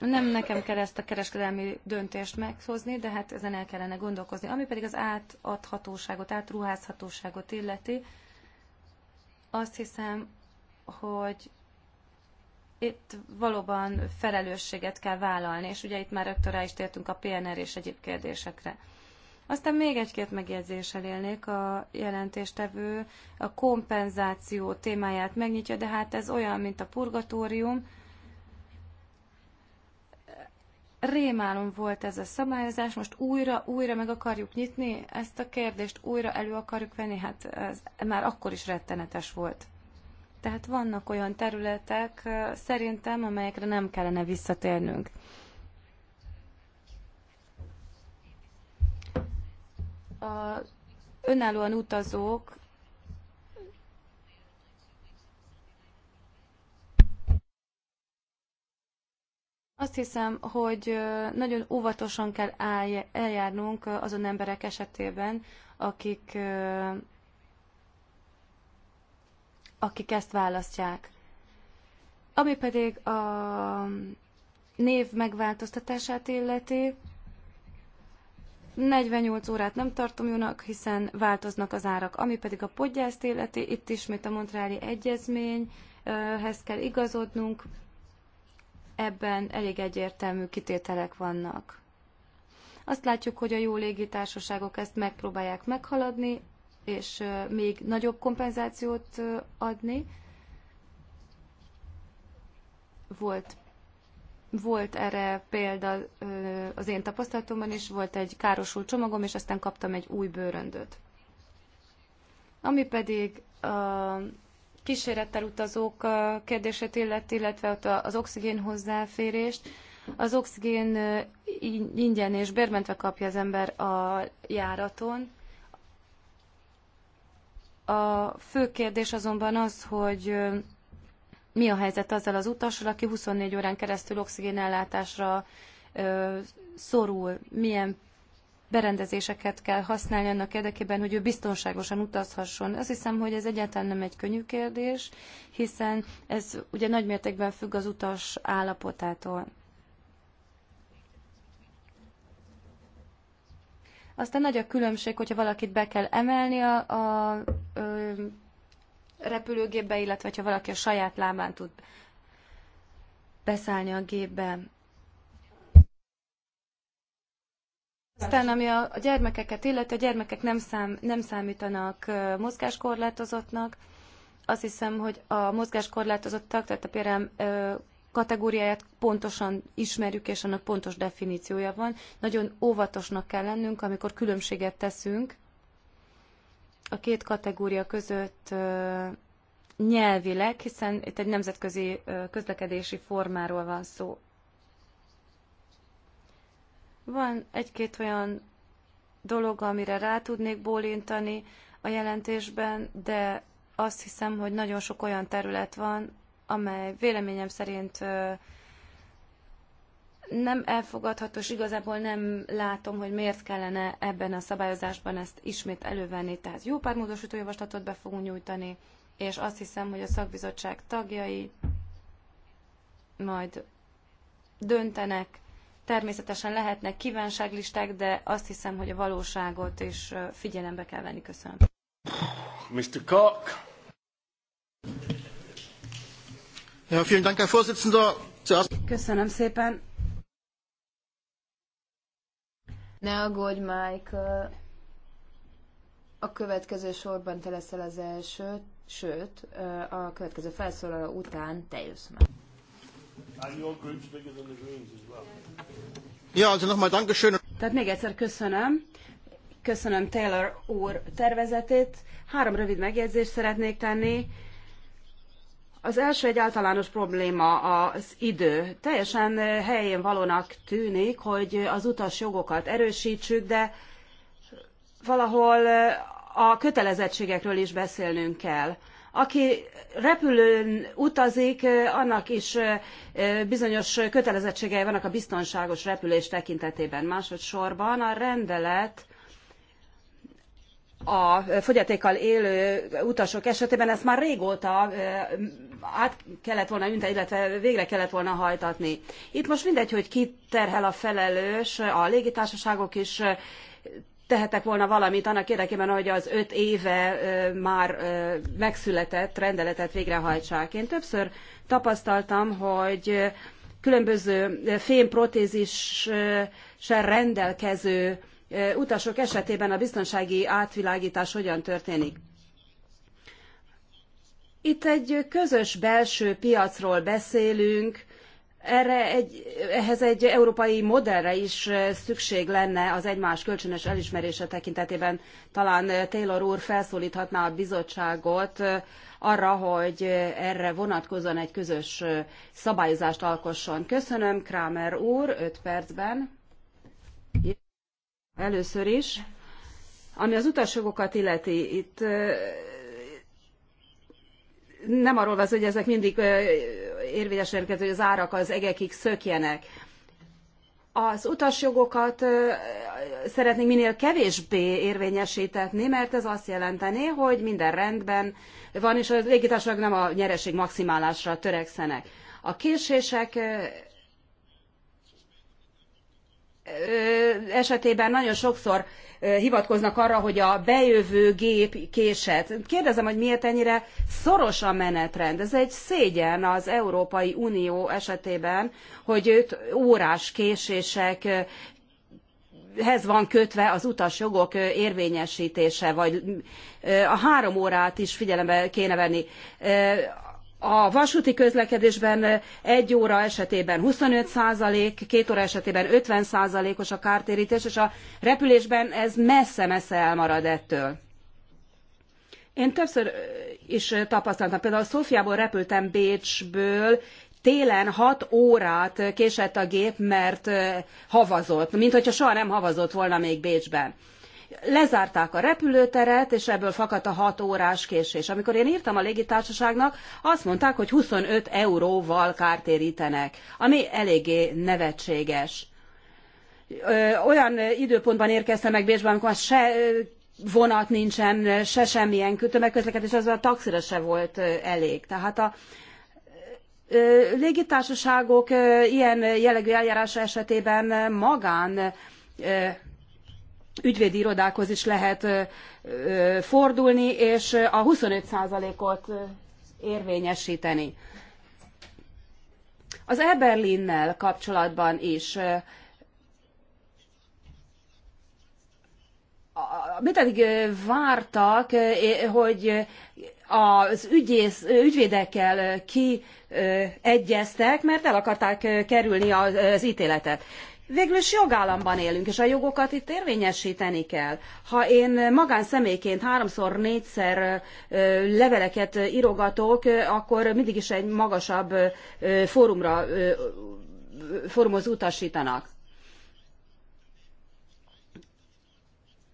Nem nekem kell ezt a kereskedelmi döntést meghozni, de hát ezen el kellene gondolkozni. Ami pedig az átadhatóságot, átruházhatóságot illeti, azt hiszem, hogy itt valóban felelősséget kell vállalni, és ugye itt már rögtön rá is tértünk a PNR és egyéb kérdésekre. Aztán még egy-két megjegyzéssel élnék, a jelentéstevő a kompenzáció témáját megnyitja, de hát ez olyan, mint a purgatórium, rémálom volt ez a szabályozás, most újra, újra meg akarjuk nyitni ezt a kérdést, újra elő akarjuk venni, hát ez már akkor is rettenetes volt. Tehát vannak olyan területek szerintem, amelyekre nem kellene visszatérnünk. A önállóan utazók Azt hiszem, hogy nagyon óvatosan kell eljárnunk azon emberek esetében, akik, akik ezt választják. Ami pedig a név megváltoztatását illeti, 48 órát nem tartom jónak, hiszen változnak az árak. Ami pedig a podgyászt illeti, itt ismét a Montreali Egyezményhez kell igazodnunk, ebben elég egyértelmű kitételek vannak. Azt látjuk, hogy a jó légitársaságok ezt megpróbálják meghaladni, és még nagyobb kompenzációt adni. Volt, volt erre példa az én tapasztalatomban is, volt egy károsult csomagom, és aztán kaptam egy új bőröndöt. Ami pedig a kísérettel utazók kérdését illeti, illetve ott az oxigén hozzáférést. Az oxigén ingyen és bérmentve kapja az ember a járaton. A fő kérdés azonban az, hogy mi a helyzet azzal az utassal, aki 24 órán keresztül oxigénellátásra szorul, milyen berendezéseket kell használni annak érdekében, hogy ő biztonságosan utazhasson. Azt hiszem, hogy ez egyáltalán nem egy könnyű kérdés, hiszen ez ugye nagymértékben függ az utas állapotától. Aztán nagy a különbség, hogyha valakit be kell emelni a, a ö, repülőgépbe, illetve ha valaki a saját lábán tud beszállni a gépbe. Aztán, ami a, gyermekeket illeti, a gyermekek nem, szám, nem számítanak mozgáskorlátozottnak. Azt hiszem, hogy a mozgáskorlátozottak, tehát a például kategóriáját pontosan ismerjük, és annak pontos definíciója van. Nagyon óvatosnak kell lennünk, amikor különbséget teszünk a két kategória között nyelvileg, hiszen itt egy nemzetközi közlekedési formáról van szó. Van egy-két olyan dolog, amire rá tudnék bólintani a jelentésben, de azt hiszem, hogy nagyon sok olyan terület van, amely véleményem szerint nem elfogadható, és igazából nem látom, hogy miért kellene ebben a szabályozásban ezt ismét elővenni. Tehát jó pár javaslatot be fogunk nyújtani, és azt hiszem, hogy a szakbizottság tagjai majd döntenek, Természetesen lehetnek kívánságlisták, de azt hiszem, hogy a valóságot is figyelembe kell venni. Köszönöm. Mr. Koch. Ja, vielen Dank, Herr Vorsitzender. Köszönöm szépen. Ne aggódj, Michael. A következő sorban te leszel az első, sőt, a következő felszólaló után te jössz Ja, also nochmal Dankeschön. Tehát még egyszer köszönöm. Köszönöm Taylor úr tervezetét. Három rövid megjegyzést szeretnék tenni. Az első egy általános probléma az idő. Teljesen helyén valónak tűnik, hogy az utas jogokat erősítsük, de valahol a kötelezettségekről is beszélnünk kell aki repülőn utazik, annak is bizonyos kötelezettségei vannak a biztonságos repülés tekintetében. Másodszorban a rendelet a fogyatékkal élő utasok esetében ezt már régóta át kellett volna üntetni, illetve végre kellett volna hajtatni. Itt most mindegy, hogy ki terhel a felelős, a légitársaságok is tehetek volna valamit annak érdekében, hogy az öt éve már megszületett rendeletet végrehajtsák. Én többször tapasztaltam, hogy különböző fémprotézissel rendelkező utasok esetében a biztonsági átvilágítás hogyan történik. Itt egy közös belső piacról beszélünk, erre egy, ehhez egy európai modellre is szükség lenne az egymás kölcsönös elismerése tekintetében. Talán Taylor úr felszólíthatná a bizottságot arra, hogy erre vonatkozóan egy közös szabályozást alkosson. Köszönöm, Kramer úr, Öt percben. Először is. Ami az utasjogokat illeti, itt nem arról van hogy ezek mindig érvényesülni kell, hogy az árak az egekig szökjenek. Az utasjogokat szeretnénk minél kevésbé érvényesítetni, mert ez azt jelenteni, hogy minden rendben van, és a légitársaság nem a nyereség maximálásra törekszenek. A késések esetében nagyon sokszor hivatkoznak arra, hogy a bejövő gép késett. Kérdezem, hogy miért ennyire szoros a menetrend. Ez egy szégyen az Európai Unió esetében, hogy őt órás késések van kötve az utasjogok érvényesítése, vagy a három órát is figyelembe kéne venni a vasúti közlekedésben egy óra esetében 25 százalék, két óra esetében 50 százalékos a kártérítés, és a repülésben ez messze-messze elmarad ettől. Én többször is tapasztaltam, például Szófiából repültem Bécsből, télen 6 órát késett a gép, mert havazott, mint hogyha soha nem havazott volna még Bécsben lezárták a repülőteret, és ebből fakadt a 6 órás késés. Amikor én írtam a légitársaságnak, azt mondták, hogy 25 euróval kártérítenek, ami eléggé nevetséges. Olyan időpontban érkeztem meg Bécsben, amikor se vonat nincsen, se semmilyen tömegközlekedés, az a taxira se volt elég. Tehát a légitársaságok ilyen jellegű eljárása esetében magán ügyvédi irodákhoz is lehet fordulni, és a 25%-ot érvényesíteni. Az Eberlinnel kapcsolatban is mit eddig vártak, hogy az ügyész, ügyvédekkel kiegyeztek, mert el akarták kerülni az ítéletet. Végül is jogállamban élünk, és a jogokat itt érvényesíteni kell. Ha én magánszemélyként háromszor, négyszer leveleket írogatok, akkor mindig is egy magasabb fórumra, fórumhoz utasítanak.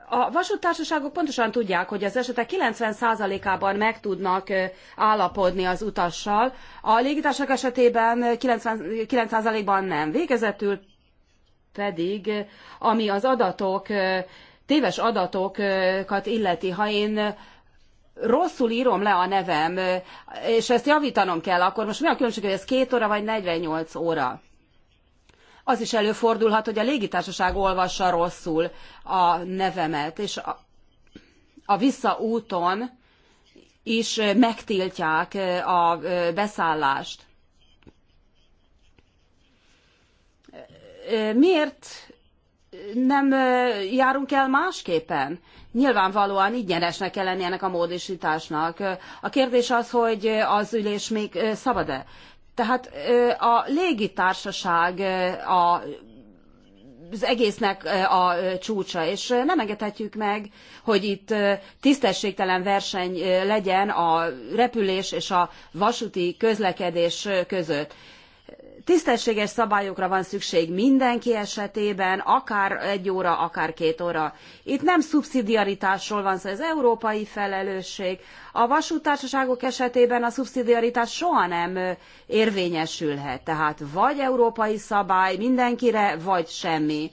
A vasúttársaságok pontosan tudják, hogy az esetek 90%-ában meg tudnak állapodni az utassal, a légitársaság esetében 90 ban nem. Végezetül pedig, ami az adatok, téves adatokat illeti, ha én rosszul írom le a nevem, és ezt javítanom kell, akkor most mi a különbség, hogy ez két óra vagy 48 óra? Az is előfordulhat, hogy a légitársaság olvassa rosszul a nevemet, és a, a visszaúton is megtiltják a beszállást. miért nem járunk el másképpen? Nyilvánvalóan ingyenesnek kell lenni ennek a módosításnak. A kérdés az, hogy az ülés még szabad-e? Tehát a légitársaság a az egésznek a csúcsa, és nem engedhetjük meg, hogy itt tisztességtelen verseny legyen a repülés és a vasúti közlekedés között. Tisztességes szabályokra van szükség mindenki esetében, akár egy óra, akár két óra. Itt nem szubszidiaritásról van szó, ez európai felelősség. A vasútársaságok esetében a szubszidiaritás soha nem érvényesülhet. Tehát vagy európai szabály mindenkire, vagy semmi.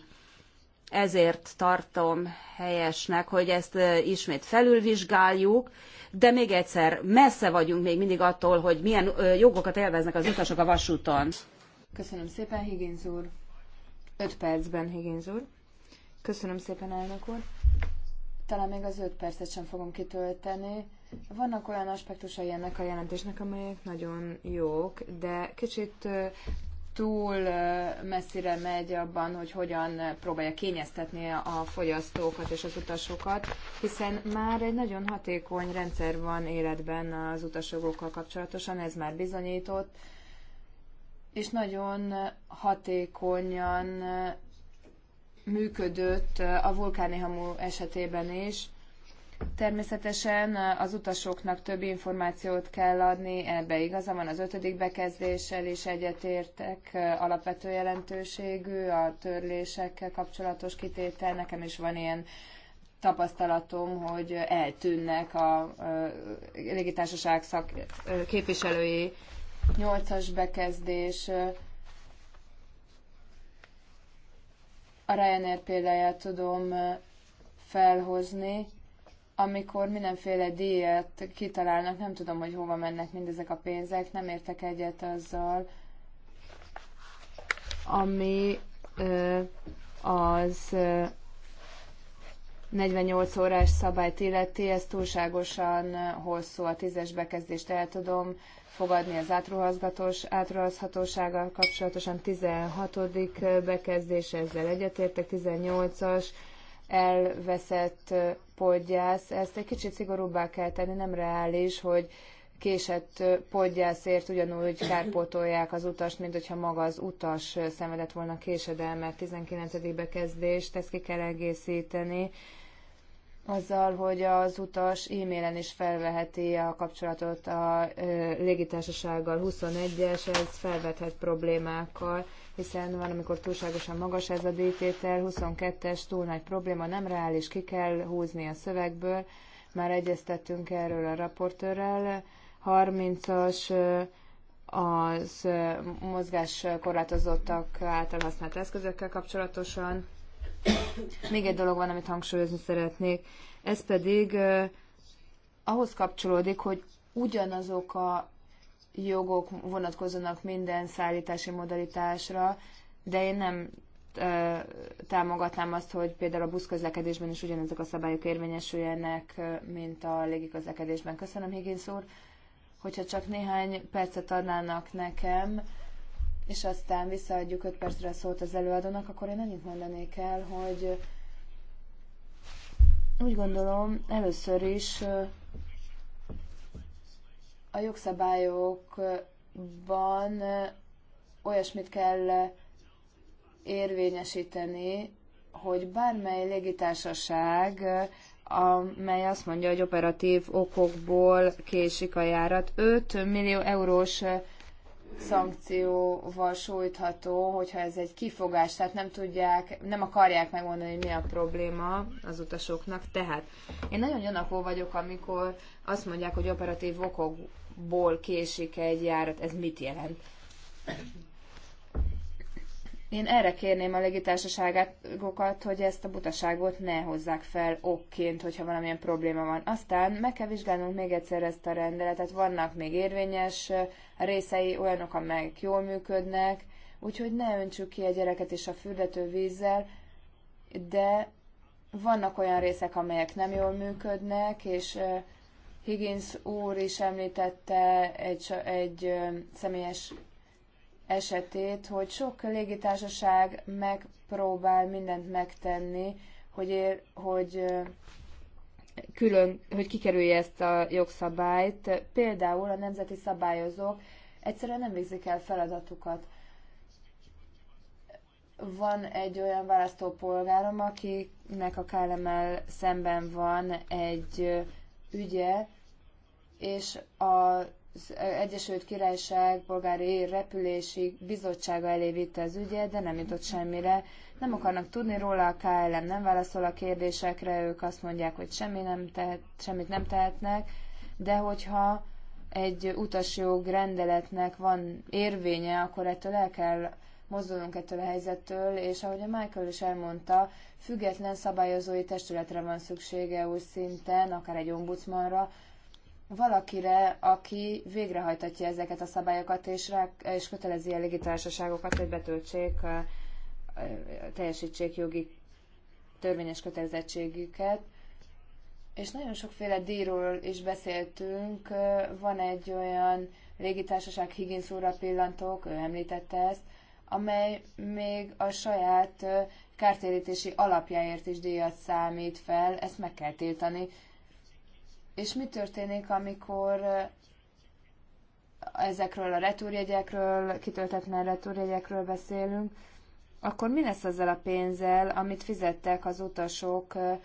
Ezért tartom helyesnek, hogy ezt ismét felülvizsgáljuk, de még egyszer, messze vagyunk még mindig attól, hogy milyen jogokat élveznek az utasok a vasúton. Köszönöm szépen, Higgins úr. Öt percben, Higgins úr. Köszönöm szépen, elnök úr. Talán még az öt percet sem fogom kitölteni. Vannak olyan aspektusai ennek a jelentésnek, amelyek nagyon jók, de kicsit túl messzire megy abban, hogy hogyan próbálja kényeztetni a fogyasztókat és az utasokat, hiszen már egy nagyon hatékony rendszer van életben az utasjogokkal kapcsolatosan, ez már bizonyított, és nagyon hatékonyan működött a vulkáni hamu esetében is. Természetesen az utasoknak több információt kell adni, ebbe igaza van az ötödik bekezdéssel is egyetértek, alapvető jelentőségű a törlésekkel kapcsolatos kitétel, nekem is van ilyen tapasztalatom, hogy eltűnnek a légitársaság szak képviselői Nyolcas bekezdés. A Ryanair példáját tudom felhozni, amikor mindenféle díjat kitalálnak, nem tudom, hogy hova mennek mindezek a pénzek, nem értek egyet azzal, ami az 48 órás szabályt illeti, ez túlságosan hosszú a tízes bekezdést el tudom fogadni az átruházhatósággal kapcsolatosan 16. bekezdés, ezzel egyetértek, 18-as elveszett podgyász. Ezt egy kicsit szigorúbbá kell tenni, nem reális, hogy késett podgyászért ugyanúgy kárpótolják az utast, mint hogyha maga az utas szenvedett volna késedelmet. 19. bekezdést, ezt ki kell egészíteni azzal, hogy az utas e-mailen is felveheti a kapcsolatot a légitársasággal 21-es, ez felvethet problémákkal, hiszen van, amikor túlságosan magas ez a díjtétel, 22-es túl nagy probléma, nem reális, ki kell húzni a szövegből, már egyeztettünk erről a raportőrrel, 30-as az mozgáskorlátozottak által használt eszközökkel kapcsolatosan, még egy dolog van, amit hangsúlyozni szeretnék, ez pedig eh, ahhoz kapcsolódik, hogy ugyanazok a jogok vonatkozzanak minden szállítási modalitásra, de én nem eh, támogatnám azt, hogy például a buszközlekedésben is ugyanazok a szabályok érvényesüljenek, mint a légiközlekedésben. Köszönöm, Higgins úr! Hogyha csak néhány percet adnának nekem, és aztán visszaadjuk 5 percre a szót az előadónak, akkor én annyit mondanék el, hogy úgy gondolom, először is a jogszabályokban olyasmit kell érvényesíteni, hogy bármely légitársaság, amely azt mondja, hogy operatív okokból késik a járat, 5 millió eurós szankcióval sújtható, hogyha ez egy kifogás, tehát nem tudják, nem akarják megmondani, hogy mi a probléma az utasoknak. Tehát én nagyon gyanakó vagyok, amikor azt mondják, hogy operatív okokból késik egy járat. Ez mit jelent? Én erre kérném a légitársaságokat, hogy ezt a butaságot ne hozzák fel okként, hogyha valamilyen probléma van. Aztán meg kell vizsgálnunk még egyszer ezt a rendeletet. Vannak még érvényes részei, olyanok, amelyek jól működnek, úgyhogy ne öntsük ki a gyereket és a fürdető vízzel, de vannak olyan részek, amelyek nem jól működnek, és Higgins úr is említette egy, egy személyes esetét, hogy sok légitársaság megpróbál mindent megtenni, hogy, ér, hogy külön, hogy kikerülje ezt a jogszabályt. Például a nemzeti szabályozók egyszerűen nem végzik el feladatukat. Van egy olyan választópolgárom, akinek a KLML szemben van egy ügye, és a az Egyesült Királyság Polgári Repülési Bizottsága elé vitte az ügyet, de nem jutott semmire. Nem akarnak tudni róla, a KLM nem válaszol a kérdésekre, ők azt mondják, hogy semmi nem tehet, semmit nem tehetnek, de hogyha egy utasjog rendeletnek van érvénye, akkor ettől el kell mozdulunk ettől a helyzettől, és ahogy a Michael is elmondta, független szabályozói testületre van szüksége új szinten, akár egy ombudsmanra, valakire, aki végrehajtatja ezeket a szabályokat, és, rá, és kötelezi a légitársaságokat, hogy betöltsék, teljesítsék jogi törvényes kötelezettségüket. És nagyon sokféle díjról is beszéltünk. Van egy olyan légitársaság, Higgins úrra pillantók, ő említette ezt, amely még a saját kártérítési alapjáért is díjat számít fel, ezt meg kell tiltani. És mi történik, amikor eh, ezekről a retúrjegyekről, kitöltetlen retúrjegyekről beszélünk, akkor mi lesz azzal a pénzzel, amit fizettek az utasok eh,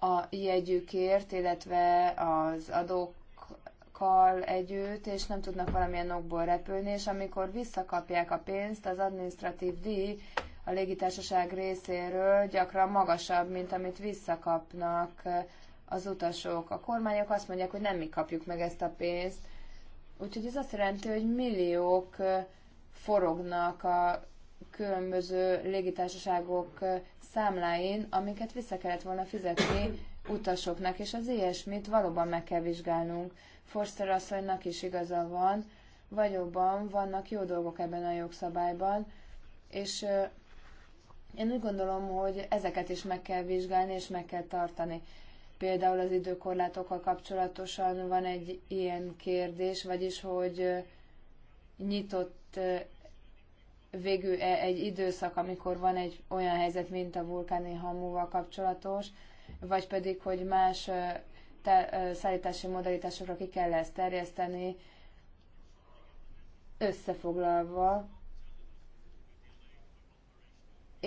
a jegyükért, illetve az adókkal együtt, és nem tudnak valamilyen okból repülni, és amikor visszakapják a pénzt, az administratív díj a légitársaság részéről gyakran magasabb, mint amit visszakapnak eh, az utasok. A kormányok azt mondják, hogy nem mi kapjuk meg ezt a pénzt. Úgyhogy ez azt jelenti, hogy milliók forognak a különböző légitársaságok számláin, amiket vissza kellett volna fizetni utasoknak, és az ilyesmit valóban meg kell vizsgálnunk. Forster asszonynak is igaza van, vagyokban vannak jó dolgok ebben a jogszabályban, és én úgy gondolom, hogy ezeket is meg kell vizsgálni és meg kell tartani. Például az időkorlátokkal kapcsolatosan van egy ilyen kérdés, vagyis hogy nyitott végül e egy időszak, amikor van egy olyan helyzet, mint a vulkáni hamúval kapcsolatos, vagy pedig, hogy más szállítási modalitásokra ki kell ezt terjeszteni, összefoglalva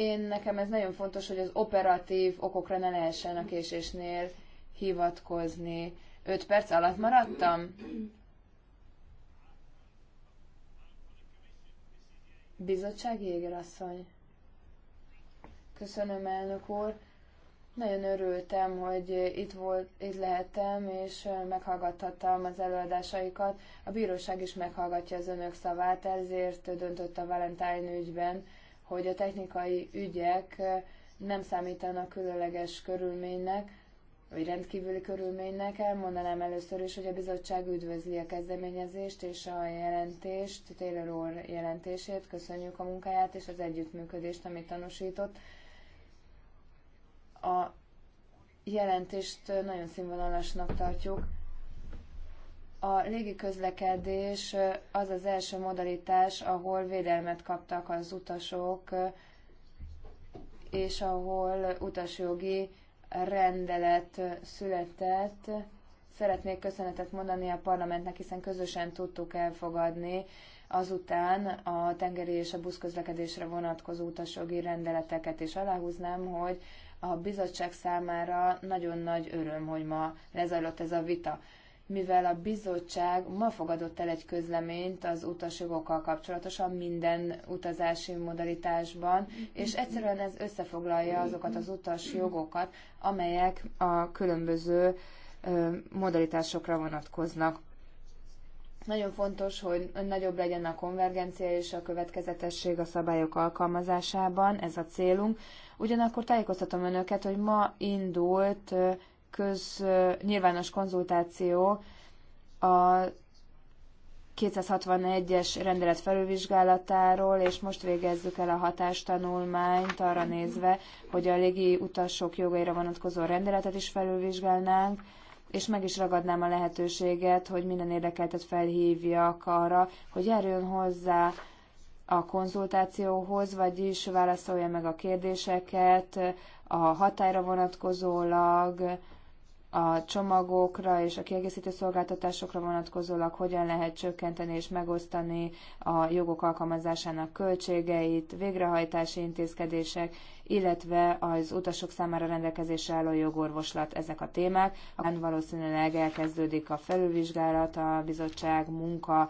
én nekem ez nagyon fontos, hogy az operatív okokra ne lehessen a késésnél hivatkozni. 5 perc alatt maradtam? Bizottság jégerasszony. Köszönöm, elnök úr. Nagyon örültem, hogy itt, volt, itt lehettem, és meghallgathattam az előadásaikat. A bíróság is meghallgatja az önök szavát, ezért döntött a Valentine ügyben hogy a technikai ügyek eh, nem számítanak különleges körülménynek, vagy rendkívüli körülménynek. Elmondanám először is, hogy a bizottság üdvözli a kezdeményezést és a jelentést, Taylor úr jelentését. Köszönjük a munkáját és az együttműködést, amit tanúsított. A jelentést eh, nagyon színvonalasnak tartjuk a légi közlekedés az az első modalitás, ahol védelmet kaptak az utasok, és ahol utasjogi rendelet született. Szeretnék köszönetet mondani a parlamentnek, hiszen közösen tudtuk elfogadni azután a tengeri és a buszközlekedésre vonatkozó utasjogi rendeleteket, és aláhúznám, hogy a bizottság számára nagyon nagy öröm, hogy ma lezajlott ez a vita mivel a bizottság ma fogadott el egy közleményt az utasjogokkal kapcsolatosan minden utazási modalitásban, és egyszerűen ez összefoglalja azokat az utasjogokat, amelyek a különböző modalitásokra vonatkoznak. Nagyon fontos, hogy nagyobb legyen a konvergencia és a következetesség a szabályok alkalmazásában, ez a célunk. Ugyanakkor tájékoztatom önöket, hogy ma indult köz nyilvános konzultáció a 261-es rendelet felülvizsgálatáról, és most végezzük el a hatástanulmányt arra nézve, hogy a légi utasok jogaira vonatkozó rendeletet is felülvizsgálnánk, és meg is ragadnám a lehetőséget, hogy minden érdekeltet felhívjak arra, hogy járjon hozzá a konzultációhoz, vagyis válaszolja meg a kérdéseket a hatályra vonatkozólag, a csomagokra és a kiegészítő szolgáltatásokra vonatkozólag hogyan lehet csökkenteni és megosztani a jogok alkalmazásának költségeit, végrehajtási intézkedések, illetve az utasok számára rendelkezésre álló jogorvoslat ezek a témák. Valószínűleg elkezdődik a felülvizsgálat, a bizottság munka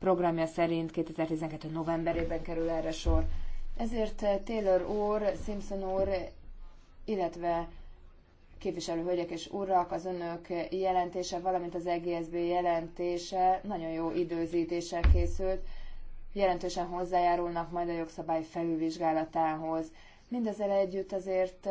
programja szerint 2012. novemberében kerül erre sor. Ezért eh, Taylor úr, Simpson úr, illetve képviselő hölgyek és urak, az önök jelentése, valamint az EGSB jelentése nagyon jó időzítéssel készült, jelentősen hozzájárulnak majd a jogszabály felülvizsgálatához. Mindezzel együtt azért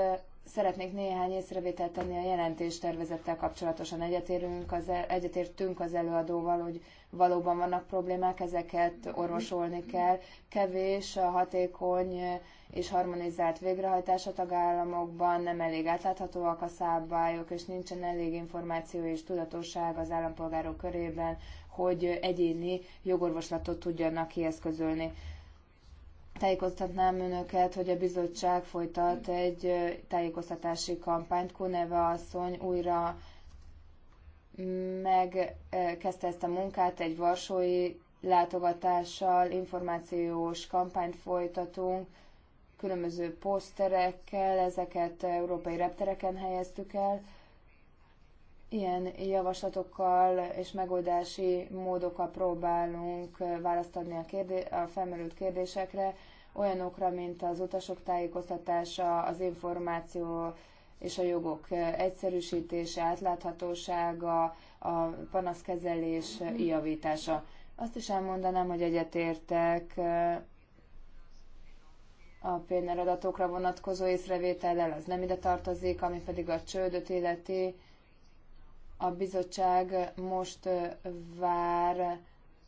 szeretnék néhány észrevételt tenni a jelentés tervezettel kapcsolatosan. Egyetérünk az, e, egyetértünk az előadóval, hogy valóban vannak problémák, ezeket orvosolni kell. Kevés a hatékony és harmonizált végrehajtás a tagállamokban, nem elég átláthatóak a szabályok, és nincsen elég információ és tudatosság az állampolgárok körében, hogy egyéni jogorvoslatot tudjanak kieszközölni. Tájékoztatnám önöket, hogy a bizottság folytat egy tájékoztatási kampányt. Kuneva asszony újra megkezdte ezt a munkát egy varsói látogatással, információs kampányt folytatunk, különböző poszterekkel, ezeket európai reptereken helyeztük el. Ilyen javaslatokkal és megoldási módokkal próbálunk választ adni a, kérdé- a felmerült kérdésekre, olyanokra, mint az utasok tájékoztatása, az információ és a jogok egyszerűsítése, átláthatósága, a panaszkezelés javítása. Azt is elmondanám, hogy egyetértek a PNR-adatokra vonatkozó észrevétellel, az nem ide tartozik, ami pedig a csődöt illeti. A bizottság most vár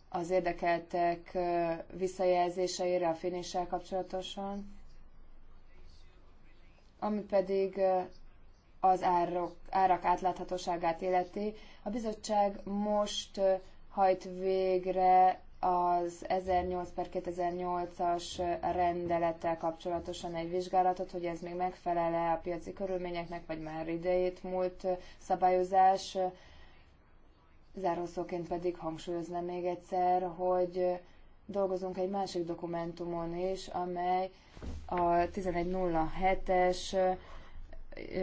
az érdekeltek visszajelzéseire a finéssel kapcsolatosan, ami pedig az árok, árak átláthatóságát illeti. A bizottság most hajt végre az 1008 2008-as rendelettel kapcsolatosan egy vizsgálatot, hogy ez még megfelele a piaci körülményeknek, vagy már idejét múlt szabályozás. Zárószóként pedig hangsúlyoznám még egyszer, hogy dolgozunk egy másik dokumentumon is, amely a 1107-es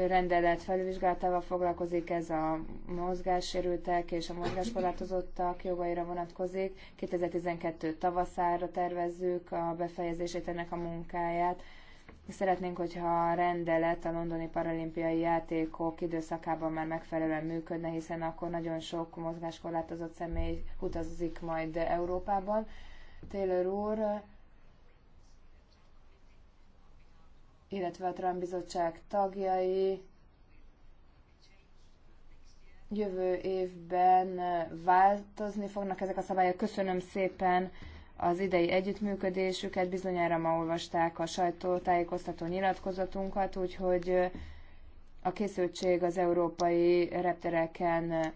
rendelet felvizsgálatával foglalkozik, ez a mozgássérültek és a mozgáskorlátozottak jogaira vonatkozik. 2012 tavaszára tervezzük a befejezését ennek a munkáját. Szeretnénk, hogyha a rendelet a londoni paralimpiai játékok időszakában már megfelelően működne, hiszen akkor nagyon sok mozgáskorlátozott személy utazik majd Európában. Taylor úr, illetve a Trump bizottság tagjai jövő évben változni fognak ezek a szabályok. Köszönöm szépen az idei együttműködésüket, bizonyára ma olvasták a sajtótájékoztató nyilatkozatunkat, úgyhogy a készültség az európai reptereken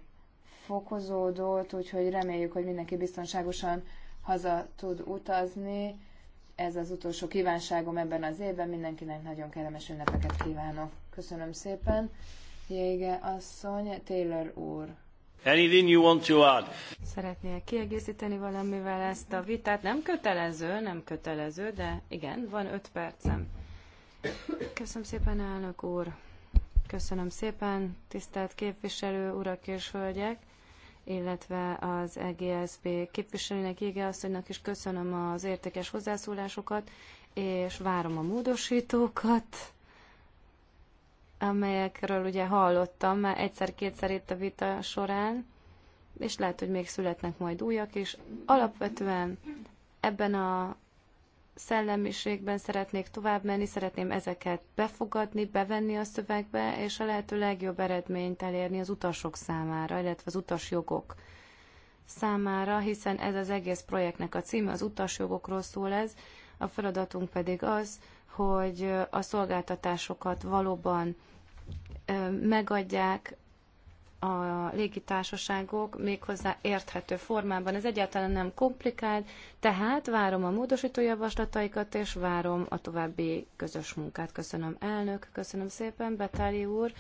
fokozódott, úgyhogy reméljük, hogy mindenki biztonságosan haza tud utazni ez az utolsó kívánságom ebben az évben. Mindenkinek nagyon kellemes ünnepeket kívánok. Köszönöm szépen. Jége asszony, Taylor úr. Anything you want to add? Szeretnél kiegészíteni valamivel ezt a vitát? Nem kötelező, nem kötelező, de igen, van öt percem. Köszönöm szépen, elnök úr. Köszönöm szépen, tisztelt képviselő, urak és hölgyek illetve az EGSB képviselőnek, Jége asszonynak is köszönöm az értékes hozzászólásokat, és várom a módosítókat, amelyekről ugye hallottam már egyszer-kétszer itt a vita során, és lehet, hogy még születnek majd újak is. Alapvetően ebben a szellemiségben szeretnék tovább menni, szeretném ezeket befogadni, bevenni a szövegbe, és a lehető legjobb eredményt elérni az utasok számára, illetve az utasjogok számára, hiszen ez az egész projektnek a címe, az utasjogokról szól ez, a feladatunk pedig az, hogy a szolgáltatásokat valóban megadják a légitársaságok méghozzá érthető formában. Ez egyáltalán nem komplikált, tehát várom a módosító javaslataikat, és várom a további közös munkát. Köszönöm elnök, köszönöm szépen, Betáli úr.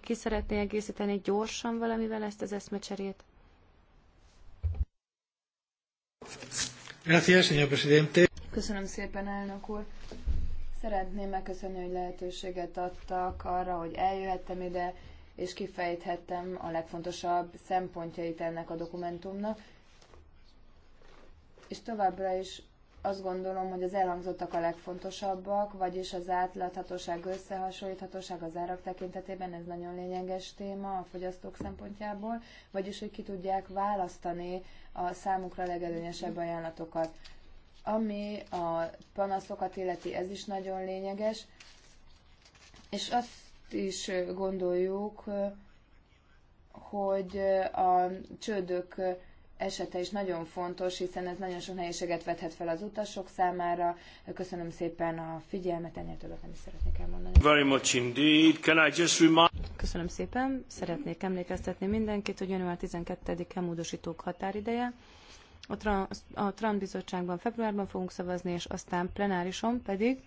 Ki szeretné egészíteni gyorsan valamivel ezt az eszmecserét? Köszönöm szépen, elnök úr. Szeretném megköszönni, hogy lehetőséget adtak arra, hogy eljöhettem ide, és kifejthettem a legfontosabb szempontjait ennek a dokumentumnak. És továbbra is azt gondolom, hogy az elhangzottak a legfontosabbak, vagyis az átláthatóság, összehasonlíthatóság az árak tekintetében, ez nagyon lényeges téma a fogyasztók szempontjából, vagyis hogy ki tudják választani a számukra legelőnyesebb ajánlatokat. Ami a panaszokat illeti, ez is nagyon lényeges, és azt is gondoljuk, hogy a csődök esete is nagyon fontos, hiszen ez nagyon sok nehézséget vethet fel az utasok számára. Köszönöm szépen a figyelmet, ennél többet nem is szeretnék elmondani. Very much indeed. Can I just remind... Köszönöm szépen. Szeretnék emlékeztetni mindenkit, hogy január 12-e módosítók határideje. A, tra- a Trump bizottságban februárban fogunk szavazni, és aztán plenárison pedig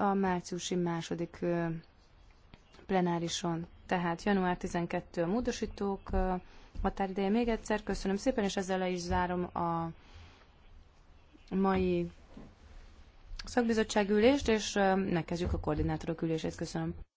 a márciusi második plenárison. Tehát január 12 a módosítók határideje. Még egyszer köszönöm szépen, és ezzel le is zárom a mai szakbizottság ülést, és kezdjük a koordinátorok ülését. Köszönöm.